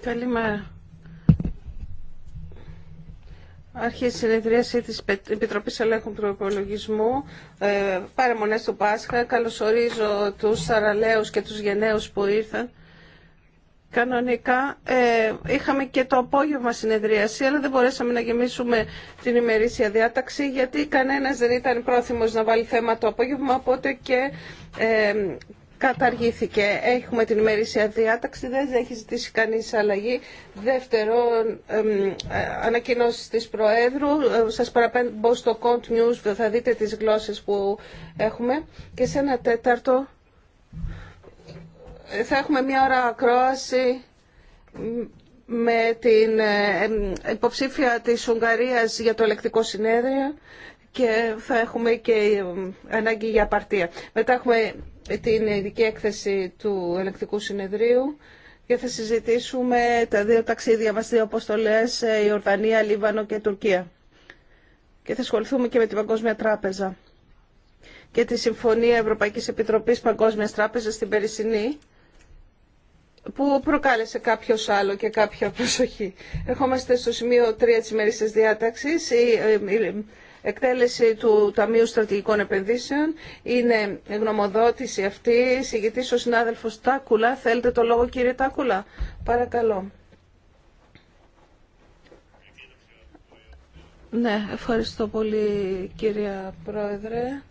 Καλημέρα. Αρχή η συνεδρίαση της Επιτροπής Ελέγχου Προπολογισμού, ε, παραμονές του Πάσχα. Καλωσορίζω του αραλέου και του Γενναίου που ήρθαν. Κανονικά ε, είχαμε και το απόγευμα συνεδρίαση, αλλά δεν μπορέσαμε να γεμίσουμε την ημερήσια διάταξη, γιατί κανένας δεν ήταν πρόθυμος να βάλει θέμα το απόγευμα, οπότε και ε, καταργήθηκε. Έχουμε την ημερήσια διάταξη, δεν έχει ζητήσει κανεί αλλαγή. Δεύτερον, ε, ανακοινώσει της Προέδρου. Ε, σας παραπέμπω στο Cont News, θα δείτε τις γλώσσες που έχουμε. Και σε ένα τέταρτο ε, θα έχουμε μια ώρα ακρόαση με την υποψήφια της Ουγγαρίας για το ελεκτικό συνέδριο και θα έχουμε και ανάγκη για απαρτία. Μετά έχουμε την ειδική έκθεση του ελεκτικού συνεδρίου και θα συζητήσουμε τα δύο ταξίδια μας, δύο αποστολές, Ιορδανία, ε, Λίβανο και Τουρκία. Και θα ασχοληθούμε και με την Παγκόσμια Τράπεζα και τη Συμφωνία Ευρωπαϊκής Επιτροπής Παγκόσμιας Τράπεζας στην Περισσινή που προκάλεσε κάποιο άλλο και κάποια προσοχή. Ερχόμαστε στο σημείο 3 της ημερής της διάταξης, ε, εκτέλεση του Ταμείου Στρατηγικών Επενδύσεων. Είναι γνωμοδότηση αυτή, Συγητής ο συνάδελφος Τάκουλα. Θέλετε το λόγο κύριε Τάκουλα. Παρακαλώ. Ναι, ευχαριστώ πολύ κυρία Πρόεδρε.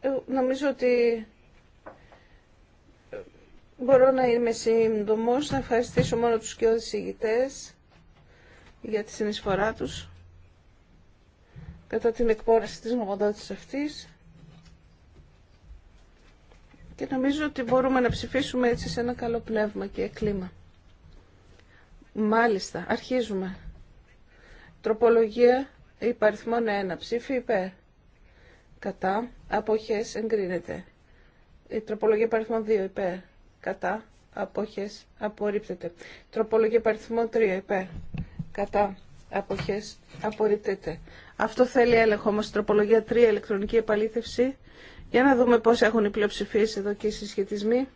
Ε, νομίζω ότι μπορώ να είμαι σύντομο, να ευχαριστήσω μόνο τους και για τη συνεισφορά τους κατά την εκπόραση της νομοδότησης αυτής και νομίζω ότι μπορούμε να ψηφίσουμε έτσι σε ένα καλό πνεύμα και κλίμα. Μάλιστα, αρχίζουμε. Τροπολογία υπαριθμών 1. Ψήφι υπέρ. Κατά. Αποχές εγκρίνεται. Η τροπολογία υπαριθμών 2 υπέρ. Κατά. Αποχές απορρίπτεται. Τροπολογία υπαριθμών 3 υπέρ κατά αποχές απορρίπτεται. Αυτό θέλει έλεγχο μας, τροπολογία 3, ηλεκτρονική επαλήθευση. Για να δούμε πώς έχουν οι πλειοψηφίες εδώ και οι συσχετισμοί.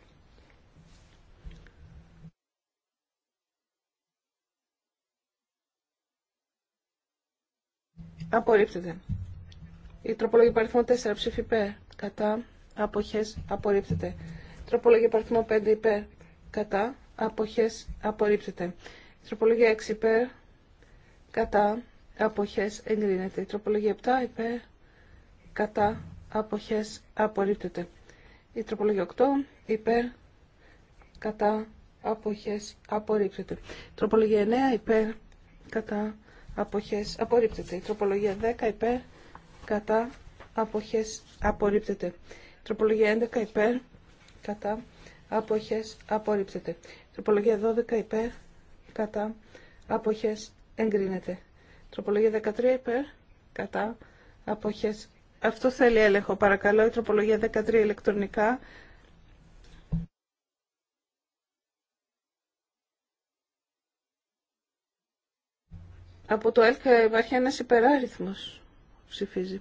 Απορρίπτεται. Η τροπολογία παριθμό 4 ψήφι υπέρ. Κατά. Αποχές. Απορρίπτεται. Τροπολογία παριθμό 5 υπέρ. Κατά. Αποχές. Απορρίπτεται. Τροπολογία 6 υπέρ κατά αποχές εγκρίνεται. Τροπολογία 7 υπέρ κατά αποχές απορρίπτεται. Η τροπολογία 8 υπέρ κατά αποχές απορρίπτεται. Τροπολογία 9 υπέρ κατά αποχές απορρίπτεται. Η τροπολογία 10 υπέρ κατά αποχές απορρίπτεται. Τροπολογία 11 υπέρ κατά αποχές απορρίπτεται. Τροπολογία 12 υπέρ κατά αποχές εγκρίνεται. Τροπολογία 13 υπέρ, κατά, αποχές. Αυτό θέλει έλεγχο. Παρακαλώ η τροπολογία 13 ηλεκτρονικά. Από το ΕΛΚΑ υπάρχει ένας υπεράριθμος ψηφίζει.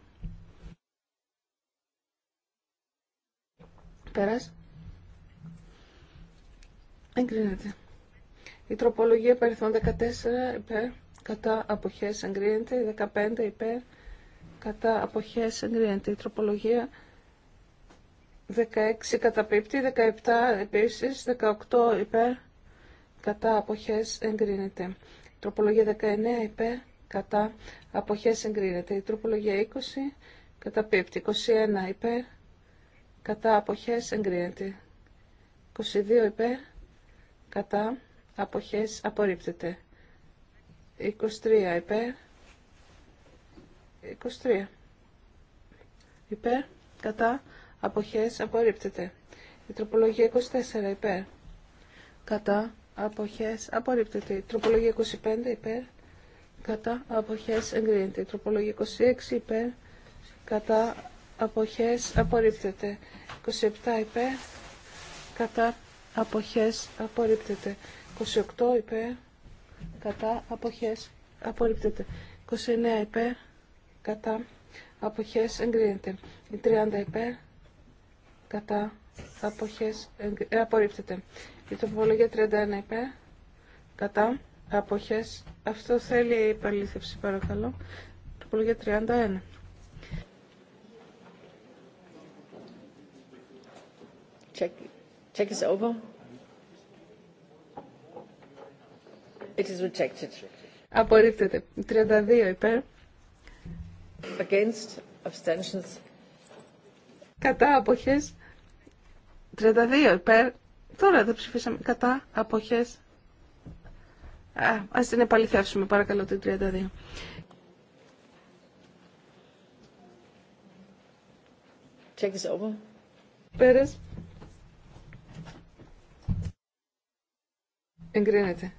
Πέρας. Εγκρίνεται. Η τροπολογία περιθών 14 υπέρ κατά αποχές εγκρίνεται, 15 υπέρ κατά αποχές εγκρίνεται. Η τροπολογία 16 καταπίπτει, 17 επίσης, 18 υπέρ κατά αποχές εγκρίνεται. Η τροπολογία 19 υπέρ κατά αποχές εγκρίνεται. Η τροπολογία 20 καταπίπτει, 21 υπέρ κατά αποχές εγκρίνεται. 22 υπέρ κατά αποχές απορρίπτεται. 23 υπέρ. 23 υπέρ. Κατά αποχές απορρίπτεται. Η τροπολογία 24 υπέρ. Κατά αποχές απορρίπτεται. Η τροπολογία 25 υπέρ. Κατά αποχές εγκρίνεται. Η τροπολογία 26 υπέρ. Κατά αποχές απορρίπτεται. 27 υπέρ. Κατά αποχές απορρίπτεται. 28 υπέρ κατά αποχές απορρίπτεται. 29 υπέρ κατά αποχές εγκρίνεται. 30 υπέρ κατά αποχές εγκρίνεται. απορρίπτεται. Η τοπολογία 31 υπέρ κατά αποχές. Αυτό θέλει η επαλήθευση παρακαλώ. Τοπολογία 31. Check, check is over. It is rejected. Απορρίπτεται. 32 υπέρ. Against abstentions. Κατά αποχές. 32 υπέρ. Τώρα δεν ψηφίσαμε. Κατά αποχές. Α, ας την επαληθεύσουμε παρακαλώ την 32. Check this over. Εγκρίνεται.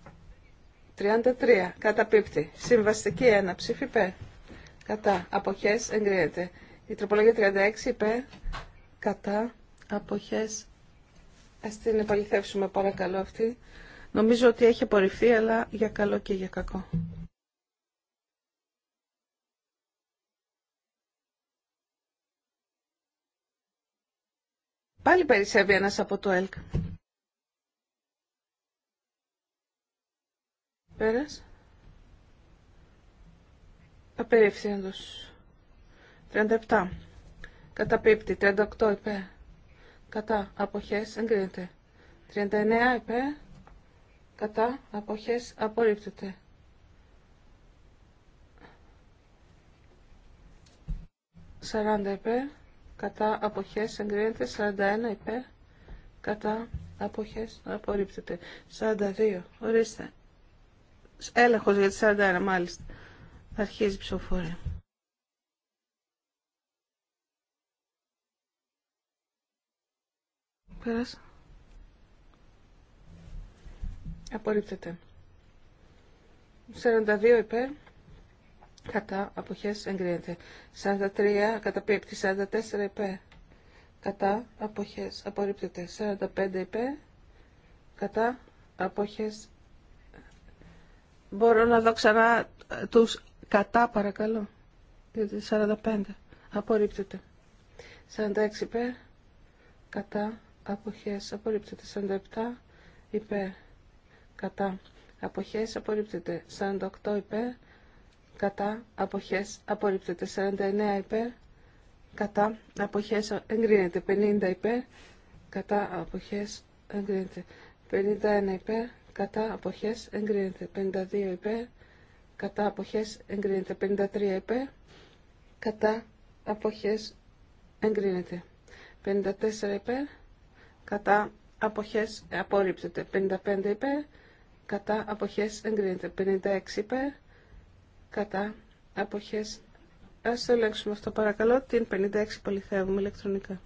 33. Καταπίπτει. Συμβαστική 1. Ψήφι Κατά. Αποχές εγκρίνεται. Η τροπολογία 36 Υπέ. Κατά. Αποχές. Ας την επαληθεύσουμε παρακαλώ αυτή. Νομίζω ότι έχει απορριφθεί, αλλά για καλό και για κακό. Πάλι περισσεύει ένας από το ΕΛΚ. Πέρας. Απερίφθεντος. 37. Καταπίπτει. 38 Κατά. Αποχές. Εγκρίνεται. 39 υπέ Κατά. Αποχές. Απορρίπτεται. 40 υπέρ. Κατά. Αποχές. Εγκρίνεται. 41 υπέρ. Κατά. Αποχές. Απορρίπτεται. 42. Ορίστε. Έλεγχος για τη 41, μάλιστα. Θα αρχίζει η ψηφοφορία. Πέρασα. Απορρίπτεται. 42 υπέρ. Κατά αποχές εγκρίνεται. 43 καταπίπτει. 44 υπέρ. Κατά αποχές απορρίπτεται. 45 υπέρ. Κατά αποχές Μπορώ να δω ξανά ε, τους κατά παρακαλώ. 45. Απορρίπτεται. 46 υπέρ. Κατά. Αποχές. Απορρίπτεται. 47 υπέρ. Κατά. Αποχές. Απορρίπτεται. 48 υπέρ. Κατά. Αποχές. Απορρίπτεται. 49 υπέρ. Κατά. Αποχές. Εγκρίνεται. 50 υπέρ. Κατά. Αποχές. Εγκρίνεται. 51 υπέρ κατά αποχές εγκρίνεται 52 υπέρ, κατά αποχές εγκρίνεται 53 υπέρ, κατά αποχές εγκρίνεται 54 υπέρ, κατά αποχές απορρίπτεται 55 υπέρ, κατά αποχές εγκρίνεται 56 υπέρ, κατά αποχές Ας το ελέγξουμε αυτό παρακαλώ, την 56 πολυθεύουμε ηλεκτρονικά.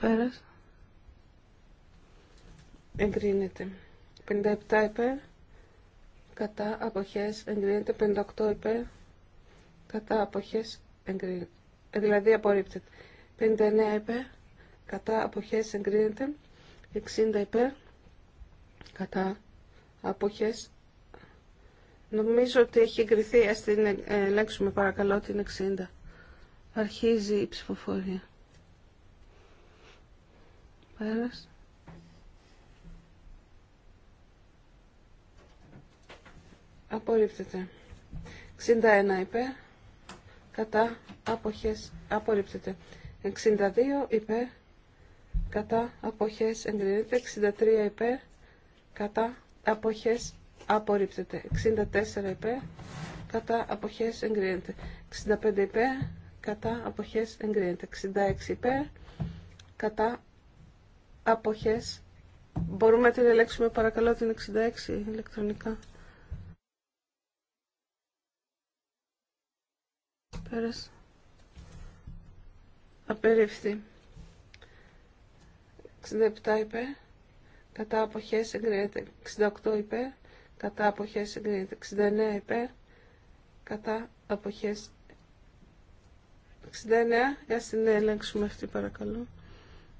Πέρας. Εγκρίνεται. 57 υπέρ. Κατά αποχές εγκρίνεται. 58 υπέρ. Κατά αποχές εγκρίνεται. Ε, δηλαδή απορρίπτεται. 59 υπέρ. Κατά αποχές εγκρίνεται. 60 υπέρ. Κατά αποχές Νομίζω ότι έχει εγκριθεί. Ας την ελέγξουμε παρακαλώ την 60. Αρχίζει η ψηφοφορία. Πέρας. Απορρίπτεται. 61 υπέρ. Κατά. Αποχές. Απορρίπτεται. 62 υπέρ. Κατά. Αποχές. Εγκρινέται. 63 υπέρ. Κατά. Αποχές. Απορρίπτεται. 64 υπέρ. Κατά. Αποχές. Εγκρινέται. 65 υπέρ. Κατά. Αποχές. Εγκρινέται. 66 υπέρ. Κατά αποχές. Μπορούμε να την ελέγξουμε παρακαλώ την 66 ηλεκτρονικά. Πέρασε. Απερίφθη. 67 είπε. Κατά αποχές εγκρίνεται 68 είπε. Κατά αποχές εγκρίνεται 69 είπε. Κατά αποχές 69. Για την ελέγξουμε αυτή παρακαλώ.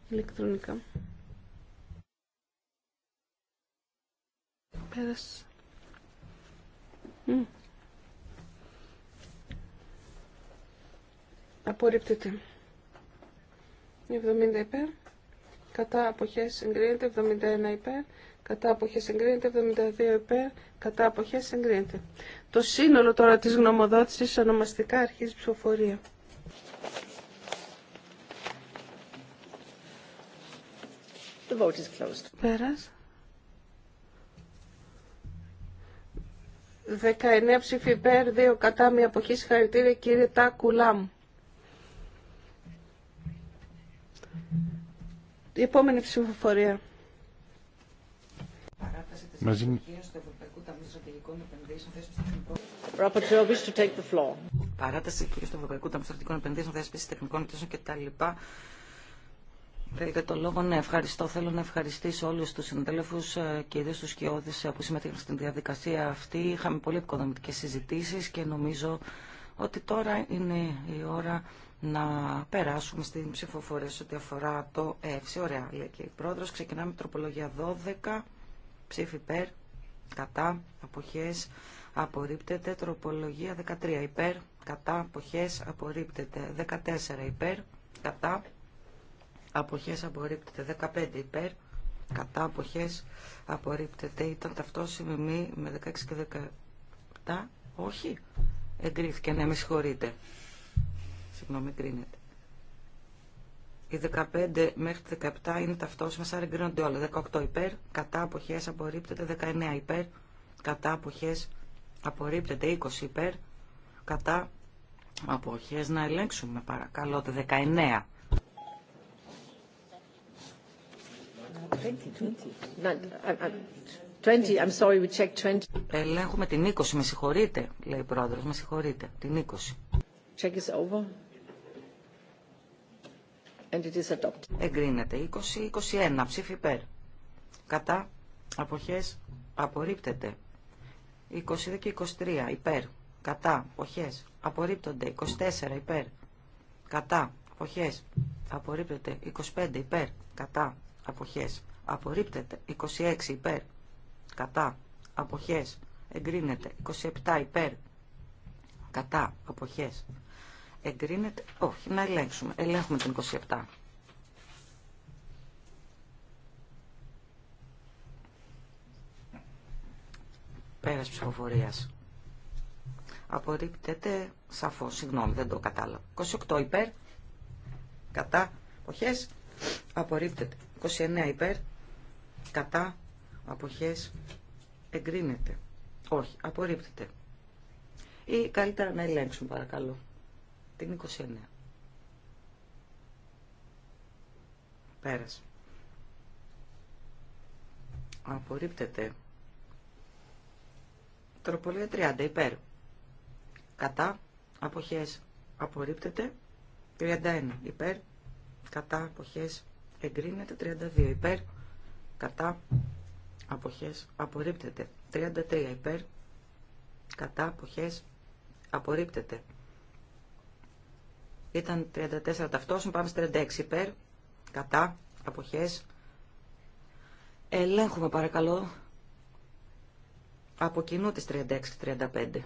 Ηλεκτρονικά. Mm. Απορρίπτεται. 70 υπέρ. Κατά αποχές εγκρίνεται 71 υπέρ. Κατά αποχές εγκρίνεται 72 υπέρ. Κατά αποχές εγκρίνεται. Το σύνολο τώρα της γνωμοδότησης ονομαστικά αρχίζει ψηφοφορία. The vote is closed. 19 ψήφοι υπέρ, 2 κατά μία αποχή. Συγχαρητήρια κύριε Τάκουλάμ. Η επόμενη ψηφοφορία. Μαζί Παράταση κυρίω του Ευρωπαϊκού Ταμείου Στρατηγικών Επενδύσεων, θέσπιση τεχνικών και τα λοιπά. Θέλετε το λόγο, ναι, ευχαριστώ. Θέλω να ευχαριστήσω όλου του συνδέλφου ε, και ιδίω του Σκιώδη ε, που συμμετείχαν στην διαδικασία αυτή. Είχαμε πολύ οικοδομητικέ συζητήσει και νομίζω ότι τώρα είναι η ώρα να περάσουμε στην ψηφοφορία σε ό,τι αφορά το ΕΦΣΙ. Ωραία, λέει και η πρόεδρο. Ξεκινάμε με τροπολογία 12. Ψήφι υπέρ, κατά, αποχέ, απορρίπτεται. Τροπολογία 13 υπέρ, κατά, αποχέ, απορρίπτεται. 14 υπέρ, κατά, αποχές απορρίπτεται 15 υπέρ κατά αποχές απορρίπτεται ήταν ταυτόσημη με 16 και 17 όχι εγκρίθηκε ναι με συγχωρείτε συγγνώμη εγκρίνεται οι 15 μέχρι 17 είναι ταυτόσιμα, άρα εγκρίνονται όλα. 18 υπέρ, κατά αποχές απορρίπτεται, 19 υπέρ, κατά αποχές απορρίπτεται, 20 υπέρ, κατά αποχές να ελέγξουμε παρακαλώ, 19 Ελέγχουμε την 20, με συγχωρείτε, λέει ο πρόεδρος, με συγχωρείτε, την 20. Check is over. And it is adopted. Εγκρίνεται. 20-21. Ψήφι υπέρ. Κατά. Αποχές. Απορρίπτεται. 22 και 23. Υπέρ. Κατά. Αποχές. Απορρίπτονται. 24. Υπέρ. Κατά. Αποχές. Απορρίπτεται. 25. Υπέρ. Κατά αποχές απορρίπτεται 26 υπέρ κατά αποχές εγκρίνεται 27 υπέρ κατά αποχές εγκρίνεται όχι να ελέγξουμε ελέγχουμε την 27 πέρας ψηφοφορίας απορρίπτεται σαφώς συγγνώμη δεν το κατάλαβα 28 υπέρ κατά αποχές απορρίπτεται 29 υπέρ, κατά, αποχές, εγκρίνεται. Όχι, απορρίπτεται. Ή καλύτερα να ελέγξουν παρακαλώ. Την 29. Πέρασε. Απορρίπτεται. Τροπολία 30 υπέρ. Κατά, αποχές, απορρίπτεται. 31 υπέρ, κατά, αποχές, εγκρίνεται 32 υπέρ κατά αποχές απορρίπτεται 33 υπέρ κατά αποχές απορρίπτεται ήταν 34 ταυτόσιμο πάμε στις 36 υπέρ κατά αποχές ελέγχουμε παρακαλώ από κοινού τις 36 35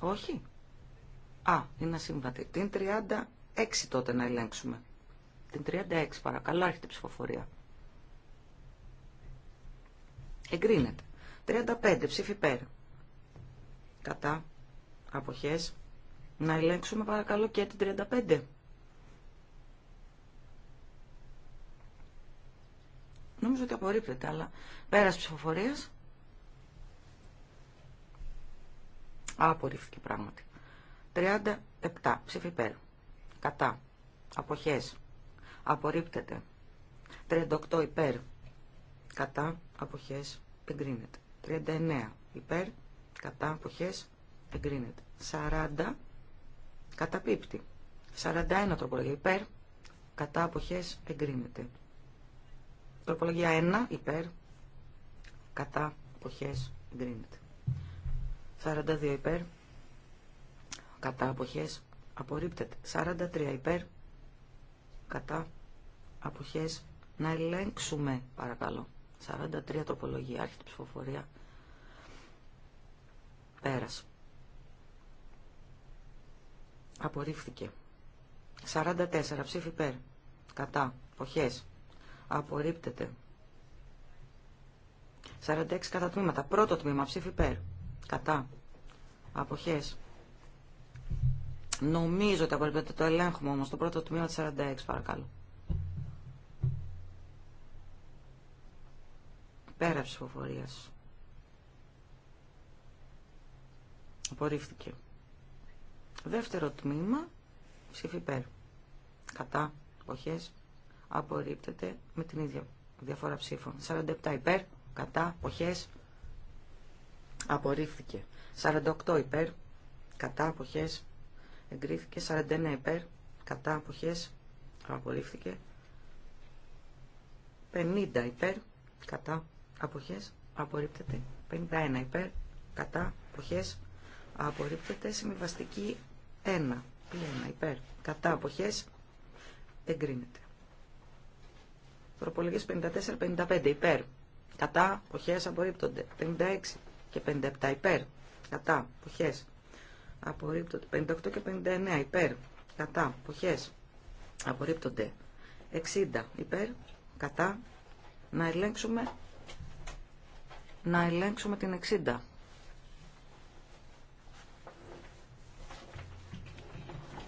όχι Α, είναι ασύμβατη. Την 36 τότε να ελέγξουμε. Την 36 παρακαλώ, έρχεται η ψηφοφορία. Εγκρίνεται. 35 ψήφι πέρ. Κατά. Αποχές. Να ελέγξουμε παρακαλώ και την 35. Νομίζω ότι απορρίπτεται, αλλά πέρας ψηφοφορίας. Απορρίφθηκε πράγματι. 37 ψήφι πέρ. Κατά. Αποχές. Απορρίπτεται. 38 υπέρ. Κατά αποχές εγκρίνεται. 39 υπέρ. Κατά αποχές εγκρίνεται. 40 καταπίπτει. 41 τροπολογία υπέρ. Κατά αποχές εγκρίνεται. Τροπολογία 1 υπέρ. Κατά αποχές εγκρίνεται. 42 υπέρ. Κατά αποχές απορρίπτεται. 43 υπέρ. Κατά αποχές να ελέγξουμε παρακαλώ 43 τροπολογία άρχιτη ψηφοφορία πέρασε απορρίφθηκε 44 ψήφι περ κατά αποχές απορρίπτεται 46 κατά τμήματα πρώτο τμήμα ψήφι περ κατά αποχές Νομίζω ότι απορρίπτεται το ελέγχουμε όμως το πρώτο τμήμα της 46 παρακαλώ. Πέρα ψηφοφορίας. Απορρίφθηκε. Δεύτερο τμήμα, ψήφι υπέρ. Κατά, εποχές, απορρίπτεται με την ίδια διαφορά ψήφων. 47 υπέρ, κατά, εποχές, απορρίφθηκε. 48 υπέρ, κατά, εποχές, εγκρίθηκε. 49 υπέρ, κατά, εποχές, απορρίφθηκε. 50 υπέρ, κατά, αποχές απορρίπτεται 51 υπέρ κατά αποχές απορρίπτεται συμβιβαστική 1 πλένα υπέρ κατά αποχές Προπολογίε τροπολογίες 54-55 υπέρ κατά αποχές απορρίπτονται 56 και 57 υπέρ κατά αποχές απορρίπτονται 58 και 59 υπέρ κατά αποχές απορρίπτονται 60 υπέρ κατά να ελέγξουμε να ελέγξουμε την 60.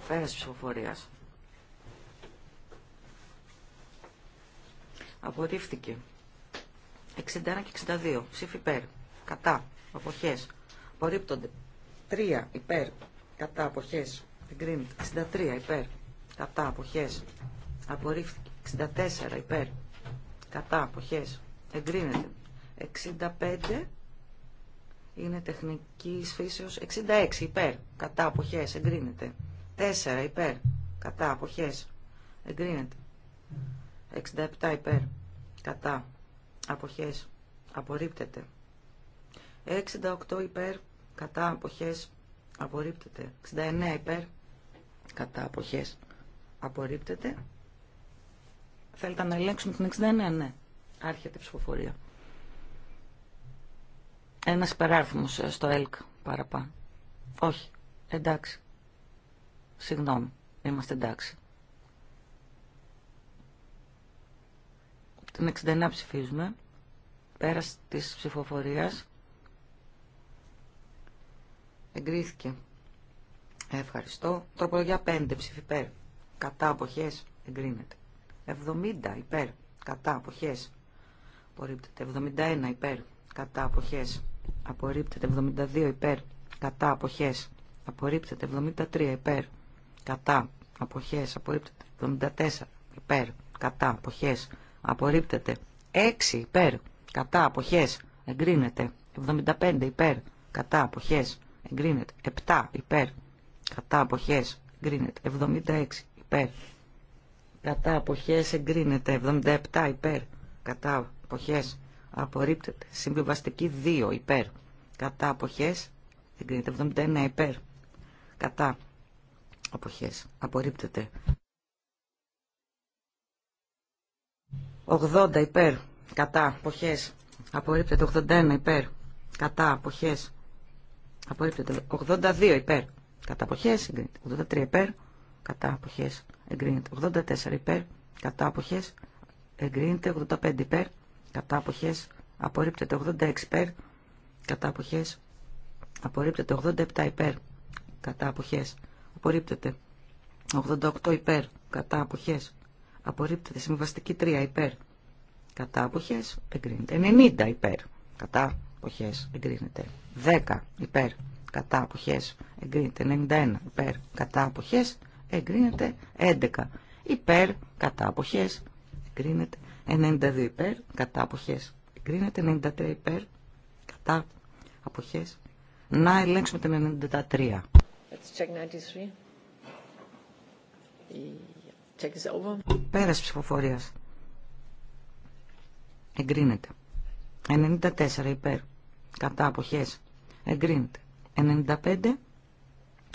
Φέρας ψηφοφορίας. Απορρίφθηκε. 61 και 62. Ψήφι υπέρ. Κατά. Αποχές. Απορρίπτονται. 3 υπέρ. Κατά. Αποχές. Εγκρίνεται. 63 υπέρ. Κατά. Αποχές. Απορρίφθηκε. 64 υπέρ. Κατά. Αποχές. Εγκρίνεται. 65 είναι τεχνική φύσεως 66 υπέρ κατά αποχές εγκρίνεται 4 υπέρ κατά αποχές εγκρίνεται 67 υπέρ κατά αποχές απορρίπτεται 68 υπέρ κατά αποχές απορρίπτεται 69 υπέρ κατά αποχές απορρίπτεται θέλετε να ελέγξουμε την 69 ναι άρχεται η ψηφοφορία ένας υπεράριθμος ε, στο ΕΛΚ παραπάνω. Όχι. Εντάξει. Συγγνώμη. Είμαστε εντάξει. Την 69 ψηφίζουμε. Πέρας της ψηφοφορίας. Εγκρίθηκε. Ευχαριστώ. Τροπολογία 5 ψήφι υπέρ. Κατά αποχές. Εγκρίνεται. 70 υπέρ. Κατά αποχές. Απορρίπτεται. 71 υπέρ. Κατά αποχές απορρίπτεται 72 υπέρ κατά αποχές απορρίπτεται 73 υπέρ κατά αποχές απορρίπτεται 74 υπέρ κατά αποχές απορρίπτεται 6 υπέρ κατά αποχές εγκρίνεται 75 υπέρ κατά αποχές εγκρίνεται 7 υπέρ κατά αποχές εγκρίνεται 76 υπέρ κατά αποχές εγκρίνεται 77 υπέρ κατά αποχές απορρίπτεται. Συμβιβαστική 2 υπέρ. Κατά αποχέ. εγκρίνεται. 71 υπέρ. Κατά απόχέ, απορρίπτεται. 80 υπέρ. Κατά αποχέ. απορρίπτεται. 81 υπέρ. Κατά αποχές απορρίπτεται. 82 υπέρ. Κατά αποχέ. εγκρίνεται. 83 υπέρ. Κατά αποχές εγκρίνεται. 84 υπέρ. Κατά αποχές εγκρίνεται. 85 υπέρ κατά απορρίπτεται 86 υπέρ κατά απορρίπτεται 87 υπέρ κατά απορρίπτεται 88 υπέρ κατά απορρίπτεται συμβαστική 3 υπέρ κατά εγκρίνεται 90 υπέρ κατά εγκρίνεται 10 υπέρ κατά εγκρίνεται 91 υπέρ κατά εγκρίνεται 11 υπέρ κατά εγκρίνεται 92 υπέρ, κατά αποχές εγκρίνεται. 93 υπέρ, κατά αποχές. Να ελέγξουμε την 93. Let's check 93. Check is over. Πέρας ψηφοφορίας. Εγκρίνεται. 94 υπέρ. Κατά αποχές. Εγκρίνεται. 95 κατά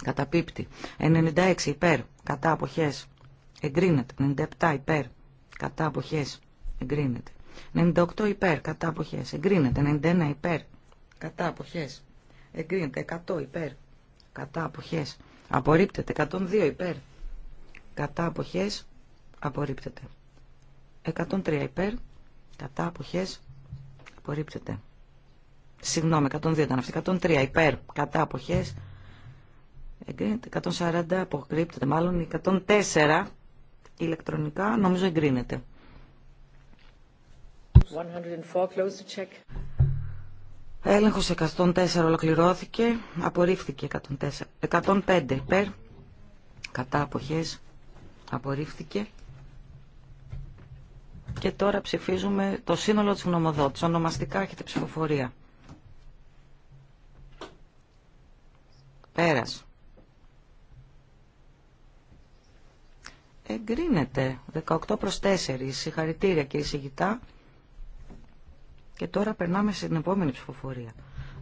καταπίπτει. 96 υπέρ. Κατά αποχές. Εγκρίνεται. 97 υπέρ. Κατά αποχές εγκρίνεται. 98 υπέρ, κατά αποχές, εγκρίνεται. 91 υπέρ, κατά αποχές, εγκρίνεται. 100 υπέρ, κατά αποχές, απορρίπτεται. 102 υπέρ, κατά αποχές, απορρίπτεται. 103 υπέρ, κατά αποχές, απορρίπτεται. Συγγνώμη, 102 ήταν αυτή. 103 υπέρ, κατά αποχές, εγκρίνεται. 140 αποκρύπτεται, μάλλον 104 ηλεκτρονικά νομίζω εγκρίνεται. 104, Έλεγχος 104 ολοκληρώθηκε, απορρίφθηκε 104. 105 υπέρ, κατά αποχές, απορρίφθηκε. Και τώρα ψηφίζουμε το σύνολο της γνωμοδότης. Ονομαστικά έχετε ψηφοφορία. Πέρας. Εγκρίνεται 18 προς 4. Συγχαρητήρια κύριε Σιγητά. Και τώρα περνάμε στην επόμενη ψηφοφορία.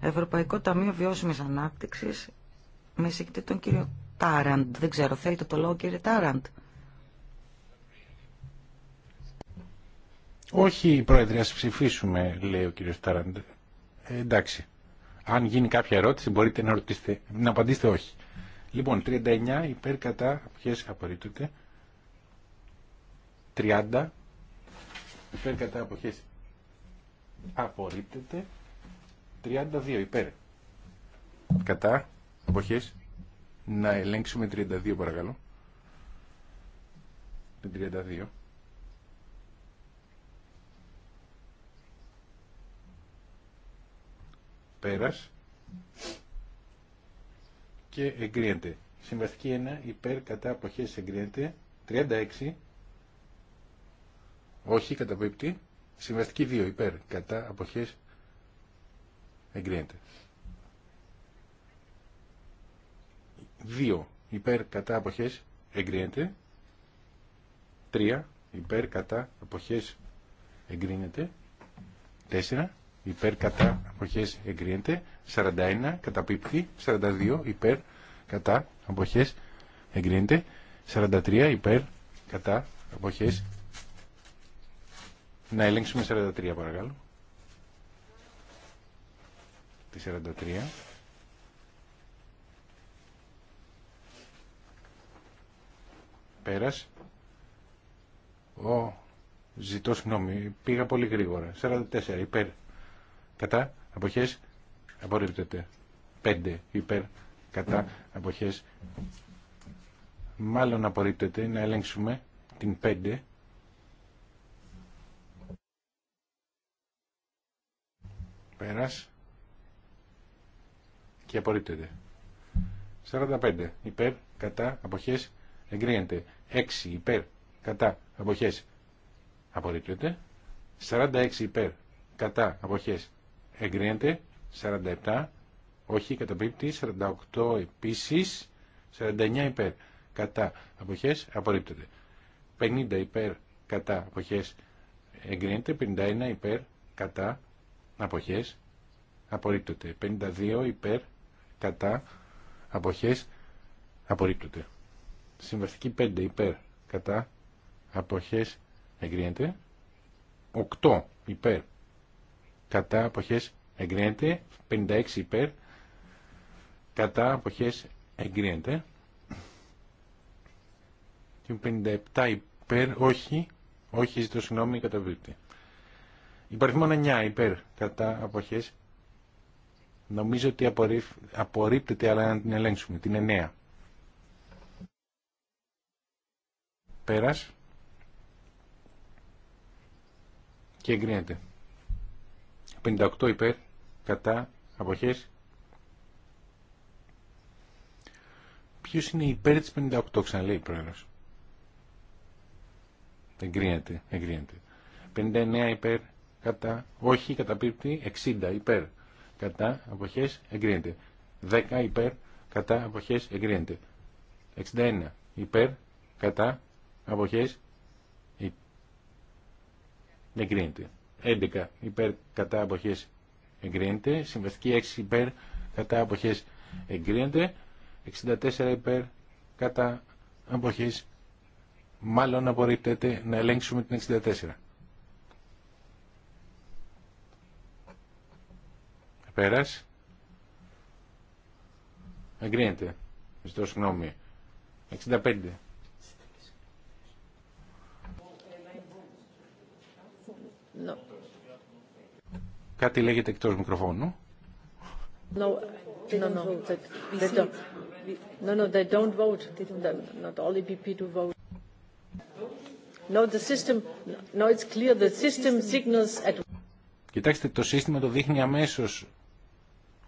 Ευρωπαϊκό Ταμείο Βιώσιμη Ανάπτυξη με συγχωρείτε τον κύριο Τάραντ. Δεν ξέρω, θέλετε το λόγο κύριε Τάραντ. Όχι, Πρόεδρε, α ψηφίσουμε, λέει ο κύριο Τάραντ. Ε, εντάξει. Αν γίνει κάποια ερώτηση, μπορείτε να, ρωτήσετε, να απαντήσετε όχι. Λοιπόν, 39 υπέρ κατά, ποιες απορρίπτονται. 30 υπέρ κατά αποχές απορρίπτεται 32 υπέρ κατά αποχές να ελέγξουμε 32 παρακαλώ την 32 πέρας και εγκρίνεται συμβαστική 1 υπέρ κατά αποχές εγκρίνεται 36 όχι καταπίπτει Συμβαστική 2 υπέρ κατά αποχές εγκρίνεται. 2 υπέρ κατά αποχές εγκρίνεται. 3 υπέρ κατά αποχές εγκρίνεται. 4 υπέρ κατά αποχές εγκρίνεται. 41 καταπίπτει. 42 υπέρ κατά αποχές εγκρίνεται. 43 υπέρ κατά αποχές να ελέγξουμε 43 παρακαλώ. Τη 43. Πέρας. Ο, ζητώ συγγνώμη, πήγα πολύ γρήγορα. 44 υπέρ. Κατά, αποχές, απορρίπτεται. 5 υπέρ, κατά, αποχές. Μάλλον απορρίπτεται, να ελέγξουμε την 5. Πέρας. Και απορρίπτεται. 45 υπέρ, κατά, αποχές, εγκρίνεται. 6 υπέρ, κατά, αποχές, απορρίπτεται. 46 υπέρ, κατά, αποχές, εγκρίνεται. 47, όχι, καταπίπτει. 48 επίσης. 49 υπέρ, κατά, αποχές, απορρίπτεται. 50 υπέρ, κατά, αποχές, εγκρίνεται. 51 υπέρ, κατά, αποχές απορρίπτονται. 52 υπέρ κατά αποχές απορρίπτονται. Συμβαστική 5 υπέρ κατά αποχές εγκρίνεται. 8 υπέρ κατά αποχές εγκρίνεται. 56 υπέρ κατά αποχές εγκρίνεται. Και 57 υπέρ όχι, όχι ζητώ συγγνώμη καταβλήτη υπάρχει μόνο 9 υπέρ κατά αποχές. Νομίζω ότι απορρίπτεται, αλλά να την ελέγξουμε. Την 9. Πέρα Και εγκρίνεται. 58 υπέρ κατά αποχές. Ποιος είναι υπέρ της 58, ξαναλέει η πρόεδρο. Εγκρίνεται, εγκρίνεται. 59 υπέρ κατά, όχι καταπίπτει 60 υπέρ κατά αποχές εγκρίνεται 10 υπέρ κατά αποχές εγκρίνεται 61 υπέρ κατά αποχές ε, εγκρίνεται 11 υπέρ κατά αποχές εγκρίνεται συμβαστική 6 υπέρ κατά αποχές εγκρίνεται 64 υπέρ κατά αποχές μάλλον απορρίπτεται να ελέγξουμε την 64 πέρας. Εγκρίνεται. Ζητώ συγγνώμη. 65. No. Κάτι λέγεται εκτός μικροφώνου. Κοιτάξτε, το σύστημα το δείχνει αμέσως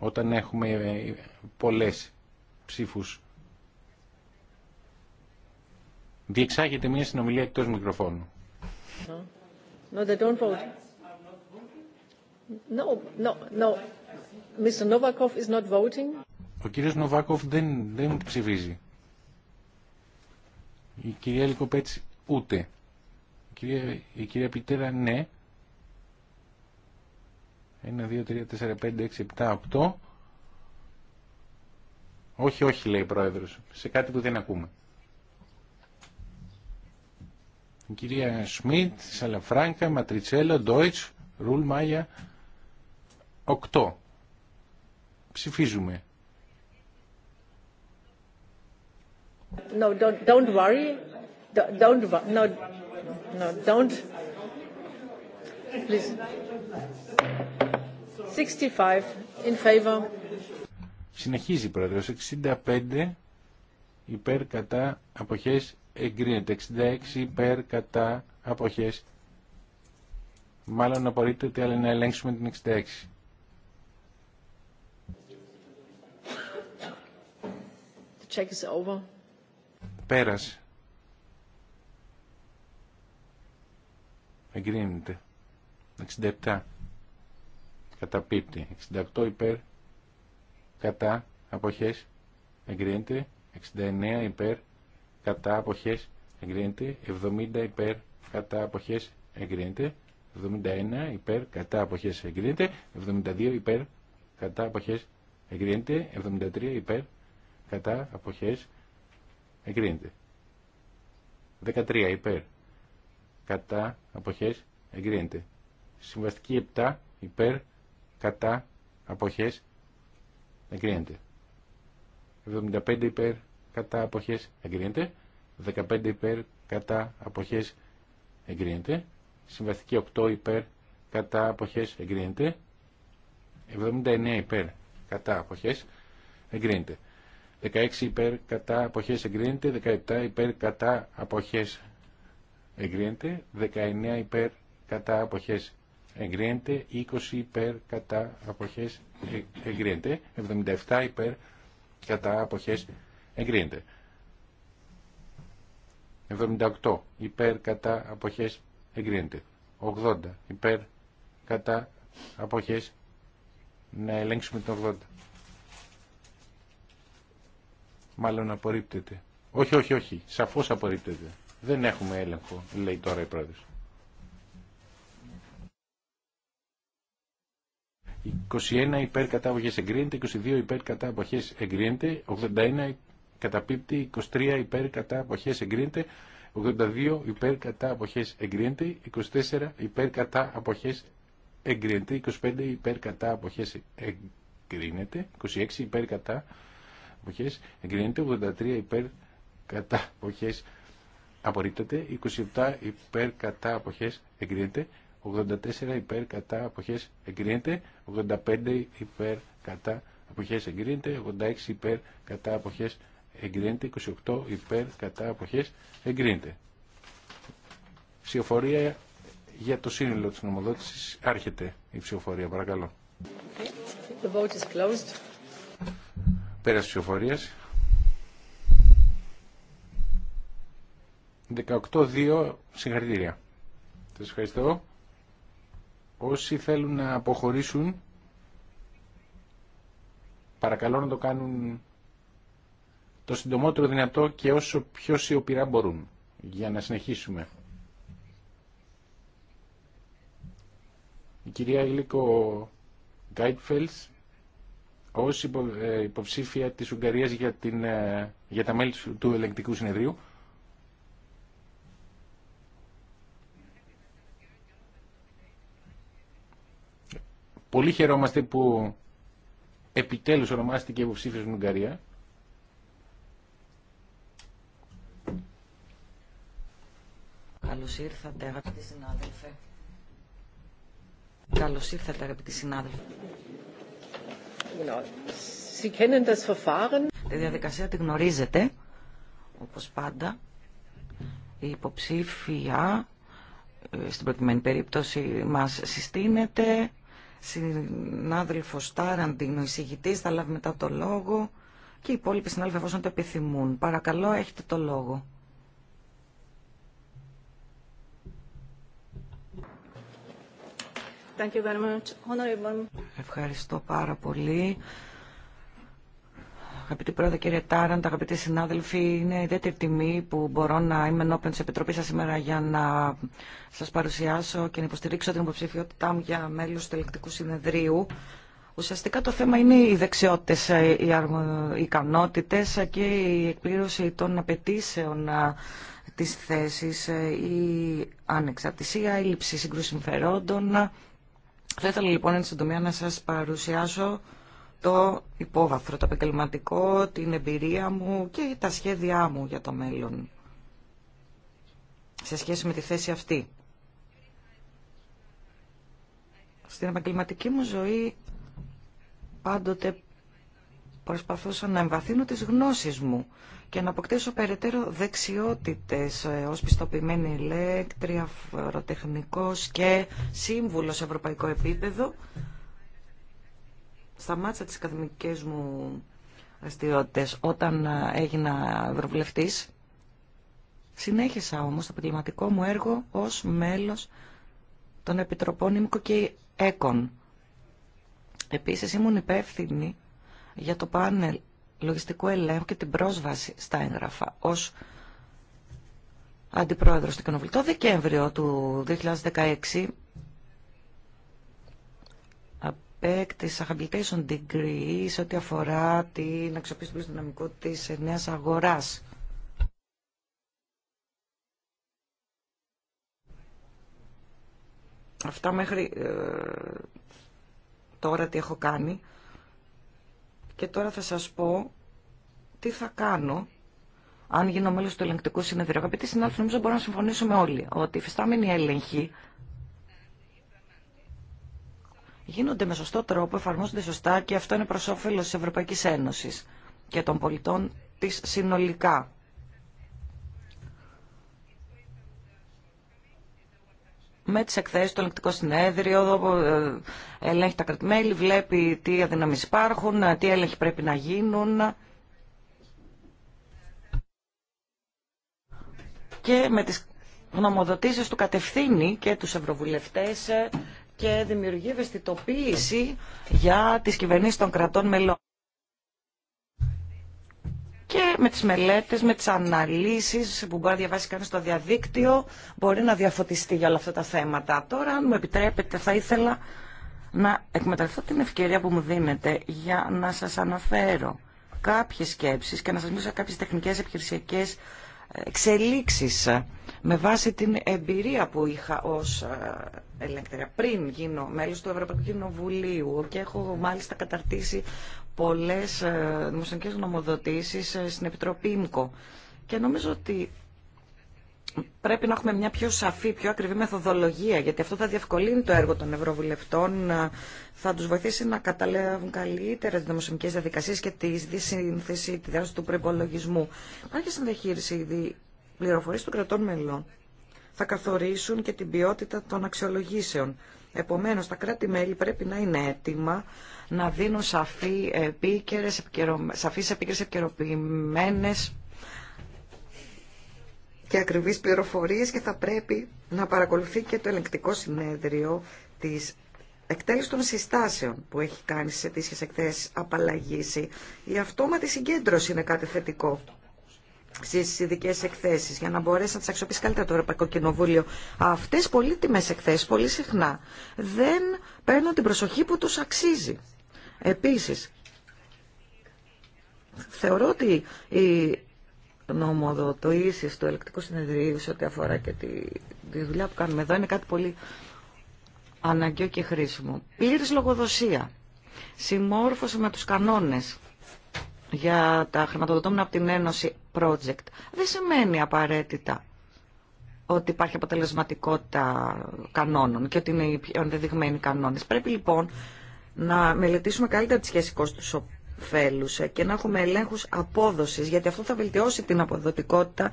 όταν έχουμε ε, πολλές ψήφους. Διεξάγεται μια συνομιλία εκτός μικροφώνου. No, they don't vote. No, no, no. Mr. Novakov is not voting. Ο κύριος Νοβάκοφ δεν, δεν ψηφίζει. Η κυρία Λικοπέτση ούτε. η κυρία Πιτέρα ναι. 1, 2, 3, 4, 5, 6, 7, 8. Όχι, όχι, λέει η Πρόεδρος, σε κάτι που δεν ακούμε. Η κυρία Σμιτ, Σαλαφράγκα, Ματριτσέλο, Ντόιτς, Ρουλ Μάγια, 8. Ψηφίζουμε. No, don't, don't worry. Don't, no, no, don't. 65 in favor. Συνεχίζει η πρόεδρος. 65 υπέρ κατά αποχές εγκρίνεται. 66 υπέρ κατά αποχές. Μάλλον απορρίπτεται, αλλά να ελέγξουμε την 66. The check is over. Πέρασε. Εγκρίνεται. 67 καταπίπτει 68 υπέρ κατά αποχές εγκρίνεται 69 υπέρ κατά αποχές εγκρίνεται 70 υπέρ κατά αποχές εγκρίνεται 71 υπέρ κατά αποχές εγκρίνεται 72 υπέρ κατά αποχές εγκρίνεται 73 υπέρ κατά αποχές εγκρίνεται 13 υπέρ κατά αποχές εγκρίνεται Συμβαστική 7 υπέρ κατά αποχές εγκρίνεται. 75 υπέρ κατά αποχές εγκρίνεται. 15 υπέρ κατά αποχές εγκρίνεται. Συμβαστική 8 υπέρ κατά αποχές εγκρίνεται. 79 υπέρ κατά αποχές εγκρίνεται. 16 υπέρ κατά αποχές εγκρίνεται. 17 υπέρ κατά αποχές εγκρίνεται. 19 υπέρ κατά αποχές εγκρίνεται, 20 ε, υπέρ κατά αποχές εγκρίνεται, 77 υπέρ κατά αποχές εγκρίνεται. 78 υπέρ κατά αποχές εγκρίνεται. 80 υπέρ κατά αποχές να ελέγξουμε την 80. Μάλλον απορρίπτεται. Όχι, όχι, όχι. Σαφώς απορρίπτεται. Δεν έχουμε έλεγχο, λέει τώρα η πρόεδρος. 21 υπέρ κατά εγκρίνεται, 22 υπέρ κατά εγκρίνεται, 81 καταπίπτει, 23 υπέρ κατά εγκρίνεται, 82 υπέρ κατά αποχές εγκρίνεται, 24 υπέρ κατά αποχές εγκρίνεται, 25 υπέρ κατά αποχές εγκρίνεται, 26 υπέρ κατά αποχές εγκρίνεται, 83 υπέρ κατά αποχές απορρίπτεται, 27 υπέρ κατά αποχές εγκρίνεται, 84 υπέρ κατά αποχές εγκρίνεται, 85 υπέρ κατά αποχές εγκρίνεται, 86 υπέρ κατά αποχές εγκρίνεται, 28 υπέρ κατά αποχές εγκρίνεται. Ψηφοφορία για το σύνολο της νομοδότησης άρχεται η ψηφοφορία, παρακαλώ. The vote is closed. Πέρας ψηφοφορίας. 18-2 συγχαρητήρια. Σας ευχαριστώ. Όσοι θέλουν να αποχωρήσουν, παρακαλώ να το κάνουν το συντομότερο δυνατό και όσο πιο σιωπηρά μπορούν, για να συνεχίσουμε. Η κυρία Γλίκο Γκάιτφελς, ως ε, υποψήφια της Ουγγαρίας για, την, ε, για τα μέλη του ελεγκτικού συνεδρίου, Πολύ χαιρόμαστε που επιτέλους ονομάστηκε υποψήφιος στην Ουγγαρία. Καλώς ήρθατε αγαπητοί συνάδελφε. Καλώς ήρθατε αγαπητοί συνάδελφοι. Τη διαδικασία τη γνωρίζετε, όπως πάντα. Η υποψήφια, ε, στην προκειμένη περίπτωση, μας συστήνεται Συνάδελφο Τάραντιν, ο θα λάβει μετά το λόγο και οι υπόλοιποι συνάδελφοι εφόσον το επιθυμούν. Παρακαλώ, έχετε το λόγο. Ευχαριστώ πάρα πολύ. Αγαπητή Πρόεδρε, κύριε Τάραντ, αγαπητοί συνάδελφοι, είναι ιδιαίτερη τιμή που μπορώ να είμαι ενώπιον τη Επιτροπή σα σήμερα για να σα παρουσιάσω και να υποστηρίξω την υποψηφιότητά μου για μέλο του Ελεκτικού Συνεδρίου. Ουσιαστικά το θέμα είναι οι δεξιότητε, οι ικανότητε και η εκπλήρωση των απαιτήσεων τη θέση, ε, η ανεξαρτησία, η λήψη συγκρού συμφερόντων. Θα ήθελα λοιπόν εν συντομία να σα παρουσιάσω το υπόβαθρο, το επαγγελματικό, την εμπειρία μου και τα σχέδιά μου για το μέλλον σε σχέση με τη θέση αυτή. Στην επαγγελματική μου ζωή πάντοτε προσπαθούσα να εμβαθύνω τις γνώσεις μου και να αποκτήσω περαιτέρω δεξιότητες ως πιστοποιημένη ηλέκτρια, φοροτεχνικός και σύμβουλος σε ευρωπαϊκό επίπεδο Σταμάτησα τις καθημερινές μου δραστηριότητε όταν ε, έγινα ευρωβουλευτής. Συνέχισα όμως το επαγγελματικό μου έργο ως μέλος των Επιτροπών Ήμικο και ΕΚΟΝ. Επίσης ήμουν υπεύθυνη για το πάνελ λογιστικού ελέγχου και την πρόσβαση στα έγγραφα ως αντιπρόεδρος του Κοινοβουλίου. Το Δεκέμβριο του 2016 τη habilitation degree σε ό,τι αφορά την αξιοποίηση του δυναμικού τη νέα αγορά. Αυτά μέχρι ε, τώρα τι έχω κάνει και τώρα θα σας πω τι θα κάνω αν γίνω μέλος του ελεγκτικού συνεδρίου. Αγαπητοί συνάδελφοι, νομίζω μπορούμε να συμφωνήσουμε όλοι ότι η φυστάμενη έλεγχη γίνονται με σωστό τρόπο, εφαρμόζονται σωστά και αυτό είναι προς όφελος της Ευρωπαϊκής Ένωσης και των πολιτών της συνολικά. με τις εκθέσεις του ελεγκτικό συνέδριο, ε, ελέγχει τα κρατημέλη, βλέπει τι αδυναμίες υπάρχουν, ε, τι έλεγχοι πρέπει να γίνουν. Και με τις γνωμοδοτήσεις του κατευθύνει και τους ευρωβουλευτές ε, και δημιουργεί ευαισθητοποίηση για τις κυβερνήσεις των κρατών μελών. Και με τις μελέτες, με τις αναλύσεις που μπορεί να διαβάσει κανείς στο διαδίκτυο, μπορεί να διαφωτιστεί για όλα αυτά τα θέματα. Τώρα, αν μου επιτρέπετε, θα ήθελα να εκμεταλλευτώ την ευκαιρία που μου δίνετε για να σας αναφέρω κάποιες σκέψεις και να σας μιλήσω κάποιες τεχνικές επιχειρησιακές ε, εξελίξεις με βάση την εμπειρία που είχα ως ε, ελεγκτρία πριν γίνω μέλος του Ευρωπαϊκού Κοινοβουλίου και έχω μάλιστα καταρτήσει πολλές ε, δημοσιονομικές γνωμοδοτήσεις ε, στην Επιτροπή ΙΜΚΟ. Και νομίζω ότι πρέπει να έχουμε μια πιο σαφή, πιο ακριβή μεθοδολογία, γιατί αυτό θα διευκολύνει το έργο των ευρωβουλευτών, θα τους βοηθήσει να καταλάβουν καλύτερα τις δημοσιονομικές διαδικασίες και τη σύνθεση, τη του προπολογισμού. Υπάρχει συνδιαχείριση ήδη πληροφορίες των κρατών μελών θα καθορίσουν και την ποιότητα των αξιολογήσεων. Επομένως, τα κράτη-μέλη πρέπει να είναι έτοιμα να δίνουν σαφείς επίκαιρες επικαιροποιημένες και ακριβείς πληροφορίες και θα πρέπει να παρακολουθεί και το ελεγκτικό συνέδριο της εκτέλεση των συστάσεων που έχει κάνει σε αιτήσιες εκθέσεις απαλλαγήση. Η αυτόματη συγκέντρωση είναι κάτι θετικό στι ειδικέ εκθέσει για να μπορέσει να τι αξιοποιήσει καλύτερα το Ευρωπαϊκό Κοινοβούλιο. Αυτέ πολύτιμε εκθέσει πολύ συχνά δεν παίρνουν την προσοχή που του αξίζει. Επίση, θεωρώ ότι η νομοδοτοήσεις του ελεκτικού συνεδρίου σε ό,τι αφορά και τη, δουλειά που κάνουμε εδώ είναι κάτι πολύ αναγκαίο και χρήσιμο. Πλήρη λογοδοσία. Συμμόρφωση με τους κανόνες για τα χρηματοδοτόμενα από την Ένωση project. Δεν σημαίνει απαραίτητα ότι υπάρχει αποτελεσματικότητα κανόνων και ότι είναι οι πιο ενδεδειγμένοι κανόνες. Πρέπει λοιπόν να μελετήσουμε καλύτερα τη σχέση του ωφέλους και να έχουμε ελέγχους απόδοσης, γιατί αυτό θα βελτιώσει την αποδοτικότητα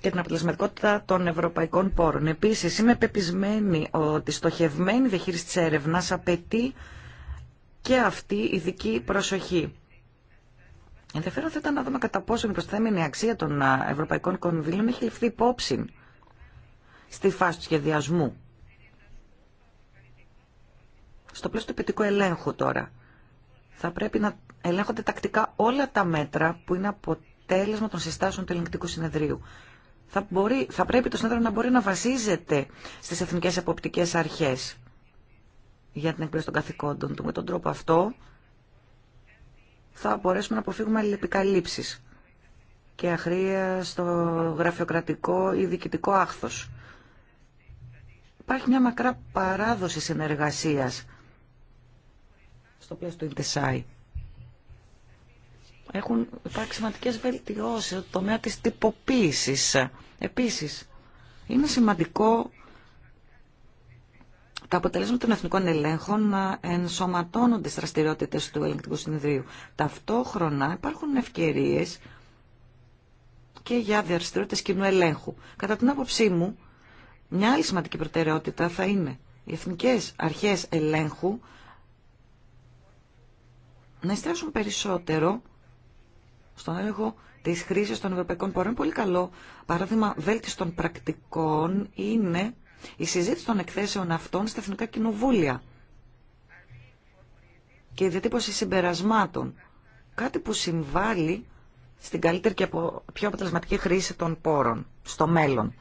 και την αποτελεσματικότητα των ευρωπαϊκών πόρων. Επίσης, είμαι πεπισμένη ότι στοχευμένη διαχείριση της έρευνας απαιτεί και αυτή ειδική προσοχή. Ενδιαφέρον θα ήταν να δούμε κατά πόσο η προσθέμενη αξία των ευρωπαϊκών κονδύλων έχει ληφθεί υπόψη στη φάση του σχεδιασμού. Στο πλαίσιο του ποιητικού ελέγχου τώρα, θα πρέπει να ελέγχονται τακτικά όλα τα μέτρα που είναι αποτέλεσμα των συστάσεων του ελεγκτικού συνεδρίου. Θα, μπορεί, θα πρέπει το συνέδριο να μπορεί να βασίζεται στις εθνικές εποπτικές αρχές για την εκπλήρωση των καθηκόντων του. Με τον τρόπο αυτό θα μπορέσουμε να αποφύγουμε αλληλεπικαλύψεις και αχρία στο γραφειοκρατικό ή διοικητικό άχθος. Υπάρχει μια μακρά παράδοση συνεργασίας στο πλαίσιο του Ιντεσάι. Έχουν υπάρξει σημαντικέ βελτιώσεις στο τομέα τη τυποποίηση. Επίσης, είναι σημαντικό τα αποτελέσματα των εθνικών ελέγχων να ε, ενσωματώνονται στι δραστηριότητε του ελεγκτικού συνεδρίου. Ταυτόχρονα υπάρχουν ευκαιρίε και για δραστηριότητε κοινού ελέγχου. Κατά την άποψή μου, μια άλλη σημαντική προτεραιότητα θα είναι οι εθνικέ αρχέ ελέγχου να εστιάσουν περισσότερο στον έλεγχο τη χρήση των ευρωπαϊκών πόρων. Πολύ καλό παράδειγμα βέλτιστων πρακτικών είναι η συζήτηση των εκθέσεων αυτών στα εθνικά κοινοβούλια και η διατύπωση συμπερασμάτων. Κάτι που συμβάλλει στην καλύτερη και πιο αποτελεσματική χρήση των πόρων στο μέλλον.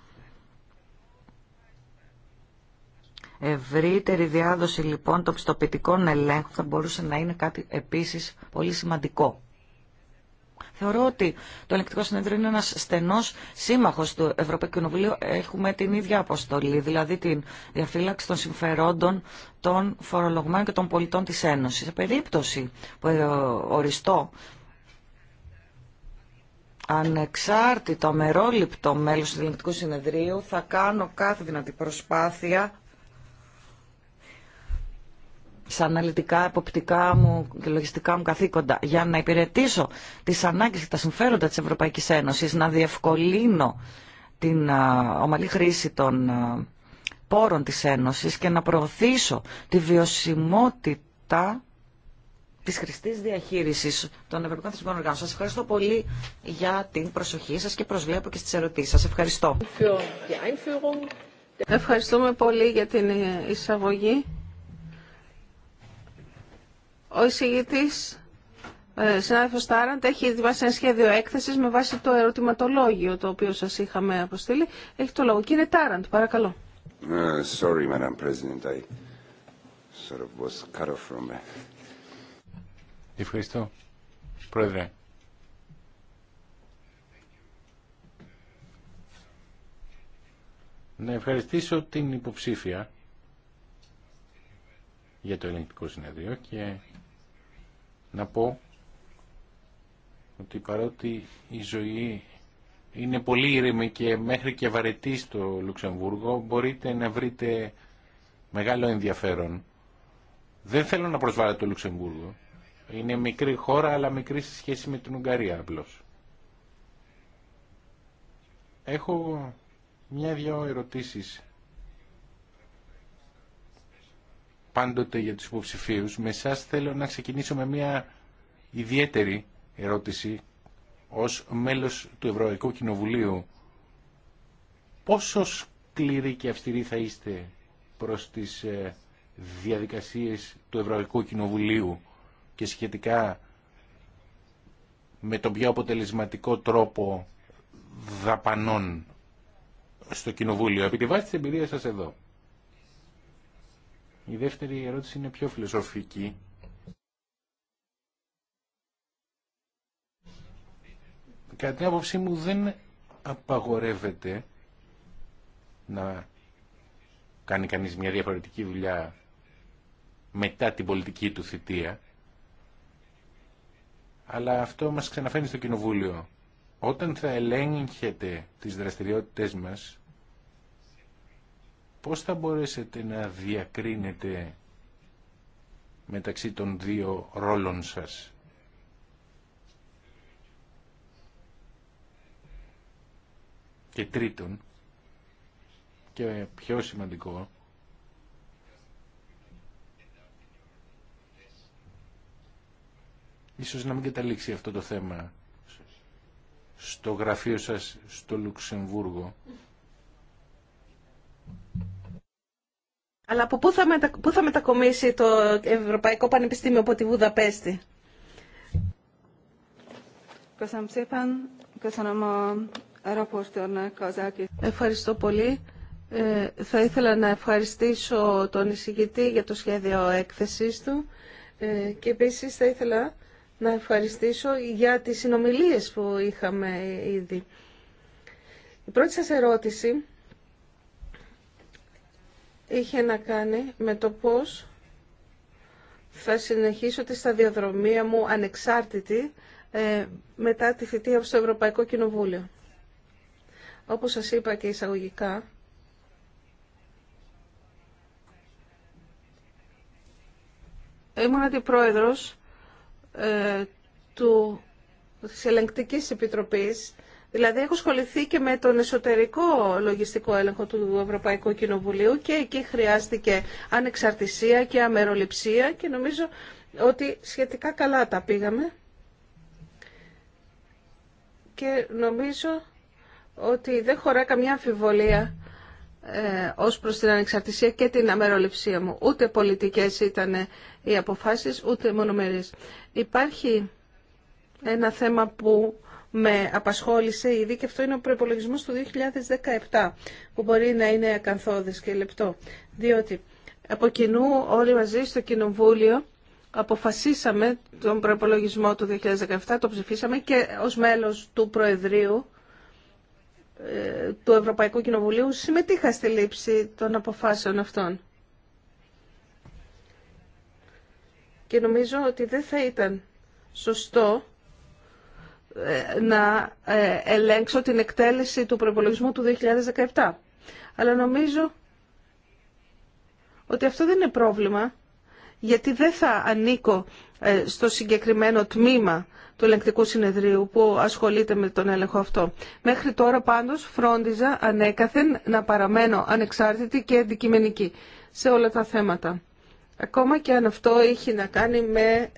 Ευρύτερη διάδοση λοιπόν των πιστοποιητικών ελέγχων θα μπορούσε να είναι κάτι επίσης πολύ σημαντικό. Θεωρώ ότι το Ελεκτικό Συνέδριο είναι ένας στενός σύμμαχος του Ευρωπαϊκού Κοινοβουλίου. Έχουμε την ίδια αποστολή, δηλαδή την διαφύλαξη των συμφερόντων των φορολογμένων και των πολιτών της Ένωσης. Σε περίπτωση που ε, οριστώ ανεξάρτητο, αμερόληπτο μέλος του Ελεκτικού Συνεδρίου, θα κάνω κάθε δυνατή προσπάθεια στα αναλυτικά, εποπτικά μου και λογιστικά μου καθήκοντα για να υπηρετήσω τις ανάγκες και τα συμφέροντα της Ευρωπαϊκής Ένωσης, να διευκολύνω την ομαλή χρήση των πόρων της Ένωσης και να προωθήσω τη βιωσιμότητα της χρηστής διαχείρισης των Ευρωπαϊκών Θεσμικών Οργάνων. Σας ευχαριστώ πολύ για την προσοχή σας και προσβλέπω και στις ερωτήσεις σας. Ευχαριστώ. Ευχαριστούμε πολύ για την εισαγωγή. Ο εισηγητή, ε, Τάραντ, έχει ετοιμάσει ένα σχέδιο έκθεσης με βάση το ερωτηματολόγιο το οποίο σας είχαμε αποστείλει. Έχει το λόγο. Κύριε Τάραντ, παρακαλώ. Ε, sorry, Madam President, I sort of was cut off from Ευχαριστώ, Πρόεδρε. Να ευχαριστήσω την υποψήφια για το ελληνικό συνεδρίο και να πω ότι παρότι η ζωή είναι πολύ ήρεμη και μέχρι και βαρετή στο Λουξεμβούργο, μπορείτε να βρείτε μεγάλο ενδιαφέρον. Δεν θέλω να προσβάλλω το Λουξεμβούργο. Είναι μικρή χώρα, αλλά μικρή σε σχέση με την Ουγγαρία απλώς. Έχω μια-δυο ερωτήσεις πάντοτε για τους υποψηφίους. Με εσά θέλω να ξεκινήσω με μια ιδιαίτερη ερώτηση ως μέλος του Ευρωπαϊκού Κοινοβουλίου. Πόσο σκληροί και αυστηροί θα είστε προς τις ε, διαδικασίες του Ευρωπαϊκού Κοινοβουλίου και σχετικά με τον πιο αποτελεσματικό τρόπο δαπανών στο Κοινοβούλιο. Επί τη σας εδώ. Η δεύτερη ερώτηση είναι πιο φιλοσοφική. Κατά την άποψή μου δεν απαγορεύεται να κάνει κανείς μια διαφορετική δουλειά μετά την πολιτική του θητεία, αλλά αυτό μας ξαναφέρνει στο Κοινοβούλιο. Όταν θα ελέγχετε τις δραστηριότητες μας, πώς θα μπορέσετε να διακρίνετε μεταξύ των δύο ρόλων σας. Και τρίτον, και πιο σημαντικό, ίσως να μην καταλήξει αυτό το θέμα στο γραφείο σας στο Λουξεμβούργο Αλλά από πού θα, μετα... θα μετακομίσει το Ευρωπαϊκό Πανεπιστήμιο από τη Βουδαπέστη. Ευχαριστώ πολύ. Ε, θα ήθελα να ευχαριστήσω τον εισηγητή για το σχέδιο έκθεσής του ε, και επίσης θα ήθελα να ευχαριστήσω για τις συνομιλίες που είχαμε ήδη. Η πρώτη σας ερώτηση είχε να κάνει με το πώς θα συνεχίσω τη σταδιοδρομία μου ανεξάρτητη ε, μετά τη θητεία στο Ευρωπαϊκό Κοινοβούλιο. Όπως σας είπα και εισαγωγικά, ήμουν αντιπρόεδρος ε, του, της Ελεγκτικής Επιτροπής Δηλαδή έχω ασχοληθεί και με τον εσωτερικό λογιστικό έλεγχο του Ευρωπαϊκού Κοινοβουλίου και εκεί χρειάστηκε ανεξαρτησία και αμεροληψία και νομίζω ότι σχετικά καλά τα πήγαμε. Και νομίζω ότι δεν χωρά καμιά αμφιβολία ε, ως προς την ανεξαρτησία και την αμεροληψία μου. Ούτε πολιτικές ήταν οι αποφάσεις, ούτε μονομερείς. Υπάρχει ένα θέμα που με απασχόλησε ήδη και αυτό είναι ο προπολογισμό του 2017 που μπορεί να είναι ακαθόδης και λεπτό. Διότι από κοινού όλοι μαζί στο Κοινοβούλιο αποφασίσαμε τον προπολογισμό του 2017, το ψηφίσαμε και ως μέλος του Προεδρείου ε, του Ευρωπαϊκού Κοινοβουλίου συμμετείχα στη λήψη των αποφάσεων αυτών. Και νομίζω ότι δεν θα ήταν σωστό ε, να ε, ελέγξω την εκτέλεση του προπολογισμού του 2017. Αλλά νομίζω ότι αυτό δεν είναι πρόβλημα, γιατί δεν θα ανήκω ε, στο συγκεκριμένο τμήμα του ελεγκτικού συνεδρίου που ασχολείται με τον έλεγχο αυτό. Μέχρι τώρα πάντως φρόντιζα ανέκαθεν να παραμένω ανεξάρτητη και αντικειμενική σε όλα τα θέματα. Ακόμα και αν αυτό έχει να κάνει με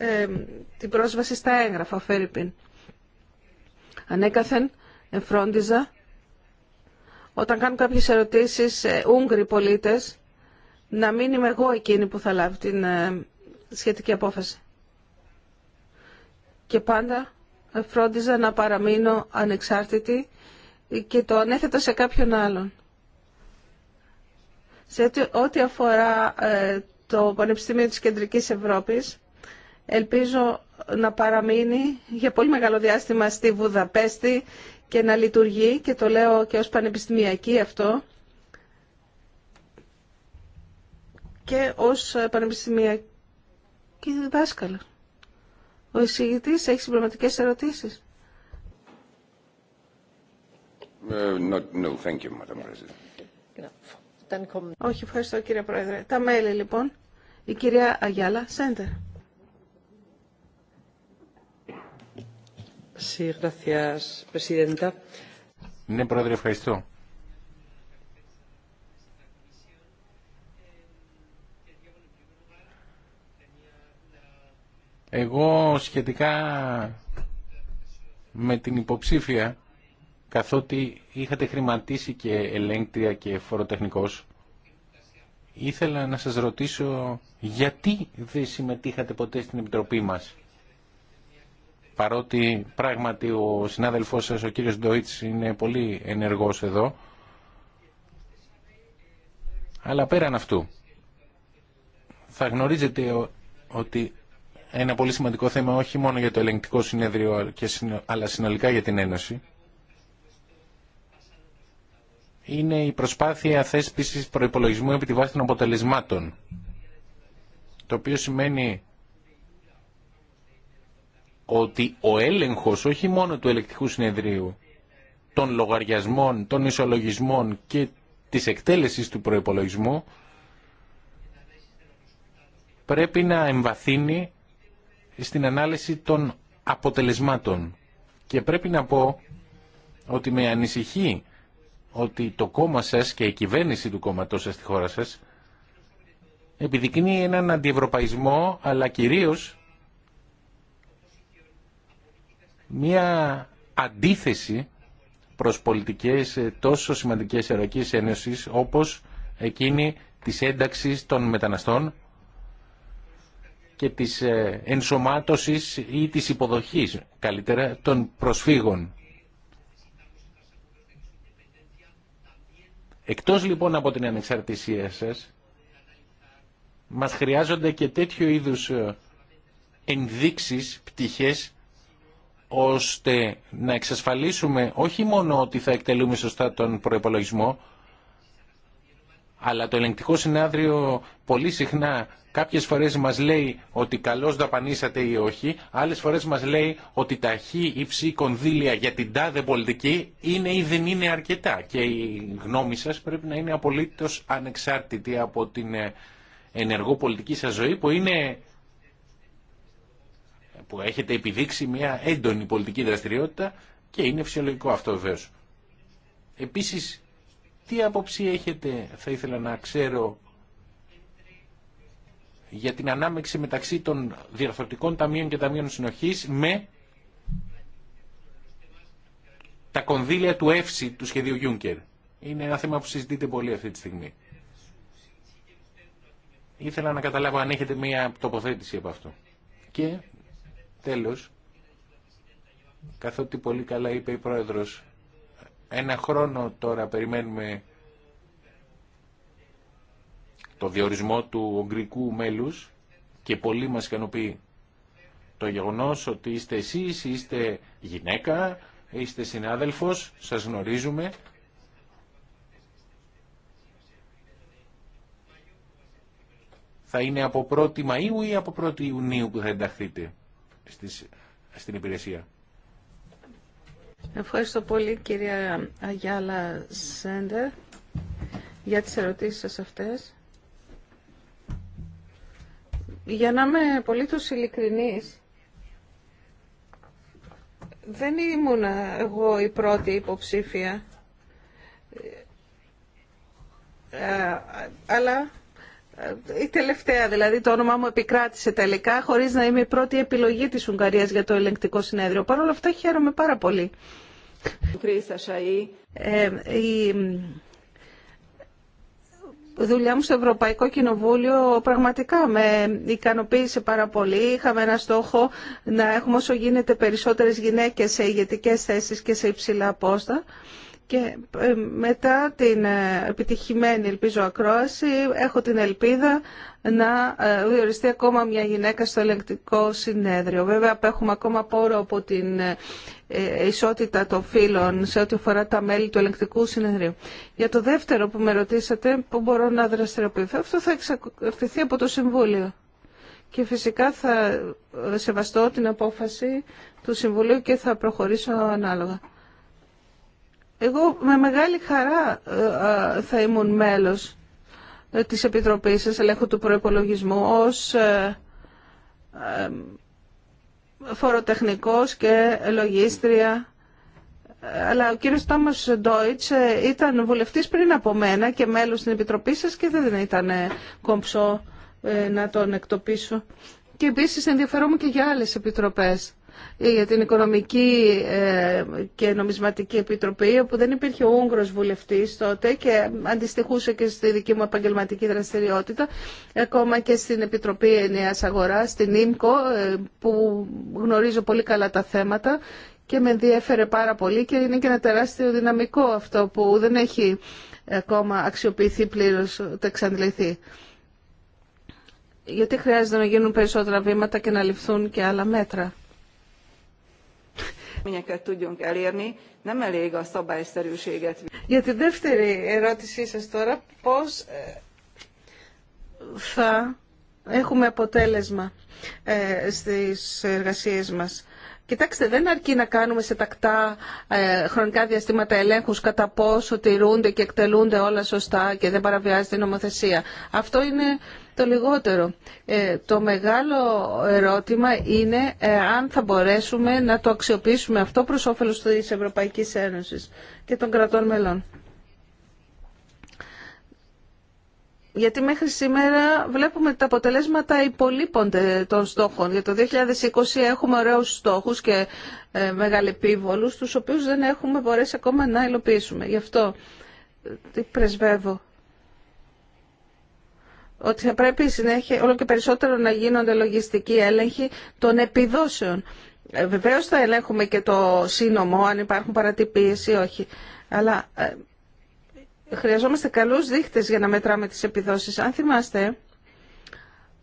την πρόσβαση στα έγγραφα, Φέρυπιν. Ανέκαθεν εφρόντιζα όταν κάνουν κάποιες ερωτήσεις ε, Ούγγροι πολίτες να μην είμαι εγώ εκείνη που θα λάβει την ε, σχετική απόφαση. Και πάντα φρόντιζα να παραμείνω ανεξάρτητη και το ανέθετα σε κάποιον άλλον. Σε ό,τι αφορά ε, το Πανεπιστήμιο της Κεντρικής Ευρώπης, ελπίζω να παραμείνει για πολύ μεγάλο διάστημα στη Βουδαπέστη και να λειτουργεί και το λέω και ως πανεπιστημιακή αυτό και ως πανεπιστημιακή διδάσκαλα. Ο εισηγητής έχει συμπληρωματικές ερωτήσεις. Uh, no, you, Όχι, ευχαριστώ κύριε Πρόεδρε. Τα μέλη λοιπόν, η κυρία Αγιάλα Σέντερ. Ναι, ευχαριστώ. Εγώ σχετικά με την υποψήφια, καθότι είχατε χρηματίσει και ελέγκτρια και φοροτεχνικός, ήθελα να σας ρωτήσω γιατί δεν συμμετείχατε ποτέ στην Επιτροπή μας παρότι πράγματι ο συνάδελφός σας ο κύριος Ντοίτς είναι πολύ ενεργός εδώ αλλά πέραν αυτού θα γνωρίζετε ότι ένα πολύ σημαντικό θέμα όχι μόνο για το ελεγκτικό συνέδριο αλλά συνολικά για την Ένωση είναι η προσπάθεια θέσπισης προϋπολογισμού επί τη βάση των αποτελεσμάτων το οποίο σημαίνει ότι ο έλεγχος όχι μόνο του ελεκτικού συνεδρίου, των λογαριασμών, των ισολογισμών και της εκτέλεσης του προϋπολογισμού πρέπει να εμβαθύνει στην ανάλυση των αποτελεσμάτων. Και πρέπει να πω ότι με ανησυχεί ότι το κόμμα σας και η κυβέρνηση του κόμματός σας στη χώρα σας επιδεικνύει έναν αντιευρωπαϊσμό αλλά κυρίως μια αντίθεση προς πολιτικές ε, τόσο σημαντικές Ευρωπαϊκής Ένωσης όπως εκείνη της ένταξης των μεταναστών και της ε, ενσωμάτωσης ή της υποδοχής καλύτερα των προσφύγων. Εκτός λοιπόν από την ανεξαρτησία σας, μας χρειάζονται και τέτοιου είδους ε, ενδείξεις, πτυχές ώστε να εξασφαλίσουμε όχι μόνο ότι θα εκτελούμε σωστά τον προϋπολογισμό, αλλά το ελεγκτικό συνάδριο πολύ συχνά κάποιες φορές μας λέει ότι καλώς δαπανίσατε ή όχι, άλλες φορές μας λέει ότι τα χ ή ψ κονδύλια για την τάδε πολιτική είναι ή δεν είναι αρκετά και η γνώμη σας πρέπει να είναι απολύτως ανεξάρτητη από την ε, ενεργό πολιτική σας ζωή που είναι που έχετε επιδείξει μια έντονη πολιτική δραστηριότητα και είναι φυσιολογικό αυτό βεβαίω. Επίσης, τι άποψη έχετε, θα ήθελα να ξέρω, για την ανάμεξη μεταξύ των διαρθρωτικών ταμείων και ταμείων συνοχής με τα κονδύλια του ΕΦΣΙ του σχεδίου Juncker. Είναι ένα θέμα που συζητείτε πολύ αυτή τη στιγμή. Ήθελα να καταλάβω αν έχετε μια τοποθέτηση από αυτό. Και Τέλος, καθότι πολύ καλά είπε η Πρόεδρος, ένα χρόνο τώρα περιμένουμε το διορισμό του ογκρικού μέλους και πολύ μας ικανοποιεί το γεγονός ότι είστε εσείς, είστε γυναίκα, είστε συνάδελφος, σας γνωρίζουμε. Θα είναι από 1η Μαΐου ή από 1η Ιουνίου που θα ενταχθείτε στην υπηρεσία. Ευχαριστώ πολύ κυρία Αγιάλα Σέντερ για τις ερωτήσεις σας αυτές. Για να είμαι πολύ τους ειλικρινής, δεν ήμουν εγώ η πρώτη υποψήφια, ε, αλλά η τελευταία, δηλαδή το όνομά μου επικράτησε τελικά χωρίς να είμαι η πρώτη επιλογή της Ουγγαρίας για το ελεγκτικό συνέδριο. Παρ' όλα αυτά χαίρομαι πάρα πολύ. Ε, η ε, δουλειά μου στο Ευρωπαϊκό Κοινοβούλιο πραγματικά με ικανοποίησε πάρα πολύ. Είχαμε ένα στόχο να έχουμε όσο γίνεται περισσότερες γυναίκες σε ηγετικές θέσεις και σε υψηλά πόστα. Και ε, μετά την ε, επιτυχημένη, ελπίζω, ακρόαση, έχω την ελπίδα να ε, διοριστεί ακόμα μια γυναίκα στο ελεγκτικό συνέδριο. Βέβαια, απέχουμε ακόμα πόρο από την ισότητα των φύλων σε ό,τι αφορά τα μέλη του ελεγκτικού συνεδρίου. Για το δεύτερο που με ρωτήσατε, που μπορώ να δραστηριοποιηθώ, αυτό θα εξαρτηθεί από το Συμβούλιο. Και φυσικά θα σεβαστώ την απόφαση του Συμβουλίου και θα προχωρήσω ανάλογα. Εγώ με μεγάλη χαρά ε, θα ήμουν μέλος ε, της Επιτροπής σας Ελέγχου του προπολογισμού ως ε, φοροτεχνικός και λογίστρια. Αλλά ο κύριος Τόμας Ντόιτς ήταν βουλευτής πριν από μένα και μέλος στην Επιτροπή σας και δεν ήταν κομψό να τον εκτοπίσω. Και επίσης ενδιαφερόμουν και για άλλες επιτροπές. Ε, για την Οικονομική ε, και Νομισματική Επιτροπή, όπου δεν υπήρχε ο Ούγγρος βουλευτής τότε και αντιστοιχούσε και στη δική μου επαγγελματική δραστηριότητα, ακόμα και στην Επιτροπή Νέας Αγοράς, στην ΙΜΚΟ, ε, που γνωρίζω πολύ καλά τα θέματα και με ενδιέφερε πάρα πολύ και είναι και ένα τεράστιο δυναμικό αυτό που δεν έχει ακόμα αξιοποιηθεί πλήρως, ούτε εξαντληθεί. Γιατί χρειάζεται να γίνουν περισσότερα βήματα και να ληφθούν και άλλα μέτρα. Για την δεύτερη ερώτησή σας τώρα, πώς θα έχουμε αποτέλεσμα eh, στις εργασίες μας. Κοιτάξτε, δεν αρκεί να κάνουμε σε τακτά ε, χρονικά διαστήματα ελέγχους κατά πόσο τηρούνται και εκτελούνται όλα σωστά και δεν παραβιάζεται η νομοθεσία. Αυτό είναι το λιγότερο. Ε, το μεγάλο ερώτημα είναι ε, αν θα μπορέσουμε να το αξιοποιήσουμε αυτό προς όφελος της Ευρωπαϊκής Ένωσης και των κρατών μελών. Γιατί μέχρι σήμερα βλέπουμε τα αποτελέσματα υπολείπονται των στόχων. Για το 2020 έχουμε ωραίους στόχους και ε, μεγαλεπίβολους, τους οποίους δεν έχουμε μπορέσει ακόμα να υλοποιήσουμε. Γι' αυτό ε, τι πρεσβεύω ότι θα πρέπει συνέχεια όλο και περισσότερο να γίνονται λογιστικοί έλεγχοι των επιδόσεων. Ε, Βεβαίω θα ελέγχουμε και το σύνομο, αν υπάρχουν παρατυπίες ή όχι. Αλλά ε, χρειαζόμαστε καλούς δείχτες για να μετράμε τις επιδόσεις. Αν θυμάστε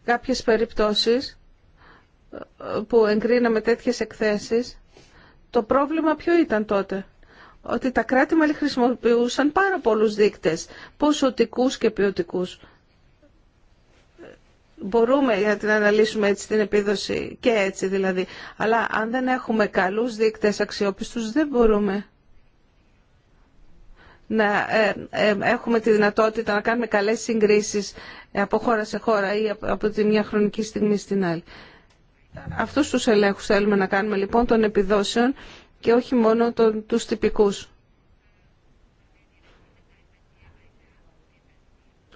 κάποιες περιπτώσεις ε, που εγκρίναμε τέτοιες εκθέσεις, το πρόβλημα ποιο ήταν τότε. Ότι τα κράτη-μέλη χρησιμοποιούσαν πάρα πολλούς δείκτες, ποσοτικούς και ποιοτικούς μπορούμε να την αναλύσουμε έτσι την επίδοση και έτσι δηλαδή. Αλλά αν δεν έχουμε καλούς δείκτες αξιόπιστους δεν μπορούμε να ε, ε, έχουμε τη δυνατότητα να κάνουμε καλές συγκρίσεις από χώρα σε χώρα ή από τη μια χρονική στιγμή στην άλλη. Αυτούς τους ελέγχους θέλουμε να κάνουμε λοιπόν των επιδόσεων και όχι μόνο των, τους τυπικούς.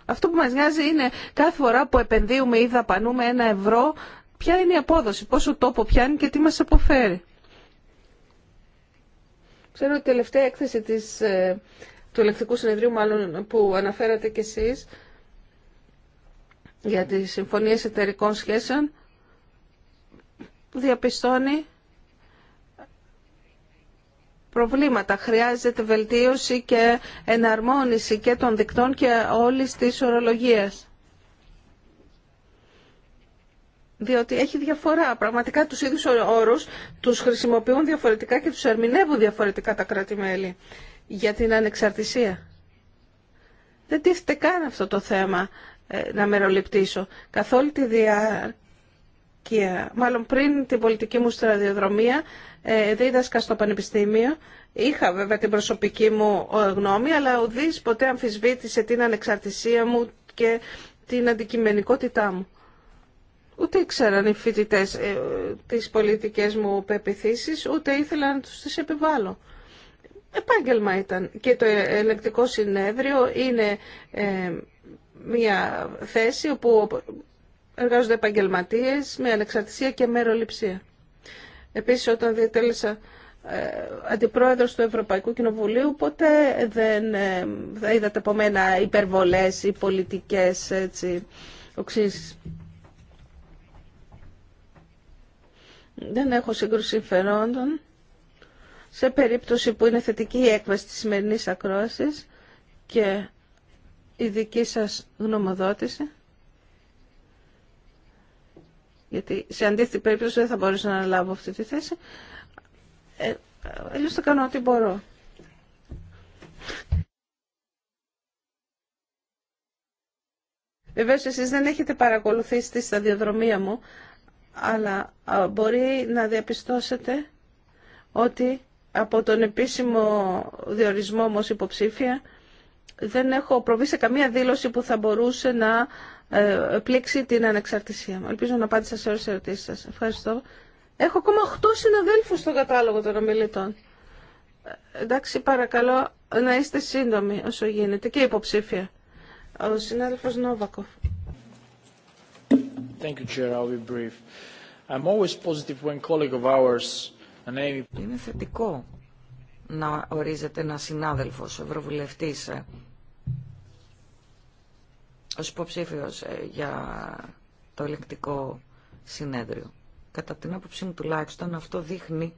Αυτό που μας νοιάζει είναι κάθε φορά που επενδύουμε ή δαπανούμε ένα ευρώ, ποια είναι η απόδοση, πόσο τόπο πιάνει και τι μας αποφέρει. Ξέρω ότι η τελευταία έκθεση της, ε, του ελεκτικού συνεδρίου, μάλλον που αναφέρατε κι εσείς, για τις συμφωνίες εταιρικών σχέσεων, διαπιστώνει προβλήματα. Χρειάζεται βελτίωση και εναρμόνιση και των δικτών και όλης της ορολογίας. Διότι έχει διαφορά. Πραγματικά τους ίδιους όρους τους χρησιμοποιούν διαφορετικά και τους ερμηνεύουν διαφορετικά τα κράτη-μέλη για την ανεξαρτησία. Δεν τίθεται καν αυτό το θέμα ε, να μεροληπτήσω. Καθ' όλη τη διάρκεια, μάλλον πριν την πολιτική μου στραδιοδρομία, ε, δίδασκα στο Πανεπιστήμιο. Είχα βέβαια την προσωπική μου ε, γνώμη, αλλά ο Δής ποτέ αμφισβήτησε την ανεξαρτησία μου και την αντικειμενικότητά μου. Ούτε ήξεραν οι φοιτητέ ε, τις πολιτικές μου πεπιθήσεις, ούτε ήθελαν να τους τις επιβάλλω. Επάγγελμα ήταν. Και το ελεκτικό συνέδριο είναι ε, μια θέση όπου εργάζονται επαγγελματίες με ανεξαρτησία και μεροληψία. Επίσης όταν διατέλεσα ε, αντιπρόεδρος του Ευρωπαϊκού Κοινοβουλίου ποτέ δεν θα ε, είδατε από μένα υπερβολές ή πολιτικές έτσι, οξύσεις. Δεν έχω σύγκρουση συμφερόντων. Σε περίπτωση που είναι θετική η έκβαση της σημερινής ακρόασης και η δική σας γνωμοδότηση γιατί σε αντίθετη περίπτωση δεν θα μπορούσα να λάβω αυτή τη θέση. Ε, θα κάνω ό,τι μπορώ. Βεβαίω εσείς δεν έχετε παρακολουθήσει τη σταδιοδρομία μου, αλλά μπορεί να διαπιστώσετε ότι από τον επίσημο διορισμό μου ως υποψήφια δεν έχω προβεί σε καμία δήλωση που θα μπορούσε να ε, πλήξει την ανεξαρτησία μου. Ελπίζω να απάντησα σε όλε τι ερωτήσει σα. Ευχαριστώ. Έχω ακόμα 8 συναδέλφου στον κατάλογο των ομιλητών. Ε, εντάξει, παρακαλώ να είστε σύντομοι όσο γίνεται και υποψήφια. Ο συνάδελφο Νόβακοφ. Thank you, Chair. I'll be brief. I'm always positive when colleague Είναι θετικό να ορίζεται ένα συνάδελφος, ευρωβουλευτής, ε ως υποψήφιος ε, για το ελεγκτικό συνέδριο. Κατά την άποψή μου τουλάχιστον αυτό δείχνει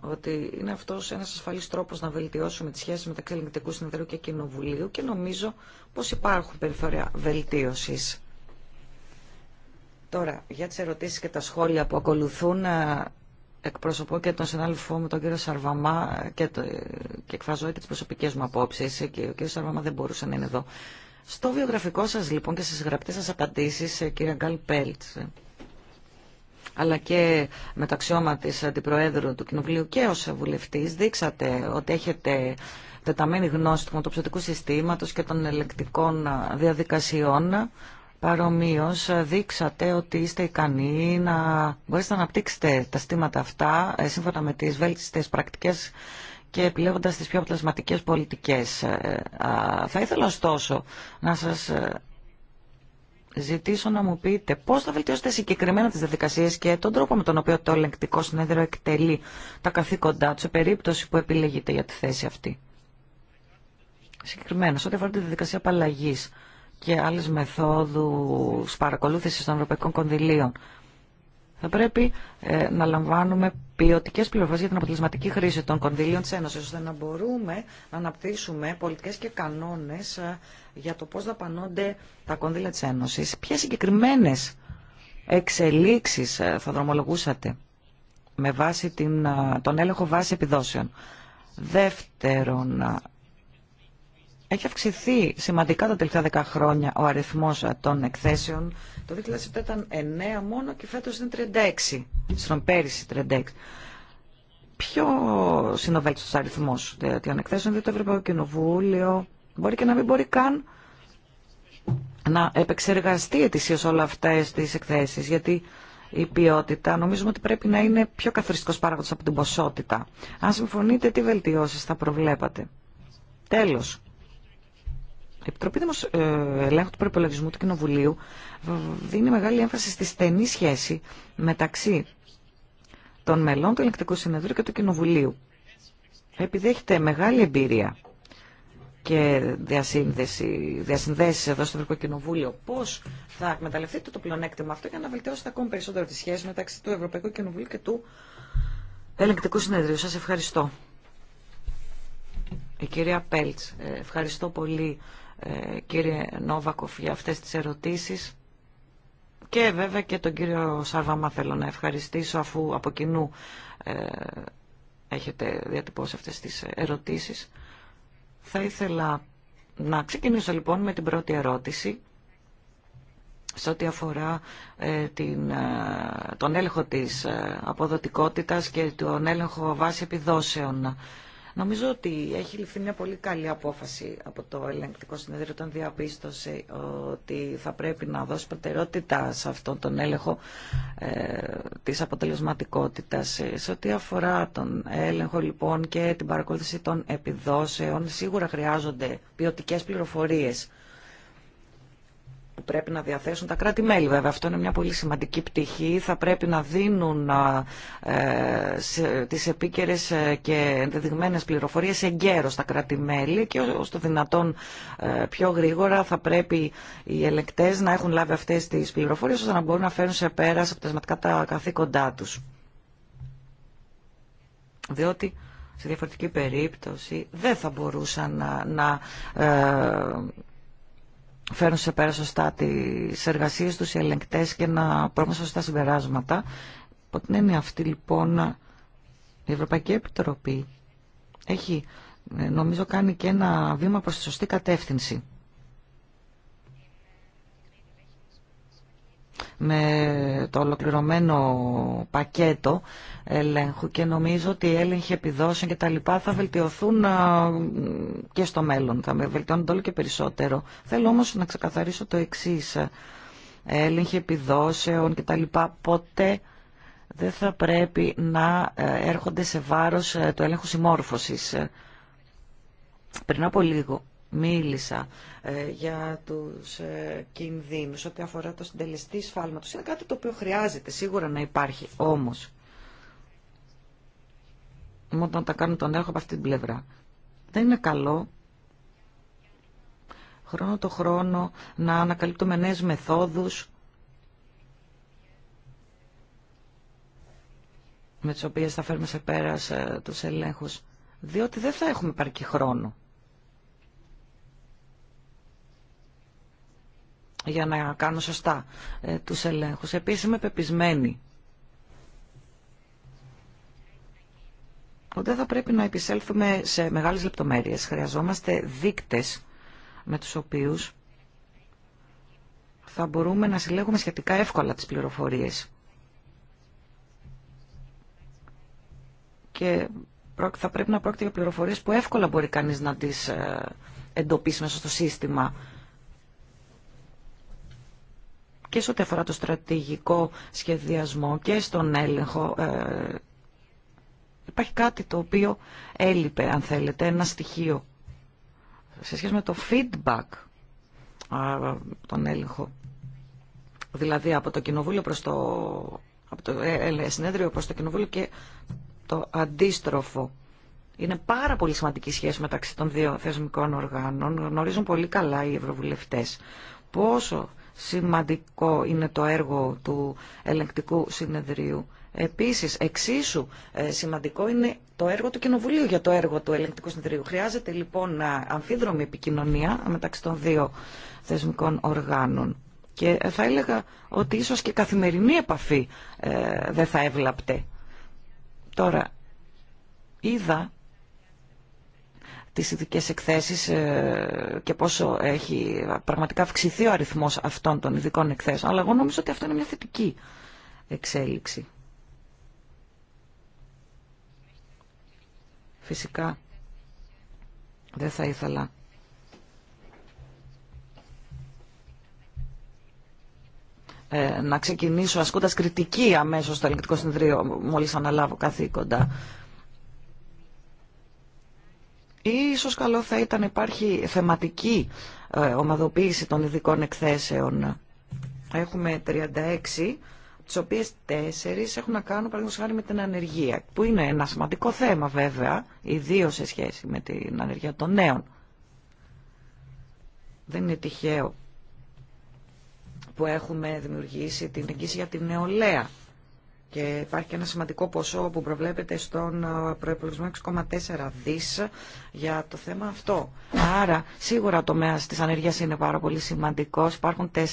ότι είναι αυτό ένα ασφαλή τρόπο να βελτιώσουμε τι σχέσει μεταξύ ελεγκτικού συνεδρίου και κοινοβουλίου και νομίζω πω υπάρχουν περιθώρια βελτίωση. Τώρα, για τι ερωτήσει και τα σχόλια που ακολουθούν, ε, εκπροσωπώ και τον συνάδελφό μου, τον κύριο Σαρβαμά, και, το, ε, και εκφραζώ και τις προσωπικές μου απόψει. Και ο κύριο Σαρβαμά δεν μπορούσε να είναι εδώ στο βιογραφικό σας λοιπόν και στις γραπτές σας απαντήσεις, ε, κύριε Γκάλ Πέλτς, ε, αλλά και με το αξιώμα της Αντιπροέδρου του Κοινοβουλίου και ως βουλευτής, δείξατε ότι έχετε τεταμένη γνώση του χρηματοψηφιακού συστήματος και των ελεκτικών διαδικασιών. Παρομοίως δείξατε ότι είστε ικανοί να μπορέσετε να αναπτύξετε τα στήματα αυτά ε, σύμφωνα με τις βέλτιστες πρακτικές και επιλέγοντας τις πιο αποτελεσματικές πολιτικές. Ε, θα ήθελα ωστόσο να σας ε, ζητήσω να μου πείτε πώς θα βελτιώσετε συγκεκριμένα τις διαδικασίες και τον τρόπο με τον οποίο το ελεγκτικό συνέδριο εκτελεί τα καθήκοντά του σε περίπτωση που επιλέγετε για τη θέση αυτή. Συγκεκριμένα, σε ό,τι αφορά τη διαδικασία απαλλαγή και άλλες μεθόδους παρακολούθησης των ευρωπαϊκών κονδυλίων. Θα πρέπει ε, να λαμβάνουμε ποιοτικέ πληροφορίε για την αποτελεσματική χρήση των κονδυλίων τη Ένωση, ώστε να μπορούμε να αναπτύσσουμε πολιτικέ και κανόνε ε, για το πώ δαπανώνται τα κονδύλια τη Ένωση. Ποιε συγκεκριμένε εξελίξει ε, θα δρομολογούσατε με βάση την, τον έλεγχο βάση επιδόσεων. Δεύτερον, έχει αυξηθεί σημαντικά τα τελευταία δέκα χρόνια ο αριθμός ε, των εκθέσεων. Το 2007 ήταν 9 μόνο και φέτος είναι 36, στον πέρυσι 36. Ποιο είναι ο βέλτιστος αριθμός ε, των εκθέσεων, διότι το Ευρωπαϊκό Κοινοβούλιο μπορεί και να μην μπορεί καν να επεξεργαστεί ετησίω όλα αυτέ τι εκθέσει, γιατί η ποιότητα νομίζουμε ότι πρέπει να είναι πιο καθοριστικό παράγοντα από την ποσότητα. Αν συμφωνείτε, τι βελτιώσει θα προβλέπατε. Τέλος, η Επιτροπή ε, Ελέγχου του Προπολογισμού του Κοινοβουλίου δίνει μεγάλη έμφαση στη στενή σχέση μεταξύ των μελών του Ελεκτικού Συνεδρίου και του Κοινοβουλίου. Επειδή έχετε μεγάλη εμπειρία και διασύνδεση, διασυνδέσεις εδώ στο Ευρωπαϊκό Κοινοβούλιο, πώς θα εκμεταλλευτείτε το πλεονέκτημα αυτό για να βελτιώσετε ακόμη περισσότερο τη σχέση μεταξύ του Ευρωπαϊκού Κοινοβουλίου και του Ελεκτικού Συνεδρίου. Σας ευχαριστώ. Η κυρία Πέλτς, ε, ευχαριστώ πολύ ε, κύριε Νόβακοφ για αυτές τις ερωτήσεις. Και βέβαια και τον κύριο Σαρβαμά θέλω να ευχαριστήσω αφού από κοινού ε, έχετε διατυπώσει αυτές τις ερωτήσεις. Θα ήθελα να ξεκινήσω λοιπόν με την πρώτη ερώτηση σε ό,τι αφορά ε, την, τον έλεγχο της αποδοτικότητας και τον έλεγχο βάση επιδόσεων. Νομίζω ότι έχει ληφθεί μια πολύ καλή απόφαση από το ελεγκτικό συνέδριο όταν διαπίστωσε ότι θα πρέπει να δώσει προτεραιότητα σε αυτόν τον έλεγχο ε, της αποτελεσματικότητας. Ε, σε ό,τι αφορά τον έλεγχο λοιπόν και την παρακολούθηση των επιδόσεων, σίγουρα χρειάζονται ποιοτικέ πληροφορίες που πρέπει να διαθέσουν τα κράτη-μέλη. Βέβαια, αυτό είναι μια πολύ σημαντική πτυχή. Θα πρέπει να δίνουν ε, τις επίκαιρες ε, και ενδεδειγμένες πληροφορίες εγκαίρως στα κράτη-μέλη και όσο το δυνατόν ε, πιο γρήγορα θα πρέπει οι ελεκτές να έχουν λάβει αυτές τις πληροφορίες ώστε να μπορούν να φέρουν σε πέρα αποτελεσματικά τα καθήκοντά τους. Διότι σε διαφορετική περίπτωση δεν θα μπορούσαν να, να ε, φέρουν σε πέρα σωστά τις εργασίες τους οι ελεγκτές και να πρόκειται σωστά συμπεράσματα. Από την έννοια αυτή λοιπόν η Ευρωπαϊκή Επιτροπή έχει ε, νομίζω κάνει και ένα βήμα προς τη σωστή κατεύθυνση. με το ολοκληρωμένο πακέτο ελέγχου και νομίζω ότι οι έλεγχοι επιδόσεων και τα λοιπά θα βελτιωθούν και στο μέλλον. Θα με βελτιώνονται όλο και περισσότερο. Θέλω όμως να ξεκαθαρίσω το εξή Έλεγχοι επιδόσεων και τα λοιπά ποτέ δεν θα πρέπει να ε, έρχονται σε βάρος ε, του έλεγχου συμμόρφωσης. Πριν από λίγο μίλησα ε, για τους ε, κινδύνους ό,τι αφορά το συντελεστή σφάλματος. Είναι κάτι το οποίο χρειάζεται σίγουρα να υπάρχει όμως. Μόνο να τα κάνουν τον έχω από αυτή την πλευρά. Δεν είναι καλό χρόνο το χρόνο να ανακαλύπτουμε νέες μεθόδους με τις οποίες θα φέρουμε σε πέρας ε, τους ελέγχους, διότι δεν θα έχουμε παρκή χρόνο για να κάνω σωστά ε, τους ελέγχους. Επίσης είμαι πεπισμένη ότι θα πρέπει να επισέλθουμε σε μεγάλες λεπτομέρειες. Χρειαζόμαστε δείκτες με τους οποίους θα μπορούμε να συλλέγουμε σχετικά εύκολα τις πληροφορίες. Και θα πρέπει να πρόκειται για πληροφορίες που εύκολα μπορεί κανείς να τις ε, εντοπίσει μέσα στο σύστημα και σε ό,τι αφορά το στρατηγικό σχεδιασμό και στον έλεγχο ε, υπάρχει κάτι το οποίο έλειπε, αν θέλετε, ένα στοιχείο σε σχέση με το feedback, α, τον έλεγχο, δηλαδή από το κοινοβούλιο προς το, από το ε, ε συνέδριο προς το κοινοβούλιο και το αντίστροφο. Είναι πάρα πολύ σημαντική σχέση μεταξύ των δύο θεσμικών οργάνων. Γνωρίζουν πολύ καλά οι ευρωβουλευτές πόσο σημαντικό είναι το έργο του ελεγκτικού συνεδρίου. Επίσης, εξίσου ε, σημαντικό είναι το έργο του Κοινοβουλίου για το έργο του ελεγκτικού συνεδρίου. Χρειάζεται λοιπόν αμφίδρομη επικοινωνία μεταξύ των δύο θεσμικών οργάνων. Και θα έλεγα ότι ίσως και καθημερινή επαφή ε, δεν θα έβλαπτε. Τώρα, είδα τις ειδικές εκθέσεις ε, και πόσο έχει πραγματικά αυξηθεί ο αριθμός αυτών των ειδικών εκθέσεων. Αλλά εγώ νομίζω ότι αυτό είναι μια θετική εξέλιξη. Φυσικά δεν θα ήθελα ε, να ξεκινήσω ασκώντας κριτική αμέσως στο Ελληνικό Συνδρίο μόλις αναλάβω καθήκοντα. Ίσως καλό θα ήταν υπάρχει θεματική ε, ομαδοποίηση των ειδικών εκθέσεων. Έχουμε 36 τις οποίες τέσσερις έχουν να κάνουν παραδείγματος με την ανεργία, που είναι ένα σημαντικό θέμα βέβαια, ιδίω σε σχέση με την ανεργία των νέων. Δεν είναι τυχαίο που έχουμε δημιουργήσει την εγγύηση για την νεολαία και υπάρχει και ένα σημαντικό ποσό που προβλέπεται στον ε, προϋπολογισμό 6,4 δις για το θέμα αυτό. Άρα, σίγουρα το μέα τη ανεργία είναι πάρα πολύ σημαντικό. Υπάρχουν 4,5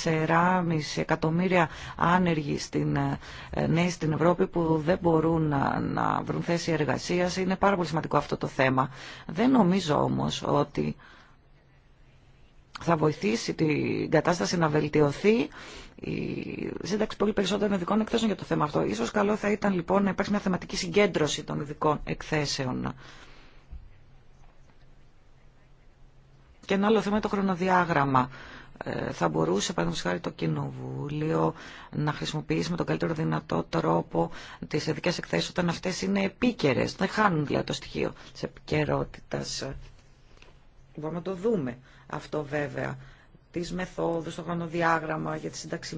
εκατομμύρια άνεργοι στην, ε, ε, νέοι στην Ευρώπη που δεν μπορούν να, να βρουν θέση εργασία. Είναι πάρα πολύ σημαντικό αυτό το θέμα. Δεν νομίζω όμω ότι θα βοηθήσει την κατάσταση να βελτιωθεί η σύνταξη πολύ περισσότερων ειδικών εκθέσεων για το θέμα αυτό. Ίσως καλό θα ήταν λοιπόν να υπάρξει μια θεματική συγκέντρωση των ειδικών εκθέσεων. Και ένα άλλο θέμα είναι το χρονοδιάγραμμα. Ε, θα μπορούσε, παραδείγματο χάρη, το Κοινοβούλιο να χρησιμοποιήσει με τον καλύτερο δυνατό τρόπο τι ειδικέ εκθέσει όταν αυτέ είναι επίκαιρε. Δεν χάνουν δηλαδή το στοιχείο τη επικαιρότητα. Μπορούμε να το δούμε αυτό βέβαια τις μεθόδους, το χρονοδιάγραμμα για τη ε, τις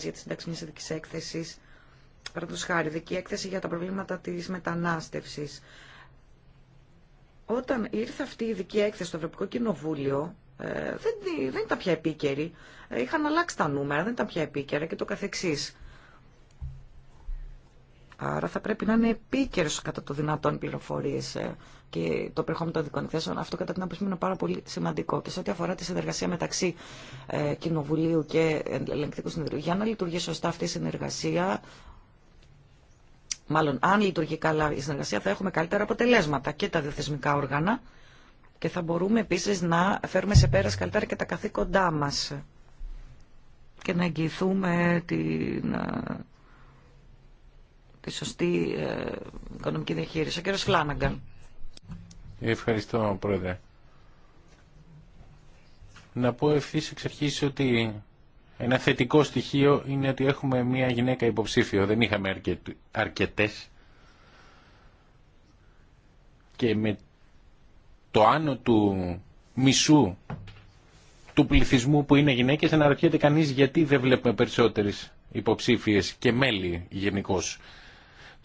για τη σύνταξη μιας ειδικής έκθεσης. Παραδείγματος χάρη, ειδική έκθεση για τα προβλήματα της μετανάστευσης. Όταν ήρθε αυτή η ειδική έκθεση στο Ευρωπαϊκό Κοινοβούλιο, ε, δεν, δεν ήταν πια επίκαιρη. Ε, είχαν αλλάξει τα νούμερα, δεν ήταν πια επίκαιρα και το καθεξής. Άρα θα πρέπει να είναι επίκαιρο κατά το δυνατόν πληροφορίε ε, και το περιεχόμενο των δικών θέσεων. Αυτό κατά την άποψή μου είναι πάρα πολύ σημαντικό. Και σε ό,τι αφορά τη συνεργασία μεταξύ ε, Κοινοβουλίου και Ελεγκτικού Συνεδρίου, για να λειτουργεί σωστά αυτή η συνεργασία, μάλλον αν λειτουργεί καλά η συνεργασία, θα έχουμε καλύτερα αποτελέσματα και τα διαθεσμικά όργανα και θα μπορούμε επίση να φέρουμε σε πέρα καλύτερα και τα καθήκοντά μα και να εγγυηθούμε την ε, τη σωστή ε, οικονομική διαχείριση. Ο κύριος Φλάναγκαν. Ευχαριστώ, Πρόεδρε. Να πω ευθύ εξ αρχή ότι ένα θετικό στοιχείο είναι ότι έχουμε μια γυναίκα υποψήφιο. Δεν είχαμε αρκε... αρκετές. Και με το άνω του μισού του πληθυσμού που είναι γυναίκες αναρωτιέται κανείς γιατί δεν βλέπουμε περισσότερες υποψήφιες και μέλη γενικώ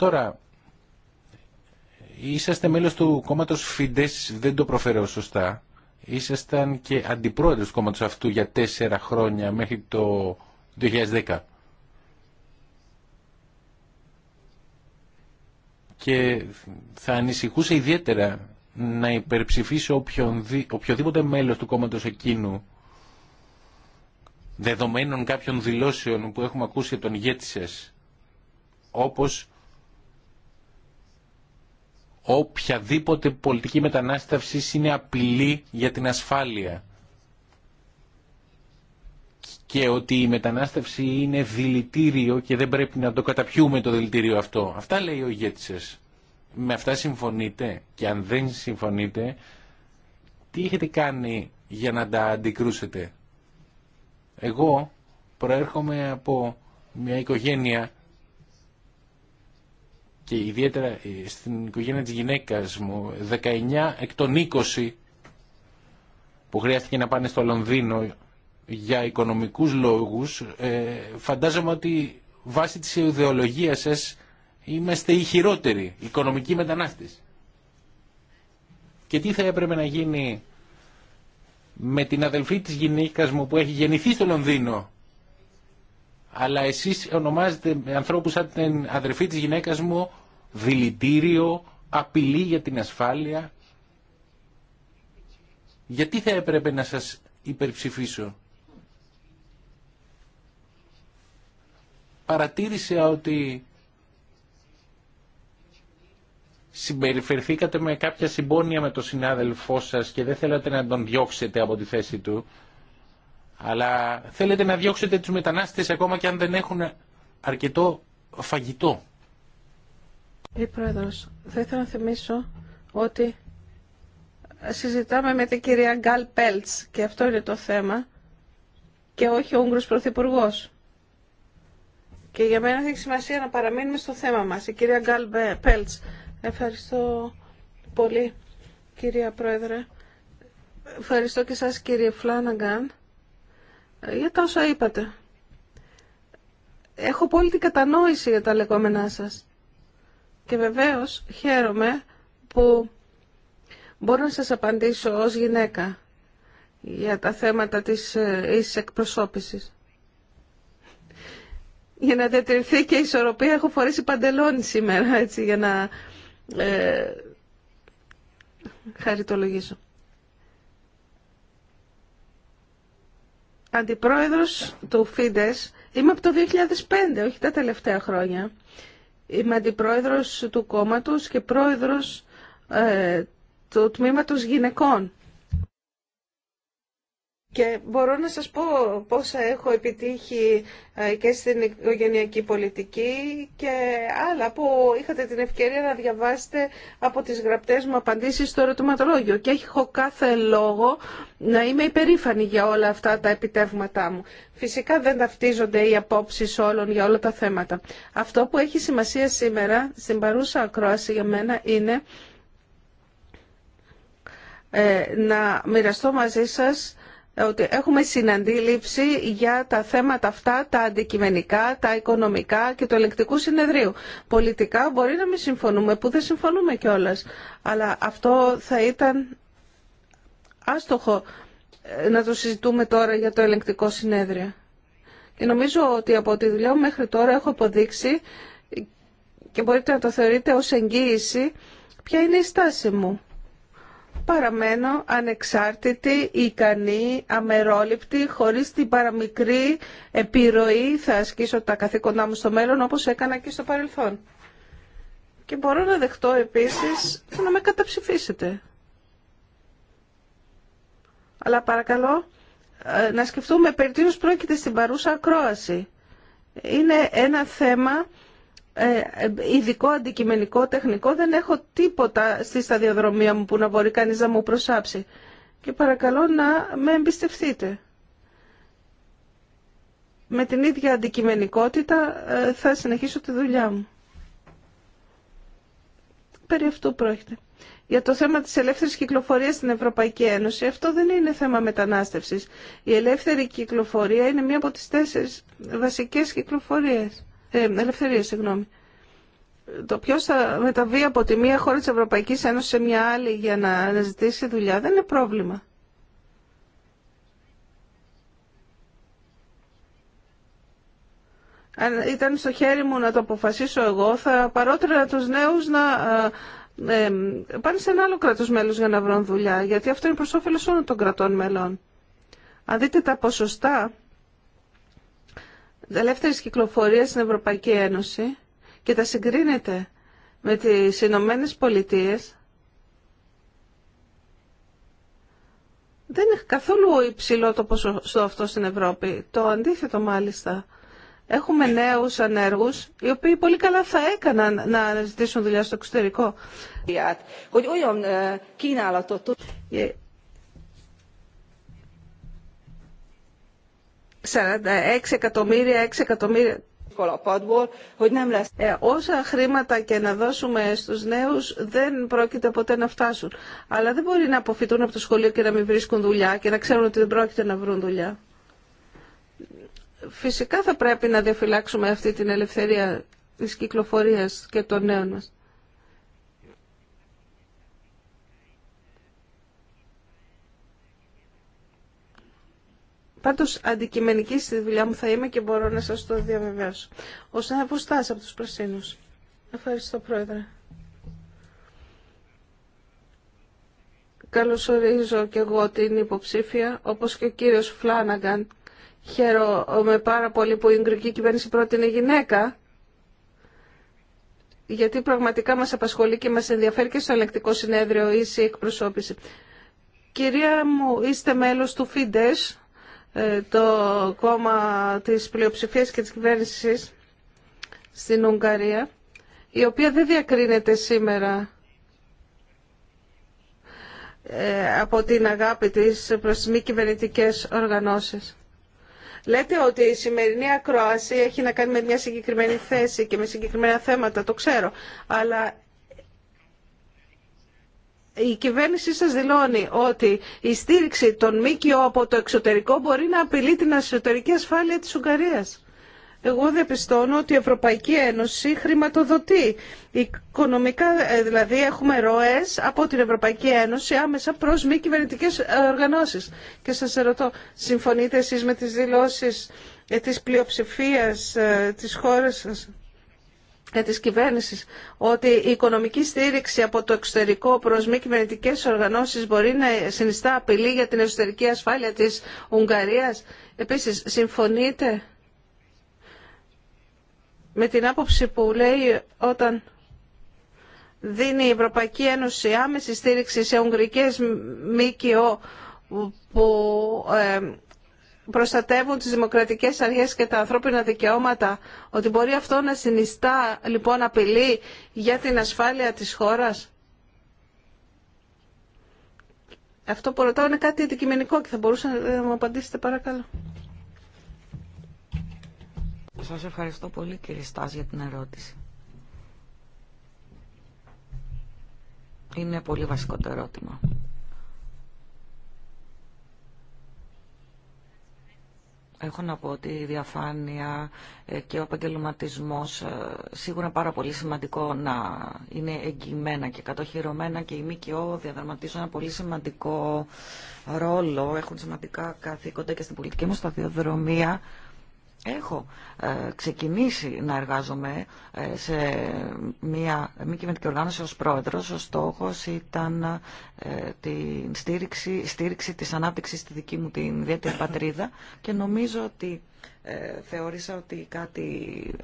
Τώρα, είσαστε μέλος του κόμματος Φιντές, δεν το προφέρω σωστά. Ήσασταν και αντιπρόεδρος του κόμματος αυτού για τέσσερα χρόνια μέχρι το 2010. Και θα ανησυχούσε ιδιαίτερα να υπερψηφίσω οποιοδήποτε μέλος του κόμματος εκείνου δεδομένων κάποιων δηλώσεων που έχουμε ακούσει από τον ηγέτη σας, όπως οποιαδήποτε πολιτική μετανάστευση είναι απειλή για την ασφάλεια και ότι η μετανάστευση είναι δηλητήριο και δεν πρέπει να το καταπιούμε το δηλητήριο αυτό. Αυτά λέει ο ηγέτης Με αυτά συμφωνείτε και αν δεν συμφωνείτε, τι έχετε κάνει για να τα αντικρούσετε. Εγώ προέρχομαι από μια οικογένεια και ιδιαίτερα ε, στην οικογένεια της γυναίκας μου, 19 εκ των 20 που χρειάστηκε να πάνε στο Λονδίνο για οικονομικούς λόγους, ε, φαντάζομαι ότι βάσει της ιδεολογίας σας είμαστε οι χειρότεροι, οικονομικοί μετανάστες. Και τι θα έπρεπε να γίνει με την αδελφή της γυναίκας μου που έχει γεννηθεί στο Λονδίνο αλλά εσείς ονομάζετε ανθρώπους σαν την αδερφή της γυναίκας μου δηλητήριο, απειλή για την ασφάλεια. Γιατί θα έπρεπε να σας υπερψηφίσω. Παρατήρησα ότι συμπεριφερθήκατε με κάποια συμπόνια με τον συνάδελφό σας και δεν θέλατε να τον διώξετε από τη θέση του αλλά θέλετε να διώξετε τους μετανάστες ακόμα και αν δεν έχουν αρκετό φαγητό. Κύριε Πρόεδρος, θα ήθελα να θυμίσω ότι συζητάμε με την κυρία Γκάλ Πέλτς και αυτό είναι το θέμα και όχι ο Ούγγρος Πρωθυπουργός. Και για μένα έχει σημασία να παραμείνουμε στο θέμα μας. Η κυρία Γκάλ Πέλτς. Ευχαριστώ πολύ κυρία Πρόεδρε. Ευχαριστώ και σας κύριε Φλάναγκαν για τα όσα είπατε. Έχω πολύ την κατανόηση για τα λεγόμενά σας. Και βεβαίως χαίρομαι που μπορώ να σας απαντήσω ως γυναίκα για τα θέματα της ε, ίσης εκπροσώπησης. Για να διατηρηθεί και η ισορροπία έχω φορέσει παντελόνι σήμερα, έτσι, για να ε, χαριτολογήσω. αντιπρόεδρος του ΦΙΝΤΕΣ είμαι από το 2005, όχι τα τελευταία χρόνια. Είμαι αντιπρόεδρος του κόμματος και πρόεδρος ε, του τμήματος γυναικών. Και μπορώ να σας πω πόσα έχω επιτύχει ε, και στην οικογενειακή πολιτική και άλλα που είχατε την ευκαιρία να διαβάσετε από τις γραπτές μου απαντήσεις στο ερωτηματολόγιο. Και έχω κάθε λόγο να είμαι υπερήφανη για όλα αυτά τα επιτεύγματά μου. Φυσικά δεν ταυτίζονται οι απόψει όλων για όλα τα θέματα. Αυτό που έχει σημασία σήμερα στην παρούσα ακρόαση για μένα είναι ε, να μοιραστώ μαζί σας ότι έχουμε συναντήληψη για τα θέματα αυτά, τα αντικειμενικά, τα οικονομικά και του ελεκτικού συνεδρίου. Πολιτικά μπορεί να μην συμφωνούμε, που δεν συμφωνούμε κιόλα. αλλά αυτό θα ήταν άστοχο ε, να το συζητούμε τώρα για το ελεγκτικό συνέδριο. Και νομίζω ότι από τη δουλειά μου μέχρι τώρα έχω αποδείξει ε, και μπορείτε να το θεωρείτε ως εγγύηση ποια είναι η στάση μου παραμένω ανεξάρτητη, ικανή, αμερόληπτη, χωρίς την παραμικρή επιρροή θα ασκήσω τα καθήκοντά μου στο μέλλον όπως έκανα και στο παρελθόν. Και μπορώ να δεχτώ επίσης να με καταψηφίσετε. Αλλά παρακαλώ ε, να σκεφτούμε περί τίνος πρόκειται στην παρούσα ακρόαση. Είναι ένα θέμα ε, ειδικό αντικειμενικό τεχνικό δεν έχω τίποτα στη σταδιοδρομία μου που να μπορεί κανείς να μου προσάψει και παρακαλώ να με εμπιστευτείτε. Με την ίδια αντικειμενικότητα ε, θα συνεχίσω τη δουλειά μου. Περί αυτού πρόκειται. Για το θέμα της ελεύθερης κυκλοφορίας στην Ευρωπαϊκή Ένωση, αυτό δεν είναι θέμα μετανάστευσης. Η ελεύθερη κυκλοφορία είναι μία από τις τέσσερις βασικές κυκλοφορίες ε, ελευθερία, συγγνώμη. Το ποιο θα μεταβεί από τη μία χώρα τη Ευρωπαϊκή Ένωση σε μια άλλη για να αναζητήσει δουλειά δεν είναι πρόβλημα. Αν ήταν στο χέρι μου να το αποφασίσω εγώ, θα παρότρινα τους νέους να ε, ε πάνε σε ένα άλλο κράτος μέλος για να βρουν δουλειά, γιατί αυτό είναι προς όφελος όλων των κρατών μελών. Αν δείτε τα ποσοστά ελεύθερη κυκλοφορίας στην Ευρωπαϊκή Ένωση και τα συγκρίνεται με τις Ηνωμένε Πολιτείε. δεν είναι καθόλου υψηλό το ποσοστό αυτό στην Ευρώπη. Το αντίθετο μάλιστα. Έχουμε νέους ανέργους, οι οποίοι πολύ καλά θα έκαναν να αναζητήσουν δουλειά στο εξωτερικό. 46 εκατομμύρια, 6 εκατομμύρια. Ε, όσα χρήματα και να δώσουμε στους νέους δεν πρόκειται ποτέ να φτάσουν. Αλλά δεν μπορεί να αποφυτούν από το σχολείο και να μην βρίσκουν δουλειά και να ξέρουν ότι δεν πρόκειται να βρουν δουλειά. Φυσικά θα πρέπει να διαφυλάξουμε αυτή την ελευθερία της κυκλοφορίας και των νέων μας. Πάντως αντικειμενική στη δουλειά μου θα είμαι και μπορώ να σα το διαβεβαιώσω. να Σαναβουστάς από του πρασίνου. Ευχαριστώ Πρόεδρε. Καλωσορίζω και εγώ την υποψήφια, όπως και ο κύριος Φλάναγκαν. Χαίρομαι πάρα πολύ που η εγκρική κυβέρνηση πρότεινε γυναίκα, γιατί πραγματικά μας απασχολεί και μας ενδιαφέρει και στο ελεκτικό συνέδριο σε εκπροσώπηση. Κυρία μου, είστε μέλος του ΦΙΝΤΕΣ, ε, το κόμμα της πλειοψηφίας και της κυβέρνησης στην Ουγγαρία, η οποία δεν διακρίνεται σήμερα ε, από την αγάπη της προς τις μη κυβερνητικέ οργανώσεις. Λέτε ότι η σημερινή ακρόαση έχει να κάνει με μια συγκεκριμένη θέση και με συγκεκριμένα θέματα, το ξέρω, αλλά η κυβέρνησή σας δηλώνει ότι η στήριξη των ΜΚΟ από το εξωτερικό μπορεί να απειλεί την εσωτερική ασφάλεια της Ουγγαρίας. Εγώ διαπιστώνω ότι η Ευρωπαϊκή Ένωση χρηματοδοτεί. Οικονομικά ε, δηλαδή έχουμε ροές από την Ευρωπαϊκή Ένωση άμεσα προς μη κυβερνητικέ ε, οργανώσεις. Και σας ερωτώ, συμφωνείτε εσείς με τις δηλώσεις ε, της πλειοψηφίας της χώρας σας της κυβέρνησης ότι η οικονομική στήριξη από το εξωτερικό προς μη κυβερνητικέ οργανώσεις μπορεί να συνιστά απειλή για την εσωτερική ασφάλεια της Ουγγαρίας. Επίσης, συμφωνείτε με την άποψη που λέει όταν δίνει η Ευρωπαϊκή Ένωση άμεση στήριξη σε ουγγρικές ΜΚΟ που ε, προστατεύουν τις δημοκρατικές αρχές και τα ανθρώπινα δικαιώματα, ότι μπορεί αυτό να συνιστά λοιπόν απειλή για την ασφάλεια της χώρας. Αυτό που ρωτάω είναι κάτι αντικειμενικό και θα μπορούσατε ε, να μου απαντήσετε παρακαλώ. Σας ευχαριστώ πολύ κύριε Στάς για την ερώτηση. Είναι πολύ βασικό το ερώτημα. Έχω να πω ότι η διαφάνεια ε, και ο επαγγελματισμό ε, σίγουρα πάρα πολύ σημαντικό να είναι εγγυημένα και κατοχυρωμένα και οι ΜΚΟ διαδραματίζουν ένα πολύ σημαντικό ρόλο, έχουν σημαντικά καθήκοντα και στην πολιτική μου σταδιοδρομία. Έχω ε, ξεκινήσει να εργάζομαι ε, σε μια μη κυβερνητική οργάνωση ως πρόεδρος. Ο στόχος ήταν ε, τη στήριξη, στήριξη της ανάπτυξης στη δική μου την ιδιαίτερη πατρίδα και νομίζω ότι ε, θεώρησα ότι κάτι,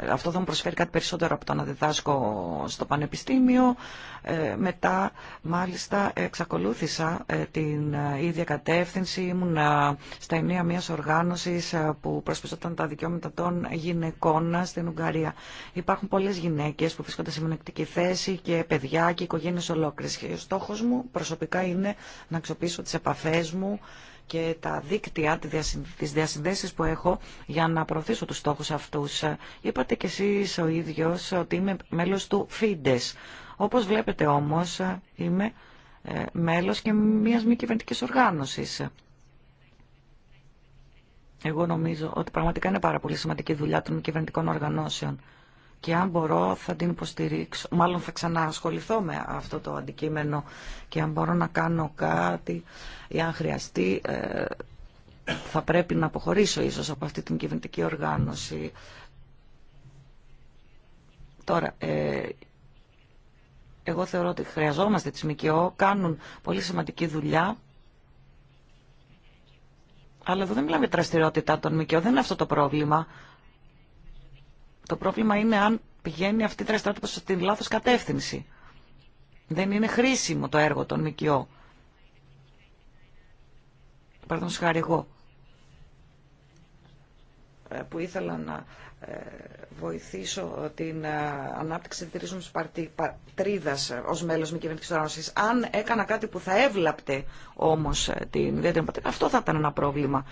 αυτό θα μου προσφέρει κάτι περισσότερο από το να διδάσκω στο πανεπιστήμιο. Ε, μετά, μάλιστα, εξακολούθησα ε, την ίδια κατεύθυνση. Ήμουν στα ενία μιας οργάνωσης που προσπιζόταν τα δικαιώματα των γυναικών στην Ουγγαρία. Υπάρχουν πολλές γυναίκες που βρίσκονται σε μονεκτική θέση και παιδιά και οικογένειες ολόκληρες. Ο στόχος μου προσωπικά είναι να αξιοποιήσω τις επαφές μου και τα δίκτυα, τις διασυνδέσεις που έχω για να προωθήσω τους στόχους αυτούς. Είπατε κι εσείς ο ίδιος ότι είμαι μέλος του ΦΙΝΤΕΣ. Όπως βλέπετε όμως είμαι ε, μέλος και μιας μη κυβερνητική οργάνωσης. Εγώ νομίζω ότι πραγματικά είναι πάρα πολύ σημαντική δουλειά των κυβερνητικών οργανώσεων και αν μπορώ θα την υποστηρίξω. Μάλλον θα ξαναασχοληθώ με αυτό το αντικείμενο και αν μπορώ να κάνω κάτι ή αν χρειαστεί ε, θα πρέπει να αποχωρήσω ίσως από αυτή την κυβερνητική οργάνωση. Τώρα, ε, εγώ θεωρώ ότι χρειαζόμαστε τις ΜΚΟ, κάνουν πολύ σημαντική δουλειά, αλλά εδώ δεν μιλάμε για δραστηριότητα των ΜΚΟ, δεν είναι αυτό το πρόβλημα. Το πρόβλημα είναι αν πηγαίνει αυτή η δραστηριότητα προς την λάθος κατεύθυνση. Δεν είναι χρήσιμο το έργο των ΜΚΟ. Παραδείγματος χάρη εγώ ε, που ήθελα να ε, βοηθήσω την ε, ανάπτυξη της πατρίδα ε, ως μέλος μη κυβερνητική οργάνωση. Αν έκανα κάτι που θα έβλαπτε όμως την ιδιαίτερη πατρίδα, αυτό θα ήταν ένα πρόβλημα.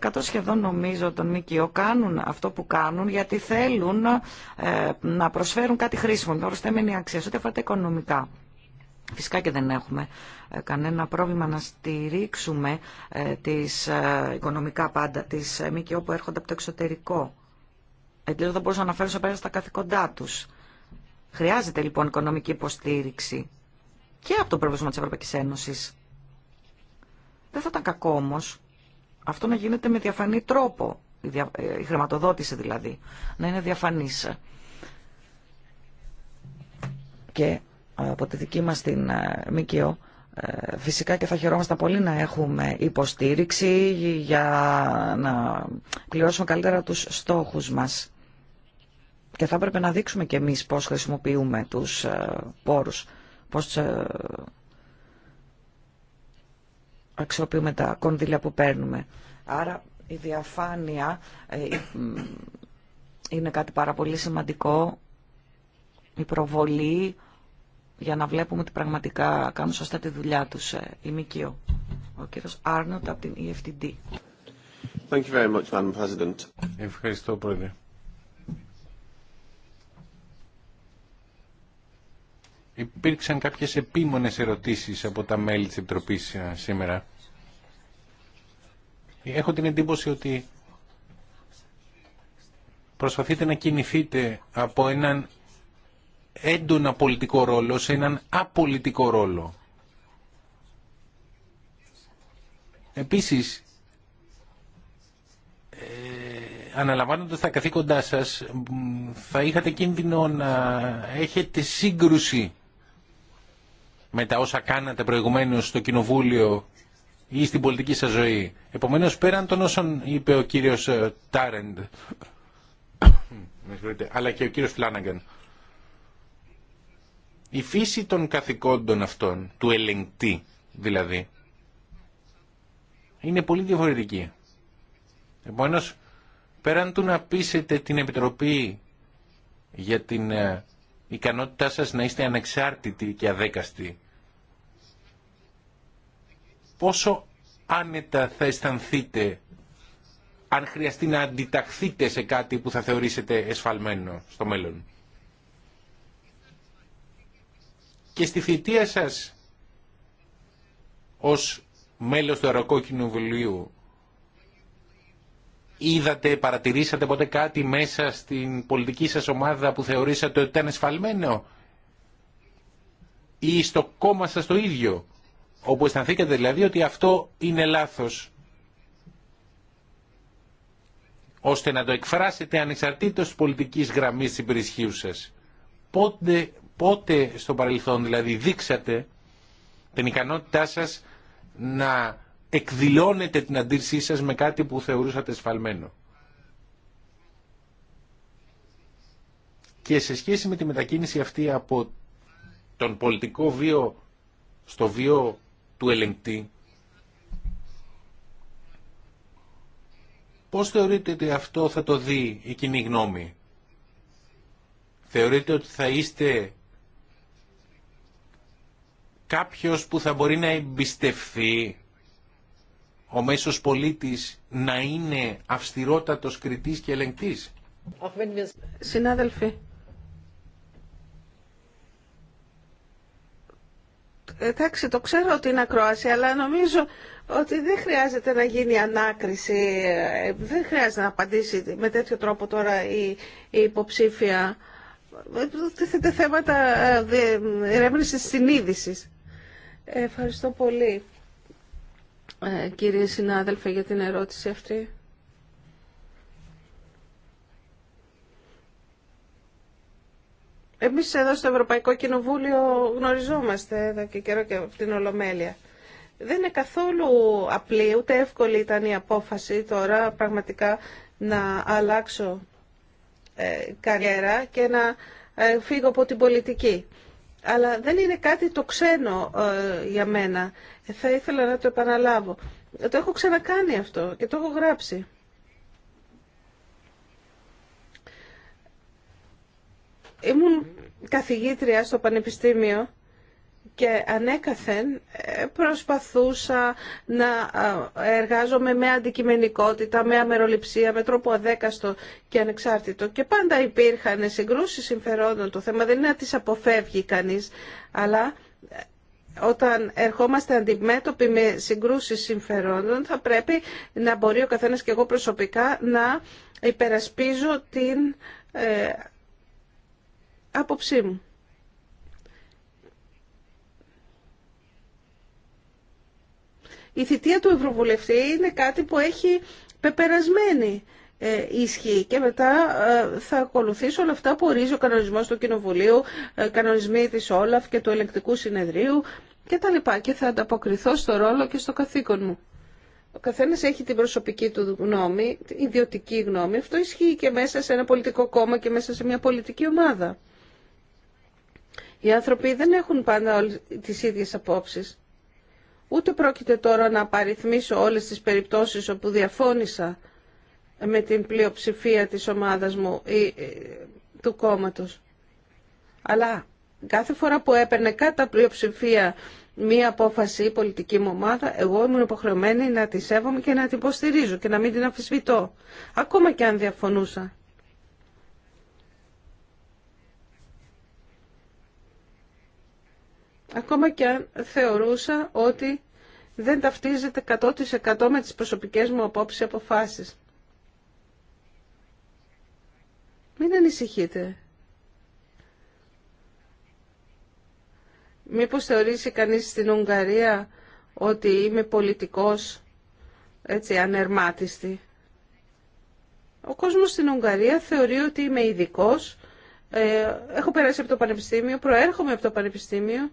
100% σχεδόν νομίζω τον ΜΚΟ κάνουν αυτό που κάνουν γιατί θέλουν να προσφέρουν κάτι χρήσιμο, με προσθέμενη αξία, ό,τι αφορά τα οικονομικά. Φυσικά και δεν έχουμε ε, κανένα πρόβλημα να στηρίξουμε ε, τις ε, οικονομικά πάντα της ΜΚΟ που έρχονται από το εξωτερικό. Εντελώς δεν μπορούσα να αναφέρω σε πέρα στα καθήκοντά τους. Χρειάζεται λοιπόν οικονομική υποστήριξη και από το πρόβλημα της Ευρωπαϊκής Ένωσης. Δεν θα ήταν κακό όμως, αυτό να γίνεται με διαφανή τρόπο, η χρηματοδότηση δηλαδή, να είναι διαφανής. Και από τη δική μας την ε, ΜΚΟ, ε, φυσικά και θα χαιρόμασταν πολύ να έχουμε υποστήριξη για να πληρώσουμε καλύτερα τους στόχους μας. Και θα έπρεπε να δείξουμε και εμείς πώς χρησιμοποιούμε τους ε, πόρους, πώς αξιοποιούμε τα κονδύλια που παίρνουμε. Άρα η διαφάνεια είναι κάτι πάρα πολύ σημαντικό, η προβολή για να βλέπουμε ότι πραγματικά κάνουν σωστά τη δουλειά τους ε, η ΜΚΙΟ. Ο κύριος Άρνοτ από την EFTD. Thank you very much, Ευχαριστώ, Πρόεδρε. Υπήρξαν κάποιες επίμονες ερωτήσεις από τα μέλη της Επιτροπής ε, σήμερα. Έχω την εντύπωση ότι προσπαθείτε να κινηθείτε από έναν έντονα πολιτικό ρόλο σε έναν απολιτικό ρόλο. Επίσης, ε, αναλαμβάνοντας τα καθήκοντά σας, θα είχατε κίνδυνο να έχετε σύγκρουση με τα όσα κάνατε προηγουμένως στο Κοινοβούλιο ή στην πολιτική σας ζωή. Επομένως, πέραν των όσων είπε ο κύριος ε, Τάρεντ, αλλά και ο κύριος Φλάναγκεν, η φύση των καθηκόντων αυτών, του ελεγκτή δηλαδή, είναι πολύ διαφορετική. Επομένω, πέραν του να πείσετε την Επιτροπή για την ε, ικανότητά σας να είστε ανεξάρτητοι και αδέκαστοι, πόσο άνετα θα αισθανθείτε αν χρειαστεί να αντιταχθείτε σε κάτι που θα θεωρήσετε εσφαλμένο στο μέλλον. και στη θητεία σας ως μέλος του Αεροκόκκινου Βουλίου είδατε, παρατηρήσατε ποτέ κάτι μέσα στην πολιτική σας ομάδα που θεωρήσατε ότι ήταν εσφαλμένο ή στο κόμμα σας το ίδιο όπου αισθανθήκατε δηλαδή ότι αυτό είναι λάθος ώστε να το εκφράσετε ανεξαρτήτως πολιτικής γραμμής της σας. Πότε πότε στο παρελθόν δηλαδή δείξατε την ικανότητά σας να εκδηλώνετε την αντίρρησή σας με κάτι που θεωρούσατε σφαλμένο. Και σε σχέση με τη μετακίνηση αυτή από τον πολιτικό βίο στο βίο του ελεγκτή, πώς θεωρείτε ότι αυτό θα το δει η κοινή γνώμη. Θεωρείτε ότι θα είστε κάποιος που θα μπορεί να εμπιστευθεί ο μέσος πολίτης να είναι αυστηρότατος κριτής και ελεγκτής. Συνάδελφοι, εντάξει το ξέρω ότι είναι ακρόαση, αλλά νομίζω ότι δεν χρειάζεται να γίνει ανάκριση, δεν χρειάζεται να απαντήσει με τέτοιο τρόπο τώρα η, η υποψήφια. Ε, Τίθεται θέματα ερεύνησης συνείδησης. Ευχαριστώ πολύ, ε, κύριε συνάδελφε, για την ερώτηση αυτή. Εμείς εδώ στο Ευρωπαϊκό Κοινοβούλιο γνωριζόμαστε εδώ και καιρό και από την Ολομέλεια. Δεν είναι καθόλου απλή, ούτε εύκολη ήταν η απόφαση τώρα πραγματικά να αλλάξω ε, καριέρα και να ε, φύγω από την πολιτική αλλά δεν είναι κάτι το ξένο ε, για μένα. Ε, θα ήθελα να το επαναλάβω. Το έχω ξανακάνει αυτό και το έχω γράψει. Ήμουν καθηγήτρια στο Πανεπιστήμιο και ανέκαθεν ε, προσπαθούσα να εργάζομαι με αντικειμενικότητα, με αμεροληψία, με τρόπο αδέκαστο και ανεξάρτητο. Και πάντα υπήρχαν συγκρούσεις συμφερόντων. Το θέμα δεν είναι να τις αποφεύγει κανείς, αλλά ε, όταν ερχόμαστε αντιμέτωποι με συγκρούσεις συμφερόντων θα πρέπει να μπορεί ο καθένας και εγώ προσωπικά να υπερασπίζω την ε, άποψή μου. η θητεία του Ευρωβουλευτή είναι κάτι που έχει πεπερασμένη ε, ισχύ και μετά ε, θα ακολουθήσω όλα αυτά που ορίζει ο κανονισμός του Κοινοβουλίου, ε, κανονισμοί της Όλαφ και του Ελεκτικού Συνεδρίου και τα λοιπά και θα ανταποκριθώ στο ρόλο και στο καθήκον μου. Ο καθένας έχει την προσωπική του γνώμη, την ιδιωτική γνώμη. Αυτό ισχύει και μέσα σε ένα πολιτικό κόμμα και μέσα σε μια πολιτική ομάδα. Οι άνθρωποι δεν έχουν πάντα τις ίδιες απόψεις. Ούτε πρόκειται τώρα να απαριθμίσω όλες τις περιπτώσεις όπου διαφώνησα με την πλειοψηφία της ομάδας μου ή ε, του κόμματος. Αλλά κάθε φορά που έπαιρνε κατά πλειοψηφία μία απόφαση η πολιτική μου ομάδα, εγώ ήμουν υποχρεωμένη να τη σέβομαι και να την υποστηρίζω και να μην την αφισβητώ, ακόμα και αν διαφωνούσα. Ακόμα και αν θεωρούσα ότι δεν ταυτίζεται 100% με τις προσωπικές μου απόψεις αποφάσεις. Μην ανησυχείτε. Μήπως θεωρήσει κανείς στην Ουγγαρία ότι είμαι πολιτικός έτσι ανερμάτιστη. Ο κόσμος στην Ουγγαρία θεωρεί ότι είμαι ειδικό. Ε, έχω περάσει από το πανεπιστήμιο, προέρχομαι από το πανεπιστήμιο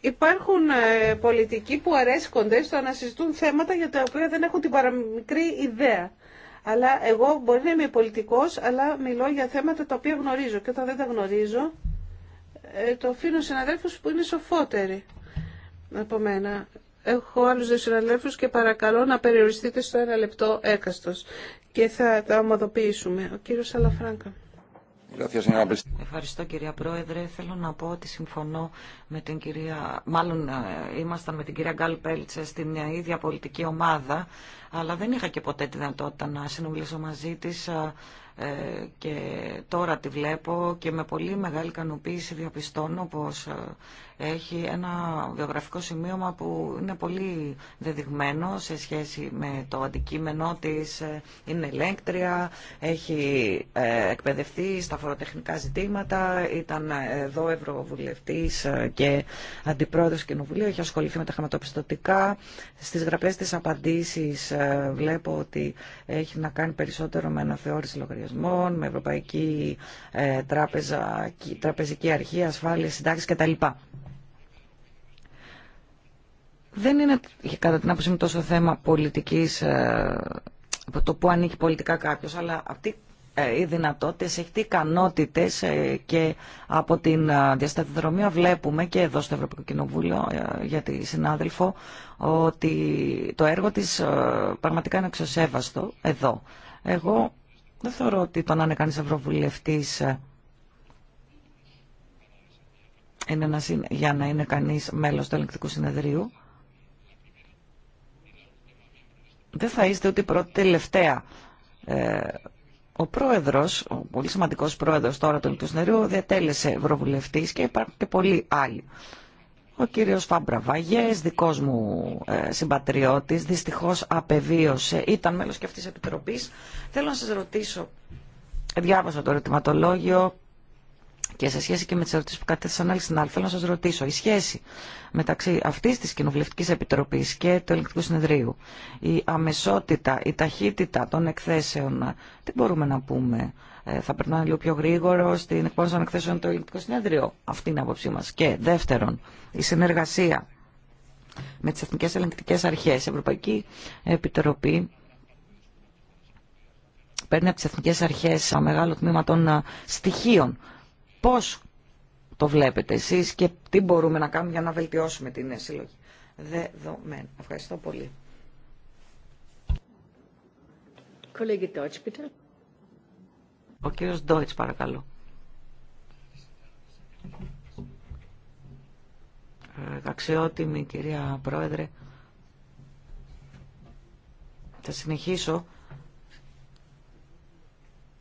Υπάρχουν ε, πολιτικοί που αρέσκονται στο να συζητούν θέματα για τα οποία δεν έχουν την παραμικρή ιδέα. Αλλά εγώ μπορεί να είμαι πολιτικός, αλλά μιλώ για θέματα τα οποία γνωρίζω. Και όταν δεν τα γνωρίζω, ε, το αφήνω συναδέλφους που είναι σοφότεροι από μένα. Έχω άλλους δύο συναδέλφους και παρακαλώ να περιοριστείτε στο ένα λεπτό έκαστο. Και θα τα ομοδοποιήσουμε. Ο κύριο Αλαφράγκα. Ευχαριστώ κυρία Πρόεδρε. Θέλω να πω ότι συμφωνώ με την κυρία, μάλλον ε, ήμασταν με την κυρία Γκάλ Πέλτσε στην ίδια πολιτική ομάδα, αλλά δεν είχα και ποτέ τη δυνατότητα να συνομιλήσω μαζί της ε, ε, και τώρα τη βλέπω και με πολύ μεγάλη ικανοποίηση διαπιστώνω πως ε, έχει ένα βιογραφικό σημείωμα που είναι πολύ δεδειγμένο σε σχέση με το αντικείμενό της. Ε, είναι ελέγκτρια, έχει εκπαιδευτεί στα φοροτεχνικά ζητήματα, ήταν εδώ ευρωβουλευτής και αντιπρόεδρος του Κοινοβουλίου, έχει ασχοληθεί με τα χρηματοπιστωτικά. Στις γραπές της απαντήσεις βλέπω ότι έχει να κάνει περισσότερο με αναθεώρηση λογαριασμού με Ευρωπαϊκή ε, τράπεζα, Τραπεζική Αρχή, Ασφάλεια, Συντάξει κτλ. Δεν είναι κατά την άποψή μου τόσο θέμα πολιτικής, ε, το που ανήκει πολιτικά κάποιος, αλλά αυτή ε, οι δυνατότητες, έχει τι ικανότητες ε, και από την διασταδιοδρομία βλέπουμε και εδώ στο Ευρωπαϊκό Κοινοβούλιο για τη συνάδελφο ότι το έργο της πραγματικά είναι εξωσέβαστο εδώ. Εγώ δεν θεωρώ ότι το να είναι κανείς ευρωβουλευτής ε, είναι για να είναι κανείς μέλος του ελεγκτικού συνεδρίου. Δεν θα είστε ούτε πρώτη τελευταία. Ε, ο πρόεδρος, ο πολύ σημαντικός πρόεδρος τώρα του Ελεγκτικού Συνεδρίου, διατέλεσε ευρωβουλευτής και υπάρχουν και πολλοί άλλοι. Ο κύριος Φάμπρα Βαγιές, δικός μου ε, συμπατριώτης, δυστυχώς απεβίωσε, ήταν μέλος και αυτής της Επιτροπής. Θέλω να σας ρωτήσω, διάβασα το ερωτηματολόγιο και σε σχέση και με τις ερωτήσεις που κατέθεσαν άλλοι στην άλλη, θέλω να σας ρωτήσω, η σχέση μεταξύ αυτής της Κοινοβουλευτικής Επιτροπής και του Ελληνικού Συνεδρίου, η αμεσότητα, η ταχύτητα των εκθέσεων, τι μπορούμε να πούμε ε, θα περνάνε λίγο πιο γρήγορο στην εκπόνηση των εκθέσεων το Ελληνικού Συνέδριου. Αυτή είναι η άποψή μα. Και δεύτερον, η συνεργασία με τι Εθνικέ Ελεγκτικέ Αρχέ. Η Ευρωπαϊκή Επιτροπή παίρνει από τι Εθνικέ Αρχέ μεγάλο τμήμα των ε, στοιχείων. Πώ το βλέπετε εσεί και τι μπορούμε να κάνουμε για να βελτιώσουμε την συλλογή δεδομένων. Ευχαριστώ πολύ. Deutsch, bitte. Ο κύριος Ντόιτς παρακαλώ. Αξιότιμη κυρία Πρόεδρε, θα συνεχίσω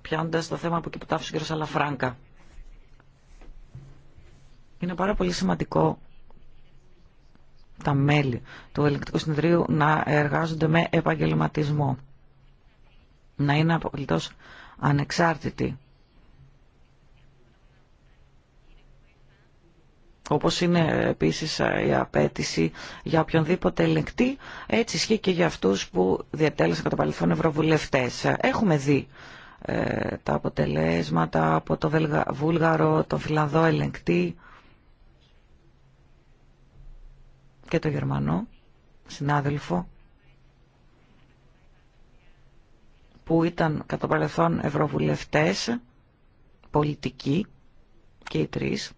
πιάνοντας το θέμα από εκεί που τάφησε ο κύριος Αλαφράγκα. Είναι πάρα πολύ σημαντικό τα μέλη του Ελεκτικού Συνδρίου να εργάζονται με επαγγελματισμό. Να είναι απολύτως ανεξάρτητη. Όπως είναι επίσης η απέτηση για οποιονδήποτε ελεγκτή, έτσι ισχύει και για αυτούς που διατέλεσαν κατά παρελθόν ευρωβουλευτές. Έχουμε δει ε, τα αποτελέσματα από το Βούλγαρο, τον Φιλανδό ελεγκτή και το Γερμανό συνάδελφο. που ήταν κατά παρελθόν ευρωβουλευτές, πολιτικοί και οι τρεις.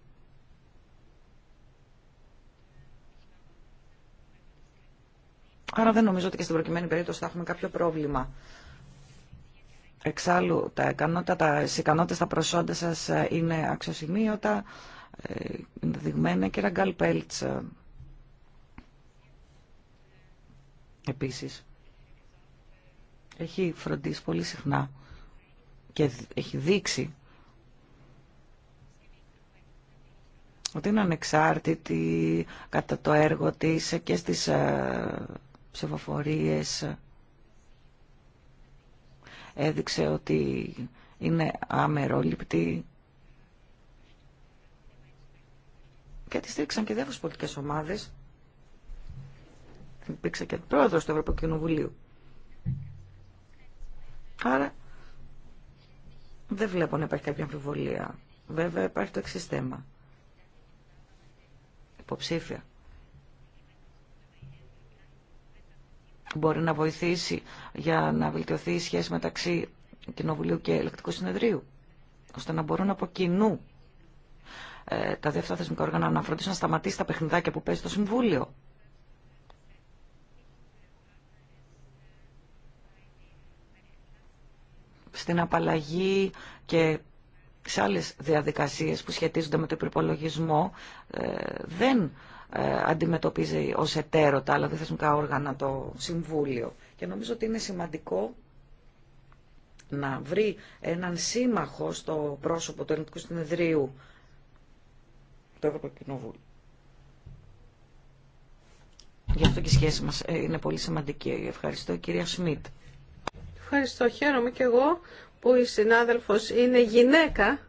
Άρα δεν νομίζω ότι και στην προκειμένη περίπτωση θα έχουμε κάποιο πρόβλημα. Εξάλλου, τα ικανότητα, τα ικανότητες, τα προσόντα σας ε, είναι αξιοσημείωτα, ε, είναι δειγμένα. και Γκάλ Πέλτς, ε, επίσης έχει φροντίσει πολύ συχνά και έχει δείξει ότι είναι ανεξάρτητη κατά το έργο της και στις ε, ψηφοφορίες. Έδειξε ότι είναι αμερόληπτη και τη στήριξαν και διάφορες πολιτικές ομάδες. Υπήρξε και πρόεδρος του Ευρωπαϊκού Κοινοβουλίου. Άρα δεν βλέπω να υπάρχει κάποια αμφιβολία. Βέβαια υπάρχει το εξή θέμα. Υποψήφια. Μπορεί να βοηθήσει για να βελτιωθεί η σχέση μεταξύ Κοινοβουλίου και Ελεκτικού Συνεδρίου, ώστε να μπορούν από κοινού ε, τα δεύτερα θεσμικά όργανα να φροντίσουν να σταματήσει τα παιχνιδάκια που παίζει το Συμβούλιο. στην απαλλαγή και σε άλλες διαδικασίες που σχετίζονται με τον προπολογισμό ε, δεν ε, αντιμετωπίζει ως εταίρο τα άλλα διθεσμικά όργανα το Συμβούλιο. Και νομίζω ότι είναι σημαντικό να βρει έναν σύμμαχο στο πρόσωπο του Ελληνικού Συνεδρίου του Ευρωπαϊκού Κοινοβούλου. Γι' αυτό και η σχέση μας ε, είναι πολύ σημαντική. Ευχαριστώ κυρία Σμιτ. Ευχαριστώ. Χαίρομαι και εγώ που η συνάδελφος είναι γυναίκα.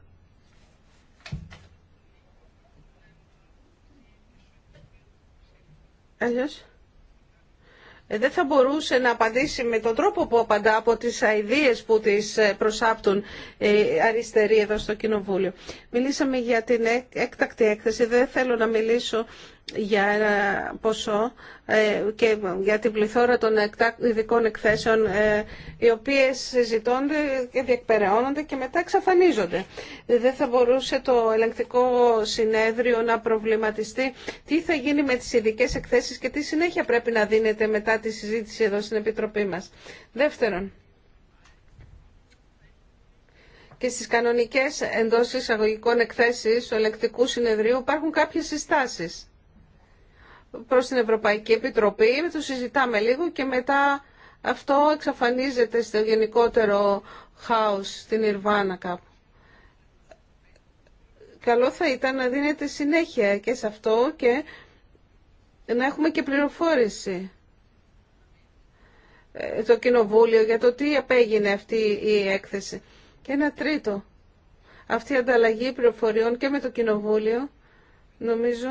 Αλλιώς. Ε, δεν θα μπορούσε να απαντήσει με τον τρόπο που απαντά από τις αηδίες που τις ε, προσάπτουν οι ε, αριστεροί εδώ στο Κοινοβούλιο. Μιλήσαμε για την έκτακτη έκθεση. Δεν θέλω να μιλήσω για ένα ποσό ε, και για την πληθώρα των ειδικών εκθέσεων ε, οι οποίες συζητώνται και διεκπεραιώνονται και μετά εξαφανίζονται. Δεν θα μπορούσε το ελεγκτικό συνέδριο να προβληματιστεί τι θα γίνει με τις ειδικέ εκθέσεις και τι συνέχεια πρέπει να δίνεται μετά τη συζήτηση εδώ στην Επιτροπή μας. Δεύτερον, και στις κανονικές εντός εισαγωγικών εκθέσεις του ελεκτικού συνεδρίου υπάρχουν κάποιες συστάσεις προς την Ευρωπαϊκή Επιτροπή, το συζητάμε λίγο και μετά αυτό εξαφανίζεται στο γενικότερο χάος στην Ιρβάνα κάπου. Καλό θα ήταν να δίνεται συνέχεια και σε αυτό και να έχουμε και πληροφόρηση ε, το Κοινοβούλιο για το τι απέγινε αυτή η έκθεση. Και ένα τρίτο, αυτή η ανταλλαγή πληροφοριών και με το Κοινοβούλιο, νομίζω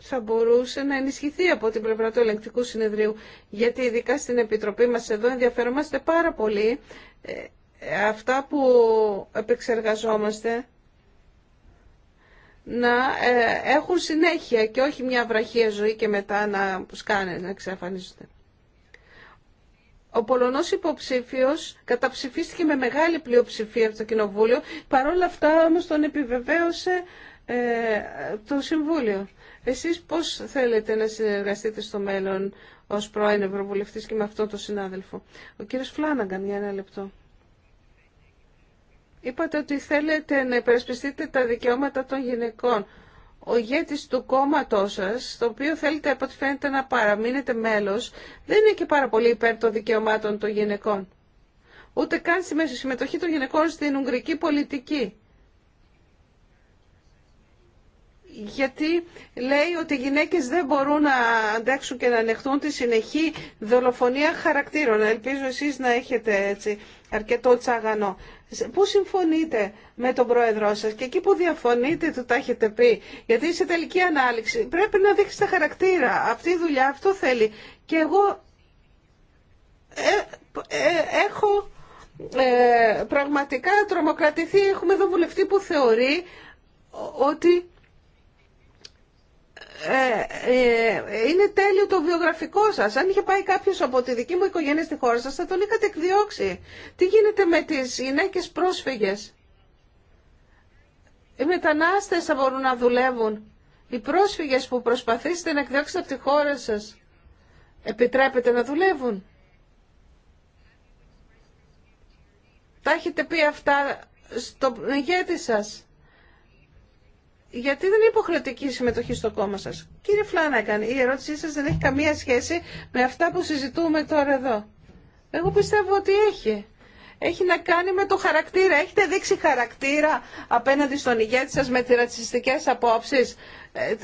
θα μπορούσε να ενισχυθεί από την πλευρά του ελεγκτικού συνεδρίου. Γιατί ειδικά στην Επιτροπή μας εδώ ενδιαφερόμαστε πάρα πολύ ε, αυτά που επεξεργαζόμαστε να ε, έχουν συνέχεια και όχι μια βραχία ζωή και μετά να σκάνε, να εξαφανίζονται. Ο Πολωνός υποψήφιος καταψηφίστηκε με μεγάλη πλειοψηφία από το Κοινοβούλιο, παρόλα αυτά όμως τον επιβεβαίωσε ε, το Συμβούλιο. Εσείς πώς θέλετε να συνεργαστείτε στο μέλλον ως πρώην Ευρωβουλευτής και με αυτόν τον συνάδελφο. Ο κύριος Φλάναγκαν για ένα λεπτό. Είπατε ότι θέλετε να υπερασπιστείτε τα δικαιώματα των γυναικών. Ο ηγέτης του κόμματός σας, το οποίο θέλετε από ό,τι φαίνεται να παραμείνετε μέλος, δεν είναι και πάρα πολύ υπέρ των δικαιωμάτων των γυναικών. Ούτε καν στη συμμετοχή των γυναικών στην ουγγρική πολιτική. γιατί λέει ότι οι γυναίκες δεν μπορούν να αντέξουν και να ανεχθούν τη συνεχή δολοφονία χαρακτήρων. Ελπίζω εσείς να έχετε έτσι αρκετό τσαγανό. Πού συμφωνείτε με τον πρόεδρό σας και εκεί που διαφωνείτε του τα έχετε πει, γιατί σε τελική ανάληξη πρέπει να δείξετε χαρακτήρα. Αυτή η δουλειά αυτό θέλει. Και εγώ ε, ε, έχω ε, πραγματικά τρομοκρατηθεί. Έχουμε εδώ βουλευτή που θεωρεί ότι ε, ε, είναι τέλειο το βιογραφικό σας. Αν είχε πάει κάποιος από τη δική μου οικογένεια στη χώρα σας, θα τον είχατε εκδιώξει. Τι γίνεται με τις γυναίκες πρόσφυγες. Οι μετανάστες θα μπορούν να δουλεύουν. Οι πρόσφυγες που προσπαθήσετε να εκδιώξετε από τη χώρα σας, επιτρέπετε να δουλεύουν. Τα έχετε πει αυτά στον ηγέτη σας γιατί δεν είναι υποχρεωτική η συμμετοχή στο κόμμα σα. Κύριε Φλάνακαν, η ερώτησή σας δεν έχει καμία σχέση με αυτά που συζητούμε τώρα εδώ. Εγώ πιστεύω ότι έχει. Έχει να κάνει με το χαρακτήρα. Έχετε δείξει χαρακτήρα απέναντι στον ηγέτη σας με τις ρατσιστικές απόψεις. Ε,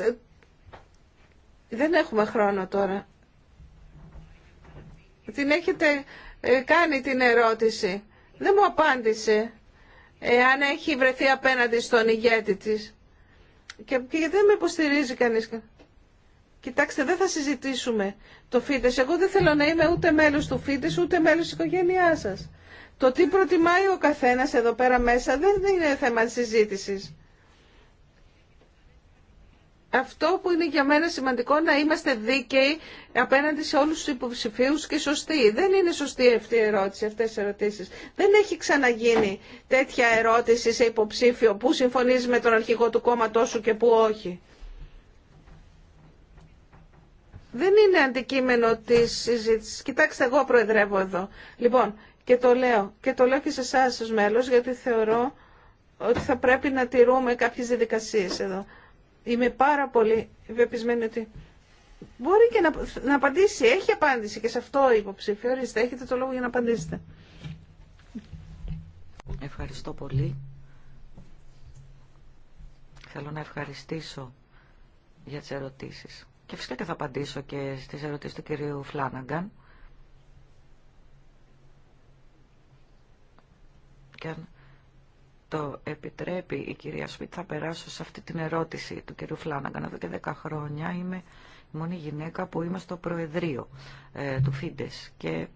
δεν έχουμε χρόνο τώρα. Την έχετε ε, κάνει την ερώτηση. Δεν μου απάντησε εάν έχει βρεθεί απέναντι στον ηγέτη της. Και, και δεν με υποστηρίζει κανείς. Κοιτάξτε, δεν θα συζητήσουμε το ΦΙΤΕΣ. Εγώ δεν θέλω να είμαι ούτε μέλος του ΦΙΤΕΣ, ούτε μέλος της οικογένειάς σας. Το τι προτιμάει ο καθένας εδώ πέρα μέσα δεν είναι θέμα συζήτησης αυτό που είναι για μένα σημαντικό να είμαστε δίκαιοι απέναντι σε όλους τους υποψηφίους και σωστοί. Δεν είναι σωστή αυτή η ερώτηση, αυτές οι ερωτήσεις. Δεν έχει ξαναγίνει τέτοια ερώτηση σε υποψήφιο που συμφωνείς με τον αρχηγό του κόμματό σου και που όχι. Δεν είναι αντικείμενο της συζήτησης. Κοιτάξτε, εγώ προεδρεύω εδώ. Λοιπόν, και το λέω. Και σε εσά ως μέλος, γιατί θεωρώ ότι θα πρέπει να τηρούμε κάποιες διδικασίες εδώ. Είμαι πάρα πολύ βεπισμένη ότι μπορεί και να, να απαντήσει. Έχει απάντηση και σε αυτό η υποψήφια. έχετε το λόγο για να απαντήσετε. Ευχαριστώ πολύ. Θέλω να ευχαριστήσω για τις ερωτήσεις. Και φυσικά και θα απαντήσω και στις ερωτήσεις του κυρίου Φλάναγκαν. Και το επιτρέπει η κυρία Σμιτ, θα περάσω σε αυτή την ερώτηση του κυρίου Φλάναγκαν. Εδώ και 10 χρόνια είμαι η μόνη γυναίκα που είμαι στο Προεδρείο ε, του Φίντες και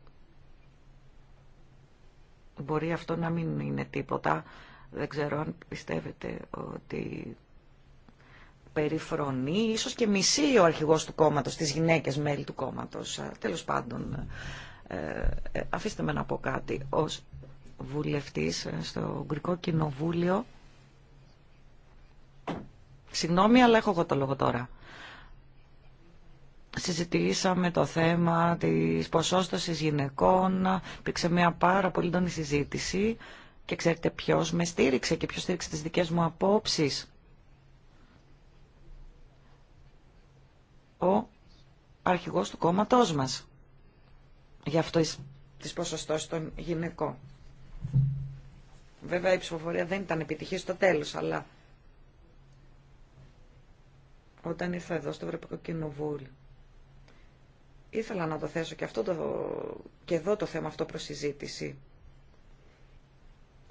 μπορεί αυτό να μην είναι τίποτα. Δεν ξέρω αν πιστεύετε ότι περιφρονεί, ίσως και μισεί ο αρχηγός του κόμματος, τις γυναίκες μέλη του κόμματος. Ε, τέλος πάντων, ε, αφήστε με να πω κάτι βουλευτής ε, στο Ουγγρικό Κοινοβούλιο. Συγγνώμη, αλλά έχω εγώ το λόγο τώρα. Συζητήσαμε το θέμα της ποσόστοσης γυναικών, υπήρξε μια πάρα πολύ τόνη συζήτηση και ξέρετε ποιος με στήριξε και ποιος στήριξε τις δικές μου απόψεις. Ο αρχηγός του κόμματός μας. Γι' αυτό τις ποσοστώσεις των γυναικών. Βέβαια η ψηφοφορία δεν ήταν επιτυχή στο τέλος, αλλά όταν ήρθα εδώ στο Ευρωπαϊκό Κοινοβούλιο ήθελα να το θέσω και, αυτό το, και εδώ το θέμα αυτό προς συζήτηση.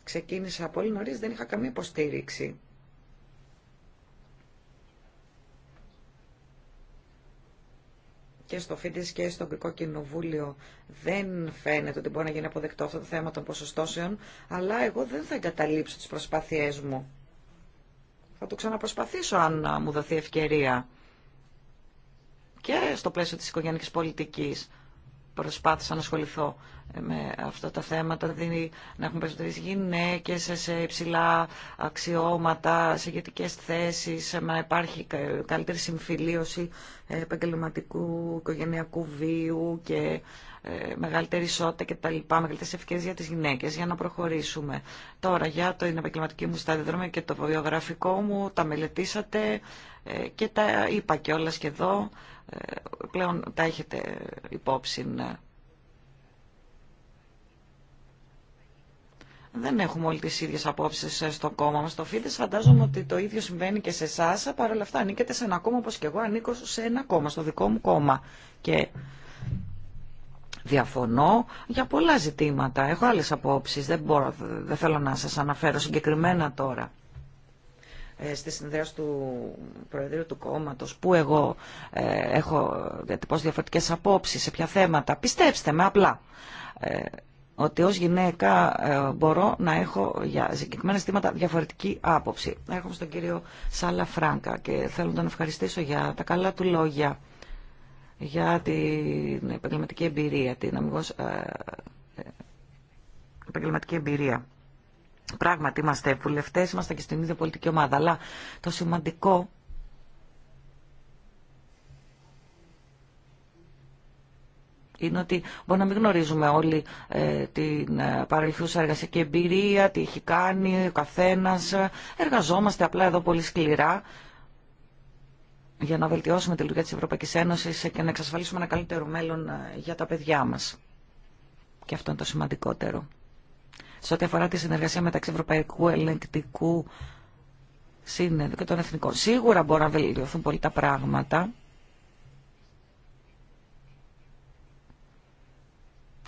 Ξεκίνησα πολύ νωρίς, δεν είχα καμία υποστήριξη και στο ΦΙΝΤΙΣ και στο Αγγλικό Κοινοβούλιο δεν φαίνεται ότι μπορεί να γίνει αποδεκτό αυτό το θέμα των ποσοστώσεων, αλλά εγώ δεν θα εγκαταλείψω τις προσπάθειές μου. Θα το ξαναπροσπαθήσω αν μου δοθεί ευκαιρία και στο πλαίσιο της οικογενειακής πολιτικής προσπάθησα να ασχοληθώ με αυτά τα θέματα, δηλαδή να έχουν περισσότερες γυναίκε σε υψηλά αξιώματα, σε ηγετικέ θέσεις, να υπάρχει καλύτερη συμφιλίωση επαγγελματικού, οικογενειακού βίου και ε, μεγαλύτερη ισότητα και τα λοιπά, μεγαλύτερες ευκαιρίες για τις γυναίκες, για να προχωρήσουμε. Τώρα για το επαγγελματική μου σταδιοδρόμιο και το βιογραφικό μου, τα μελετήσατε ε, και τα είπα όλα και εδώ πλέον τα έχετε υπόψη. Ναι. Δεν έχουμε όλοι τις ίδιες απόψεις ε, στο κόμμα μας. Το ΦΙΔΕΣ φαντάζομαι ότι το ίδιο συμβαίνει και σε εσά, παρ' όλα αυτά ανήκετε σε ένα κόμμα όπως και εγώ ανήκω σε ένα κόμμα, στο δικό μου κόμμα. Και διαφωνώ για πολλά ζητήματα. Έχω άλλες απόψεις, δεν, μπορώ, δεν θέλω να σας αναφέρω συγκεκριμένα τώρα. Ε, στη συνδέωση του Προεδρείου του Κόμματος που εγώ ε, έχω διατυπώσει διαφορετικές απόψεις σε ποια θέματα. Πιστέψτε με απλά ε, ότι ως γυναίκα μπορώ να έχω για συγκεκριμένα στήματα διαφορετική άποψη. Έρχομαι στον κύριο Σάλα Φράγκα και θέλω να τον ευχαριστήσω για τα καλά του λόγια, για την επαγγελματική εμπειρία, την αμυγός επαγγελματική εμπειρία Πράγματι είμαστε βουλευτέ, είμαστε και στην ίδια πολιτική ομάδα, αλλά το σημαντικό είναι ότι μπορεί να μην γνωρίζουμε όλοι ε, την ε, παρελθούσα εργασιακή εμπειρία, τι έχει κάνει ο καθένας. Εργαζόμαστε απλά εδώ πολύ σκληρά για να βελτιώσουμε τη λειτουργία της Ευρωπαϊκής Ένωσης και να εξασφαλίσουμε ένα καλύτερο μέλλον ε, για τα παιδιά μας. Και αυτό είναι το σημαντικότερο σε ό,τι αφορά τη συνεργασία μεταξύ Ευρωπαϊκού Ελεγκτικού Συνέδρου και των Εθνικών. Σίγουρα μπορούν να βελτιωθούν πολύ τα πράγματα.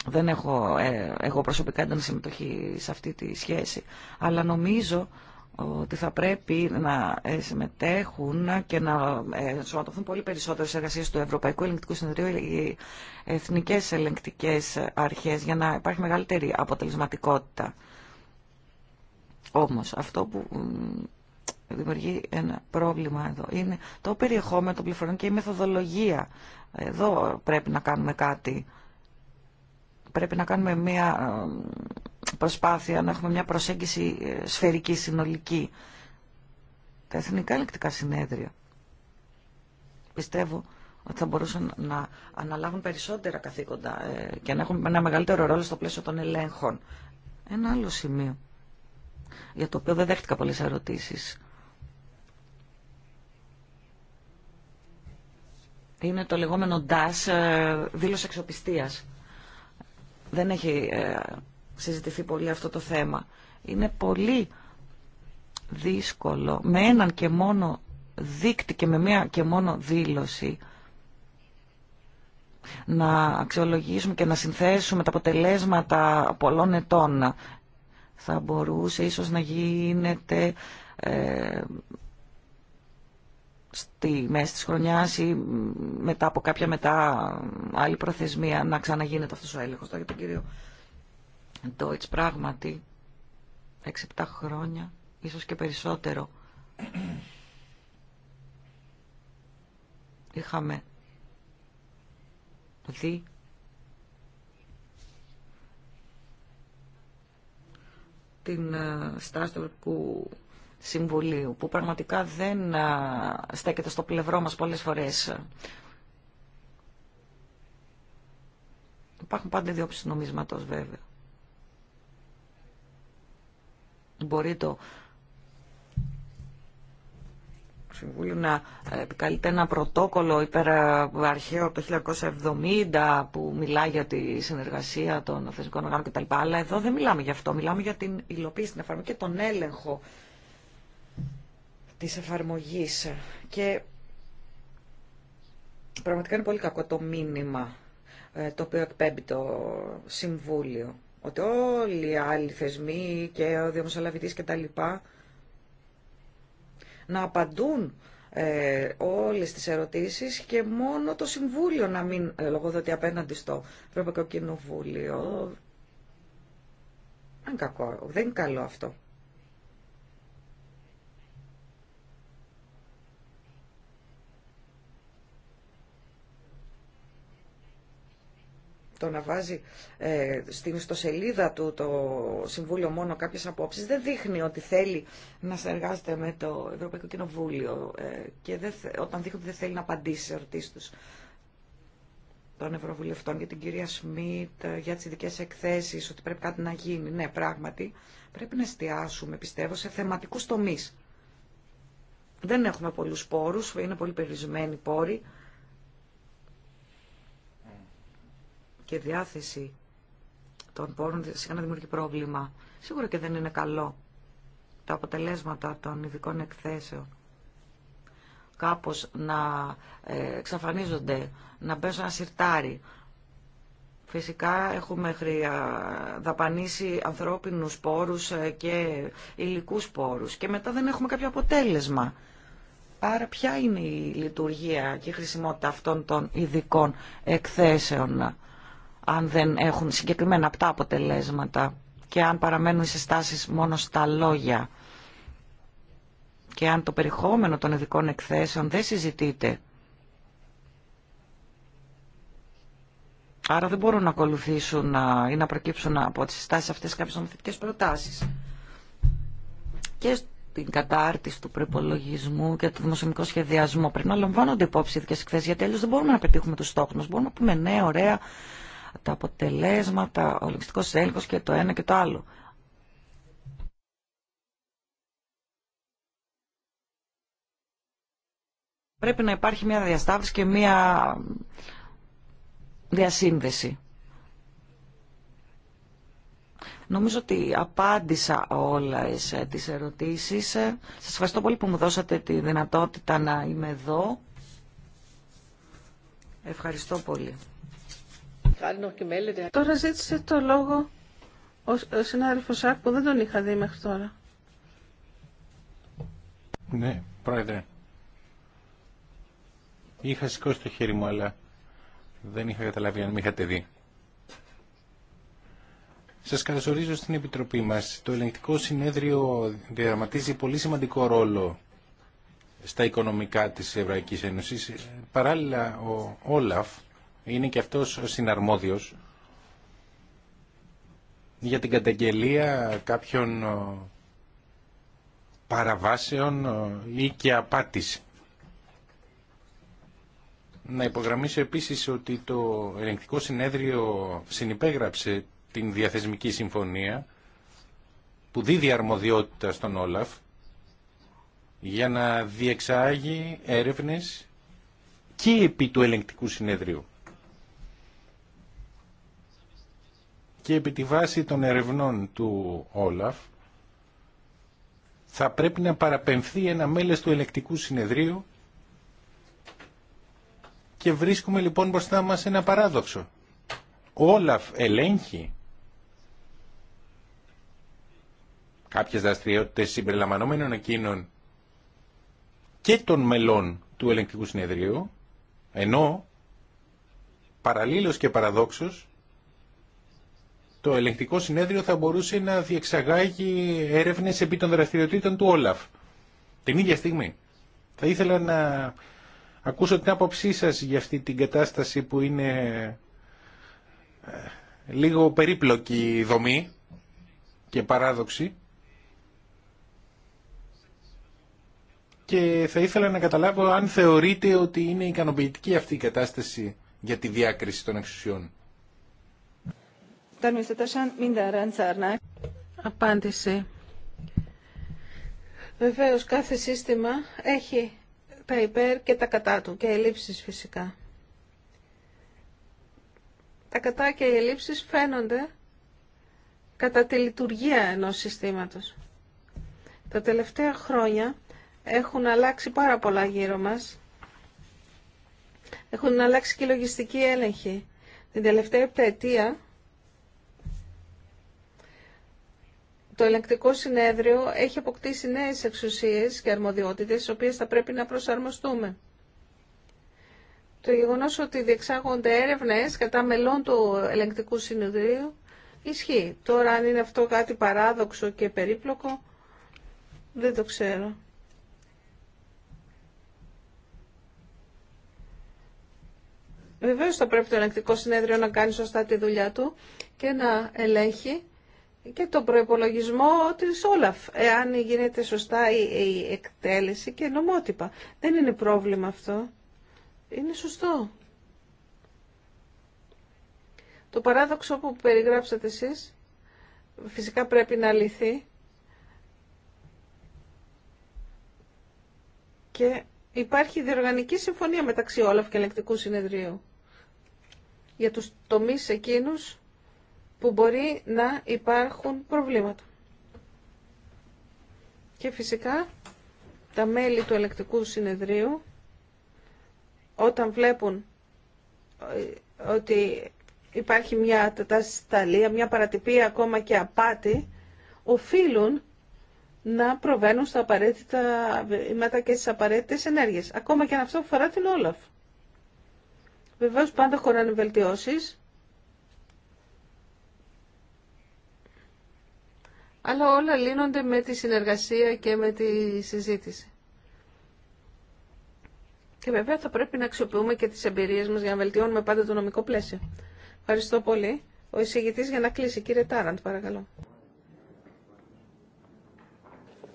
Δεν έχω ε, εγώ προσωπικά έντονη συμμετοχή σε αυτή τη σχέση, αλλά νομίζω ότι θα πρέπει να ε, συμμετέχουν και να ε, ενσωματωθούν πολύ περισσότερες εργασίες εργασίε του Ευρωπαϊκού Ελεγκτικού Συνεδρίου οι εθνικέ ελεγκτικέ αρχέ για να υπάρχει μεγαλύτερη αποτελεσματικότητα. Όμω αυτό που δημιουργεί ένα πρόβλημα εδώ είναι το περιεχόμενο των πληροφοριών και η μεθοδολογία. Εδώ πρέπει να κάνουμε κάτι. Πρέπει να κάνουμε μια προσπάθεια να έχουμε μια προσέγγιση ε, σφαιρική, συνολική. Τα εθνικά ελεκτικά συνέδρια πιστεύω ότι θα μπορούσαν να αναλάβουν περισσότερα καθήκοντα ε, και να έχουν ένα μεγαλύτερο ρόλο στο πλαίσιο των ελέγχων. Ένα άλλο σημείο, για το οποίο δεν δέχτηκα πολλές ερωτήσεις. Είναι το λεγόμενο DAS, ε, δήλωση εξοπιστίας. Δεν έχει συζητηθεί πολύ αυτό το θέμα. Είναι πολύ δύσκολο με έναν και μόνο δείκτη και με μία και μόνο δήλωση να αξιολογήσουμε και να συνθέσουμε τα αποτελέσματα πολλών ετών. Θα μπορούσε ίσως να γίνεται ε, στη μέση της χρονιάς ή μετά από κάποια μετά άλλη προθεσμία να ξαναγίνεται αυτός ο έλεγχος. Τώρα για τον κύριο Deutsch πράγματι 6-7 χρόνια, ίσως και περισσότερο, είχαμε δει την ε, στάση του Συμβουλίου, που πραγματικά δεν ε, στέκεται στο πλευρό μας πολλές φορές. Υπάρχουν πάντα δύο νομίσματος βέβαια. μπορεί το Συμβούλιο να επικαλείται ένα πρωτόκολλο υπεραρχαίο από το 1970 που μιλά για τη συνεργασία των θεσμικών οργάνων κτλ. Αλλά εδώ δεν μιλάμε για αυτό. Μιλάμε για την υλοποίηση, την εφαρμογή και τον έλεγχο της εφαρμογής. Και πραγματικά είναι πολύ κακό το μήνυμα ε, το οποίο εκπέμπει το Συμβούλιο ότι όλοι οι άλλοι θεσμοί και ο διαμεσολαβητής και τα λοιπά να απαντούν ε, όλες τις ερωτήσεις και μόνο το Συμβούλιο να μην ε, λογοδοτεί απέναντι στο Ευρωπαϊκό Κοινοβούλιο. Δεν, κακό, δεν είναι καλό αυτό. το να βάζει ε, στην ιστοσελίδα του το Συμβούλιο μόνο κάποιες απόψεις δεν δείχνει ότι θέλει να συνεργάζεται με το Ευρωπαϊκό Κοινοβούλιο ε, και δεν, όταν δείχνει ότι δεν θέλει να απαντήσει σε ερωτήσεις τους των Ευρωβουλευτών για την κυρία Σμιτ, ε, για τις ειδικέ εκθέσεις, ότι πρέπει κάτι να γίνει. Ναι, πράγματι, πρέπει να εστιάσουμε, πιστεύω, σε θεματικούς τομείς. Δεν έχουμε πολλούς πόρους, είναι πολύ περιορισμένοι πόροι. και διάθεση των πόρων ένα δημιουργεί πρόβλημα. Σίγουρα και δεν είναι καλό τα αποτελέσματα των ειδικών εκθέσεων κάπως να ε, εξαφανίζονται, να μπαίνουν σε ένα σιρτάρι. Φυσικά έχουμε δαπανίσει ανθρώπινους πόρους ε, και υλικούς πόρους και μετά δεν έχουμε κάποιο αποτέλεσμα. Άρα ποια είναι η λειτουργία και η χρησιμότητα αυτών των ειδικών εκθέσεων αν δεν έχουν συγκεκριμένα αυτά αποτελέσματα και αν παραμένουν οι συστάσεις μόνο στα λόγια και αν το περιεχόμενο των ειδικών εκθέσεων δεν συζητείται. Άρα δεν μπορούν να ακολουθήσουν ή να προκύψουν από τις συστάσεις αυτές κάποιες νομοθετικές προτάσεις. Και στην κατάρτιση του προπολογισμού και του δημοσιομικού σχεδιασμού. Πρέπει να λαμβάνονται υπόψη ειδικές εκθέσει, γιατί αλλιώ δεν μπορούμε να πετύχουμε του στόχου μας. Μπορούμε να πούμε ναι, ωραία, τα αποτελέσματα, ο λογιστικός έλεγχος και το ένα και το άλλο. Πρέπει να υπάρχει μια διασταύρωση και μια διασύνδεση. Νομίζω ότι απάντησα όλες ε, τις ερωτήσεις. Ε, σας ευχαριστώ πολύ που μου δώσατε τη δυνατότητα να είμαι εδώ. Ευχαριστώ πολύ. Τώρα ζήτησε το λόγο ο συνάδελφος Σάκ που δεν τον είχα δει μέχρι τώρα. Ναι, πρόεδρε. Είχα σηκώσει το χέρι μου, αλλά δεν είχα καταλάβει αν με είχατε δει. Σας καλωσορίζω στην Επιτροπή μας. Το ελεγκτικό συνέδριο διαδραματίζει πολύ σημαντικό ρόλο στα οικονομικά της Ευρωπαϊκής Ένωσης. Ε, παράλληλα, ο Όλαφ είναι και αυτός συναρμόδιος για την καταγγελία κάποιων παραβάσεων ή και απάτης. Να υπογραμμίσω επίσης ότι το ελεγκτικό συνέδριο συνυπέγραψε την διαθεσμική συμφωνία που δίδει αρμοδιότητα στον Όλαφ για να διεξάγει έρευνες και επί του ελεγκτικού συνέδριου. και επί τη βάση των ερευνών του Όλαφ θα πρέπει να παραπεμφθεί ένα μέλος του ελεκτικού συνεδρίου και βρίσκουμε λοιπόν μπροστά μας ένα παράδοξο. Ο Όλαφ ελέγχει κάποιες δραστηριότητες συμπεριλαμβανομένων εκείνων και των μελών του ελεγκτικού συνεδρίου, ενώ παραλλήλως και παραδόξως το ελεγκτικό συνέδριο θα μπορούσε να διεξαγάγει έρευνες επί των δραστηριοτήτων του Όλαφ. Την ίδια στιγμή. Θα ήθελα να ακούσω την άποψή σας για αυτή την κατάσταση που είναι ε, λίγο περίπλοκη δομή και παράδοξη. Και θα ήθελα να καταλάβω αν θεωρείτε ότι είναι ικανοποιητική αυτή η κατάσταση για τη διάκριση των εξουσιών. Απάντηση. Βεβαίω κάθε σύστημα έχει τα υπέρ και τα κατά του και ελλείψεις φυσικά. Τα κατά και οι ελλείψεις φαίνονται κατά τη λειτουργία ενός συστήματος. Τα τελευταία χρόνια έχουν αλλάξει πάρα πολλά γύρω μας. Έχουν αλλάξει και λογιστική ελέγχοι. Την τελευταία επταετία το ελεγκτικό συνέδριο έχει αποκτήσει νέες εξουσίες και αρμοδιότητες, τις οποίες θα πρέπει να προσαρμοστούμε. Το γεγονός ότι διεξάγονται έρευνες κατά μελών του ελεγκτικού συνεδρίου ισχύει. Τώρα αν είναι αυτό κάτι παράδοξο και περίπλοκο, δεν το ξέρω. Βεβαίως θα πρέπει το ελεγκτικό συνέδριο να κάνει σωστά τη δουλειά του και να ελέγχει και τον προϋπολογισμό της Όλαφ, εάν γίνεται σωστά η εκτέλεση και νομότυπα. Δεν είναι πρόβλημα αυτό. Είναι σωστό. Το παράδοξο που περιγράψατε εσείς φυσικά πρέπει να λυθεί και υπάρχει διοργανική συμφωνία μεταξύ Όλαφ και Ελεκτικού Συνεδρίου για τους τομείς εκείνους που μπορεί να υπάρχουν προβλήματα. Και φυσικά τα μέλη του ελεκτικού συνεδρίου όταν βλέπουν ε, ότι υπάρχει μια τετασταλία, μια παρατυπία ακόμα και απάτη, οφείλουν να προβαίνουν στα απαραίτητα βήματα και στις απαραίτητες ενέργειες. Ακόμα και αν αυτό αφορά την Όλαφ. Βεβαίως πάντα χωράνε βελτιώσεις Αλλά όλα λύνονται με τη συνεργασία και με τη συζήτηση. Και βέβαια θα πρέπει να αξιοποιούμε και τις εμπειρίες μας για να βελτιώνουμε πάντα το νομικό πλαίσιο. Ευχαριστώ πολύ. Ο εισηγητής για να κλείσει. Κύριε Τάραντ, παρακαλώ.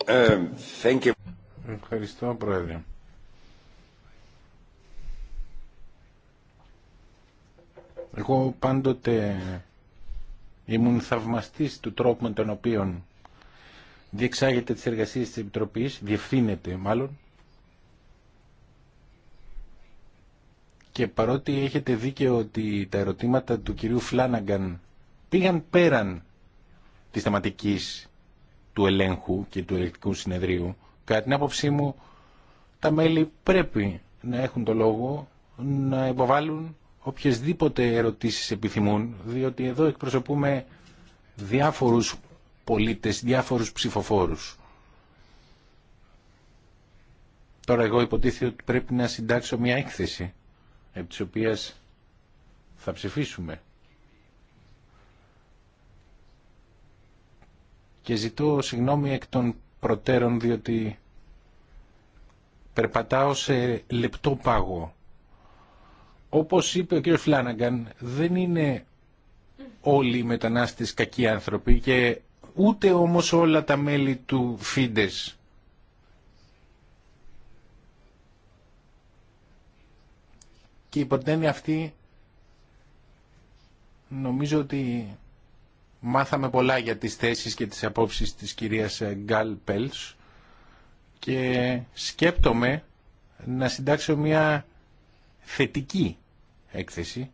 Ε, Ευχαριστώ, Πρόεδρε. Εγώ πάντοτε Ήμουν θαυμαστή του τρόπου με τον οποίο διεξάγεται τι εργασίε τη Επιτροπής, διευθύνεται μάλλον. Και παρότι έχετε δίκαιο ότι τα ερωτήματα του κυρίου Φλάναγκαν πήγαν πέραν της θεματικής του ελέγχου και του ελεκτικού συνεδρίου, κατά την άποψή μου τα μέλη πρέπει να έχουν το λόγο να υποβάλουν οποιασδήποτε ερωτήσεις επιθυμούν, διότι εδώ εκπροσωπούμε διάφορους πολίτες, διάφορους ψηφοφόρους. Τώρα εγώ υποτίθεται ότι πρέπει να συντάξω μια έκθεση, επί της οποίας θα ψηφίσουμε. Και ζητώ συγγνώμη εκ των προτέρων, διότι περπατάω σε λεπτό πάγο όπως είπε ο κύριος Φλάναγκαν, δεν είναι όλοι οι μετανάστες κακοί άνθρωποι και ούτε όμως όλα τα μέλη του Φίντες. Και η πορτένη αυτή νομίζω ότι μάθαμε πολλά για τις θέσεις και τις απόψεις της κυρίας Γκάλ Πέλς και σκέπτομαι να συντάξω μια θετική έκθεση.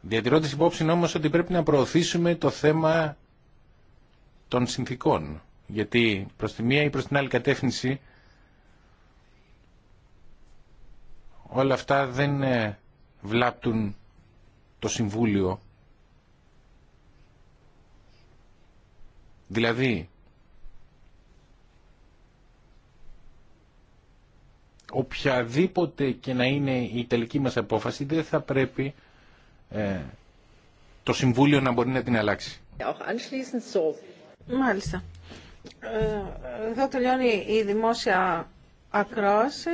Διατηρώντας υπόψη όμως ότι πρέπει να προωθήσουμε το θέμα των συνθήκων. Γιατί προς τη μία ή προς την άλλη κατεύθυνση όλα αυτά δεν ε, βλάπτουν το Συμβούλιο. Δηλαδή, οποιαδήποτε και να είναι η τελική μας απόφαση δεν θα πρέπει ε, το Συμβούλιο να μπορεί να την αλλάξει. Μάλιστα. Ε, εδώ τελειώνει η δημόσια ακρόαση.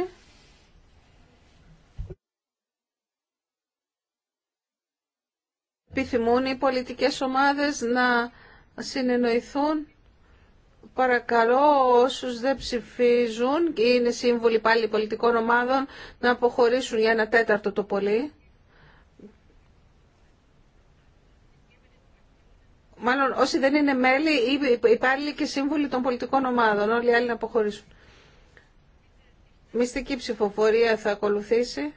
Επιθυμούν οι πολιτικές ομάδες να συνεννοηθούν Παρακαλώ όσους δεν ψηφίζουν και είναι σύμβουλοι πάλι πολιτικών ομάδων να αποχωρήσουν για ένα τέταρτο το πολύ. Μάλλον όσοι δεν είναι μέλη ή υπάλληλοι και σύμβουλοι των πολιτικών ομάδων, όλοι οι άλλοι να αποχωρήσουν. Μυστική ψηφοφορία θα ακολουθήσει.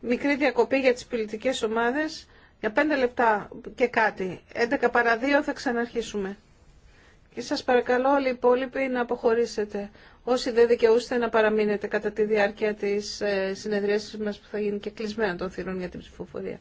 Μικρή διακοπή για τις πολιτικές ομάδες για πέντε λεπτά και κάτι. 11 παρα θα ξαναρχίσουμε. Και Σας παρακαλώ όλοι οι υπόλοιποι να αποχωρήσετε. Όσοι δεν δικαιούστε να παραμείνετε κατά τη διάρκεια της ε, συνεδρίασης μας που θα γίνει και κλεισμένα των θύρων για την ψηφοφορία.